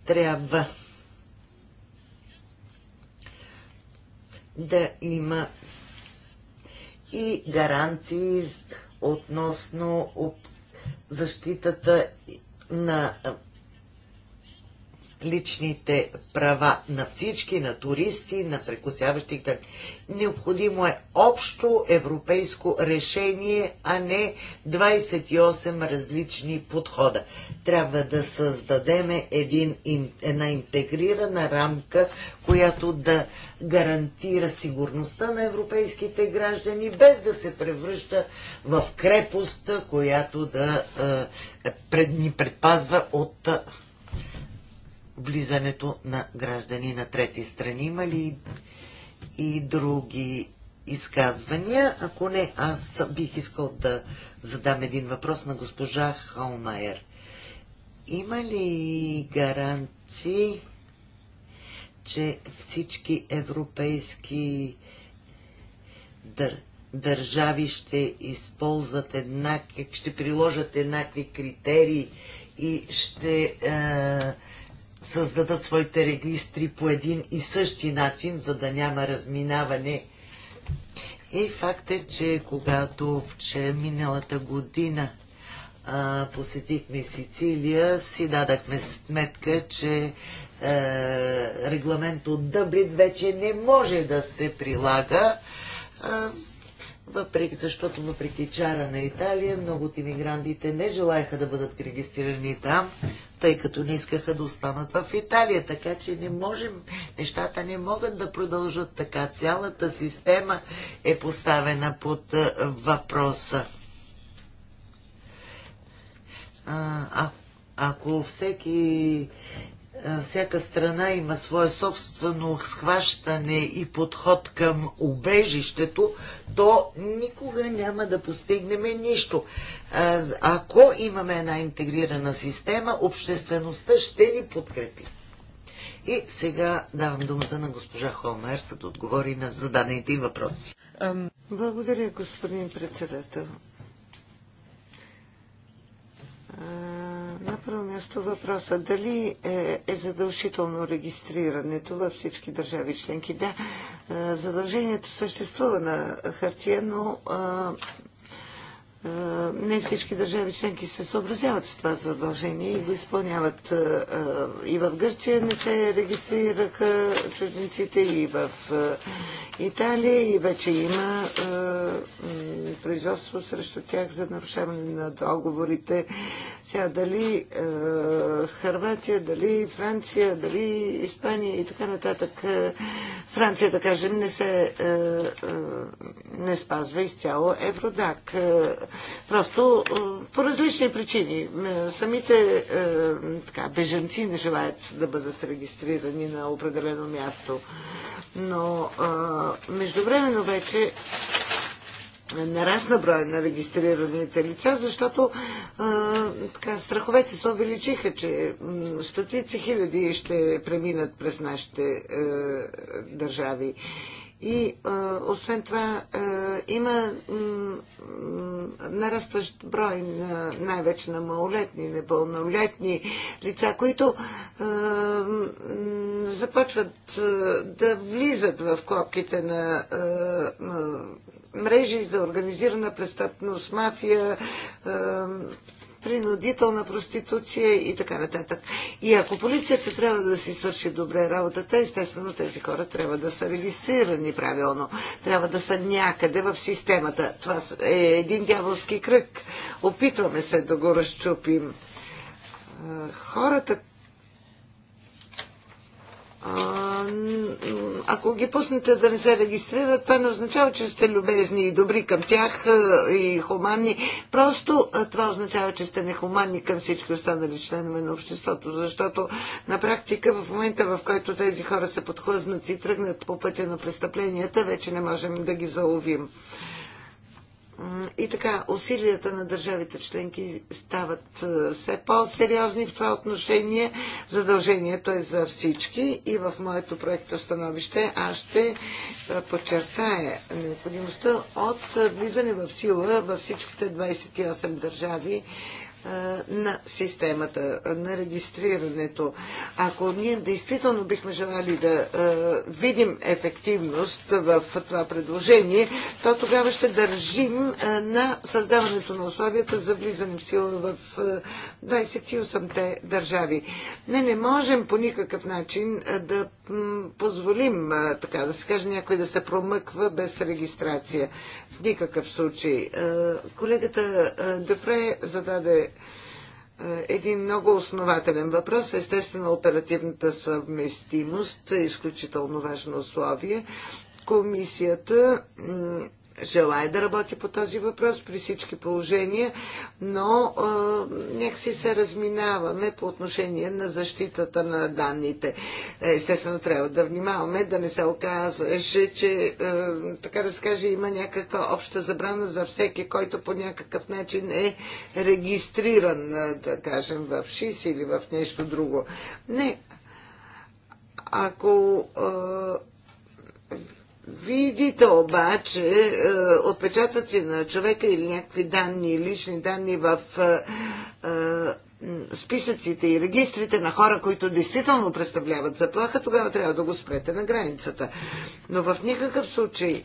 трябва да има и гаранции относно от защитата на личните права на всички, на туристи, на прекусяващи граници. Необходимо е общо европейско решение, а не 28 различни подхода. Трябва да създадем един, една интегрирана рамка, която да гарантира сигурността на европейските граждани, без да се превръща в крепост, която да е, ни предпазва от е, влизането на граждани на трети страни. Има ли и други изказвания? Ако не, аз бих искал да задам един въпрос на госпожа Холмайер. Има ли гаранции, че всички европейски държави държави ще използват еднакви, ще приложат еднакви критерии и ще е, създадат своите регистри по един и същи начин, за да няма разминаване. И факт е, че когато вчера миналата година а, посетихме Сицилия, си дадахме сметка, че а, е, регламент от Дъбрид вече не може да се прилага. А, въпреки, защото въпреки чара на Италия, много от иммигрантите не желаяха да бъдат регистрирани там, тъй като не искаха да останат в Италия. Така че не можем, нещата не могат да продължат така. Цялата система е поставена под въпроса. А, а, ако всеки е, всяка страна има свое собствено схващане и подход към убежището, то никога няма да постигнем нищо. Е, ако имаме една интегрирана система, обществеността ще ни подкрепи. И сега давам думата на госпожа Холмер, за да отговори на зададените въпроси. Благодаря, господин председател. На първо място въпроса дали е, е задължително регистрирането във всички държави членки. Да, задължението съществува на хартия, но не всички държави членки се съобразяват с това задължение и го изпълняват. И в Гърция не се регистрираха чужденците, и в Италия, и вече има производство срещу тях за нарушаване на договорите. Сега дали Харватия, дали Франция, дали Испания и така нататък. Франция, да кажем, не се не спазва изцяло Евродак Просто е, по различни причини. Е, самите е, така, беженци не желаят да бъдат регистрирани на определено място. Но междувременно вече нарасна броя на регистрираните лица, защото а, така, страховете се увеличиха, че стотици хиляди ще преминат през нашите а, държави. И а, освен това а, има нарастващ брой на, най-вече на малолетни, непълнолетни лица, които а, започват а, да влизат в клопките на, а, на мрежи за организирана престъпност, мафия, а, принудителна проституция и така нататък. И ако полицията трябва да си свърши добре работата, естествено тези хора трябва да са регистрирани правилно, трябва да са някъде в системата. Това е един дяволски кръг. Опитваме се да го разчупим. Хората, ако ги пуснете да не се регистрират, това не означава, че сте любезни и добри към тях и хуманни. Просто това означава, че сте нехуманни към всички останали членове на обществото, защото на практика в момента, в който тези хора се подхлъзнат и тръгнат по пътя на престъпленията, вече не можем да ги заловим. И така, усилията на държавите членки стават е, все по-сериозни в това отношение. Задължението е за всички и в моето проекто становище аз ще е, подчертая необходимостта от влизане в сила във всичките 28 държави на системата, на регистрирането. Ако ние действително бихме желали да видим ефективност в това предложение, то тогава ще държим на създаването на условията за влизане в сила в 28-те държави. Не, не можем по никакъв начин да позволим, така да се каже, някой да се промъква без регистрация никакъв случай. Е, колегата е, Дефре зададе е, един много основателен въпрос. Естествено, оперативната съвместимост е изключително важно условие. Комисията желая да работя по този въпрос при всички положения, но а, някакси се разминаваме по отношение на защитата на данните. Естествено, трябва да внимаваме да не се оказваше, че, а, така да се каже, има някаква обща забрана за всеки, който по някакъв начин е регистриран, да кажем, в ШИС или в нещо друго. Не. Ако а, видите обаче е, отпечатъци на човека или някакви данни, лични данни в е, е, списъците и регистрите на хора, които действително представляват заплаха, тогава трябва да го спрете на границата. Но в никакъв случай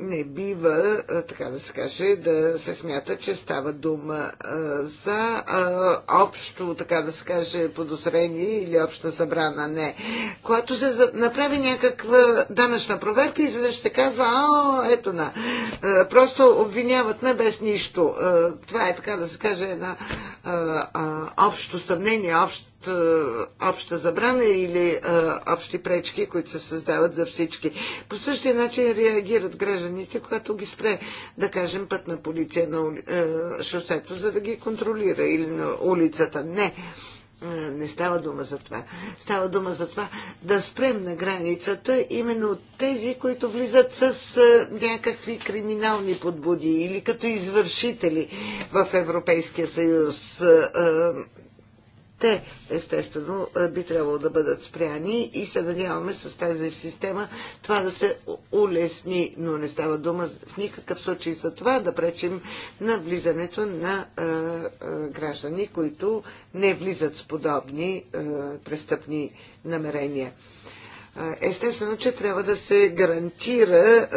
не бива, така да се каже, да се смята, че става дума за общо, така да се каже, подозрение или обща събрана. Не. Когато се направи някаква данъчна проверка, изведнъж се казва, а, ето на. Просто обвиняват ме без нищо. Това е, така да се каже, една общо съмнение, общо е, обща забрана или е, общи пречки, които се създават за всички. По същия начин реагират гражданите, когато ги спре, да кажем, път на полиция на е, шосето, за да ги контролира или на улицата. Не. Не става дума за това. Става дума за това да спрем на границата именно тези, които влизат с някакви криминални подбуди или като извършители в Европейския съюз те естествено е, би трябвало да бъдат спряни и се надяваме с тази система това да се улесни, но не става дума в никакъв случай за това да пречим на влизането на а, е, а, е, граждани, които не влизат с подобни а, престъпни намерения. Естествено, че трябва да се гарантира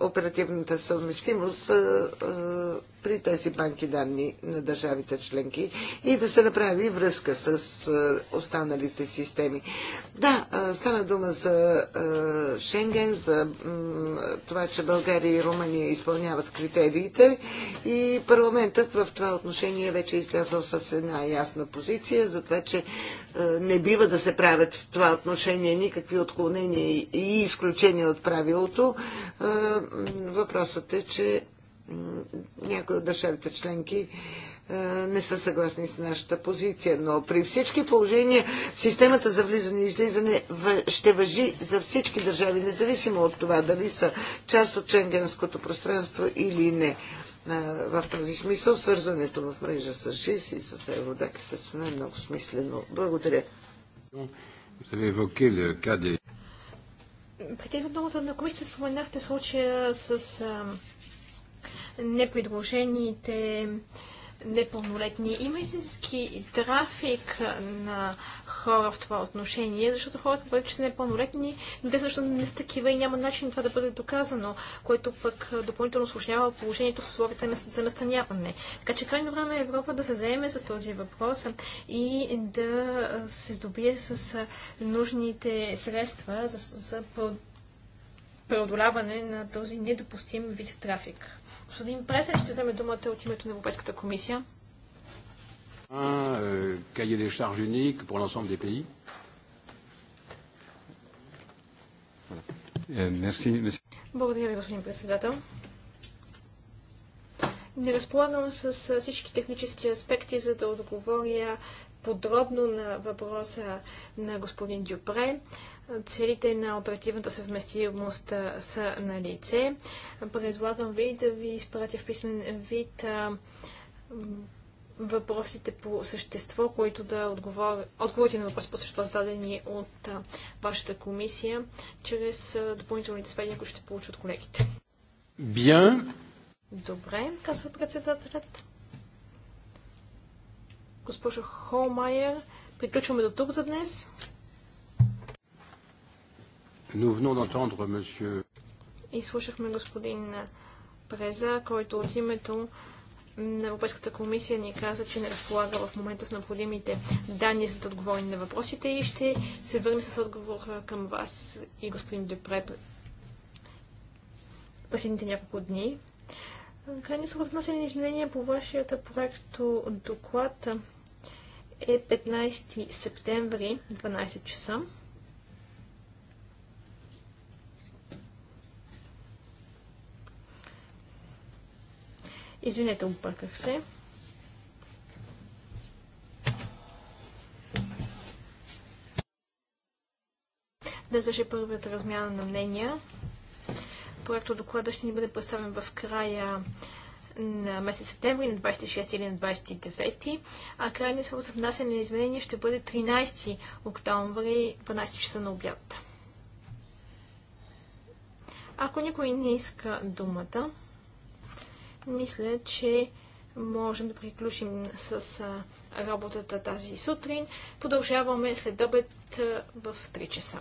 оперативната съвместимост при тези банки данни на държавите членки и да се направи връзка с останалите системи. Да, стана дума за Шенген, за това, че България и Румъния изпълняват критериите и парламентът в това отношение вече е излязъл с една ясна позиция за това, че не бива да се правят в това отношение никакви отклонения и изключения от правилото. Въпросът е, че някои от държавите членки е, не са съгласни с нашата позиция, но при всички положения системата за влизане и излизане ще въжи за всички държави, независимо от това дали са част от Ченгенското пространство или не. Е, в този смисъл свързването в мрежа с ЖИС и с Евродак е е много смислено. Благодаря. Преди в на комисията споменахте случая с непредложените непълнолетни. Има истински трафик на хора в това отношение, защото хората твърдят, че са непълнолетни, но те също не са такива и няма начин това да бъде доказано, което пък допълнително осложнява положението в условията на за настаняване. Така че крайно време е Европа да се заеме с този въпрос и да се здобие с нужните средства за, за преодоляване на този недопустим вид трафик. Господин Пресен ще вземе думата от името на Европейската комисия. Un euh, cahier des charges unique pour l'ensemble des pays. Е, Благодаря ви, господин председател. Не разполагам с всички технически аспекти, за да отговоря подробно на въпроса на господин Дюпре целите на оперативната съвместимост са на лице. Предлагам ви да ви изпратя в писмен вид въпросите по същество, които да отговор... отговорите на въпроси по същество, зададени от вашата комисия, чрез допълнителните сведения, които ще получат колегите. Bien. Добре, казва председателят. Госпожо Холмайер, приключваме до тук за днес. Nous venons d'entendre monsieur... Изслушахме господин Преза, който от името на Европейската комисия ни каза, че не разполага в момента с необходимите данни за да отговори на въпросите и ще се върне с отговор към вас и господин Депре последните няколко дни. Крайни са за изменения по вашията проекто доклад е 15 септември, 12 часа. Извинете, обърках се. Днес беше първата размяна на мнения. Проектът доклада ще ни бъде представен в края на месец септември, на 26 или на 29, а крайният срок за внасяне на изменения ще бъде 13 октомври, 12 часа на обяд. Ако никой не иска думата, мисля, че можем да приключим с работата тази сутрин. Продължаваме след обед в 3 часа.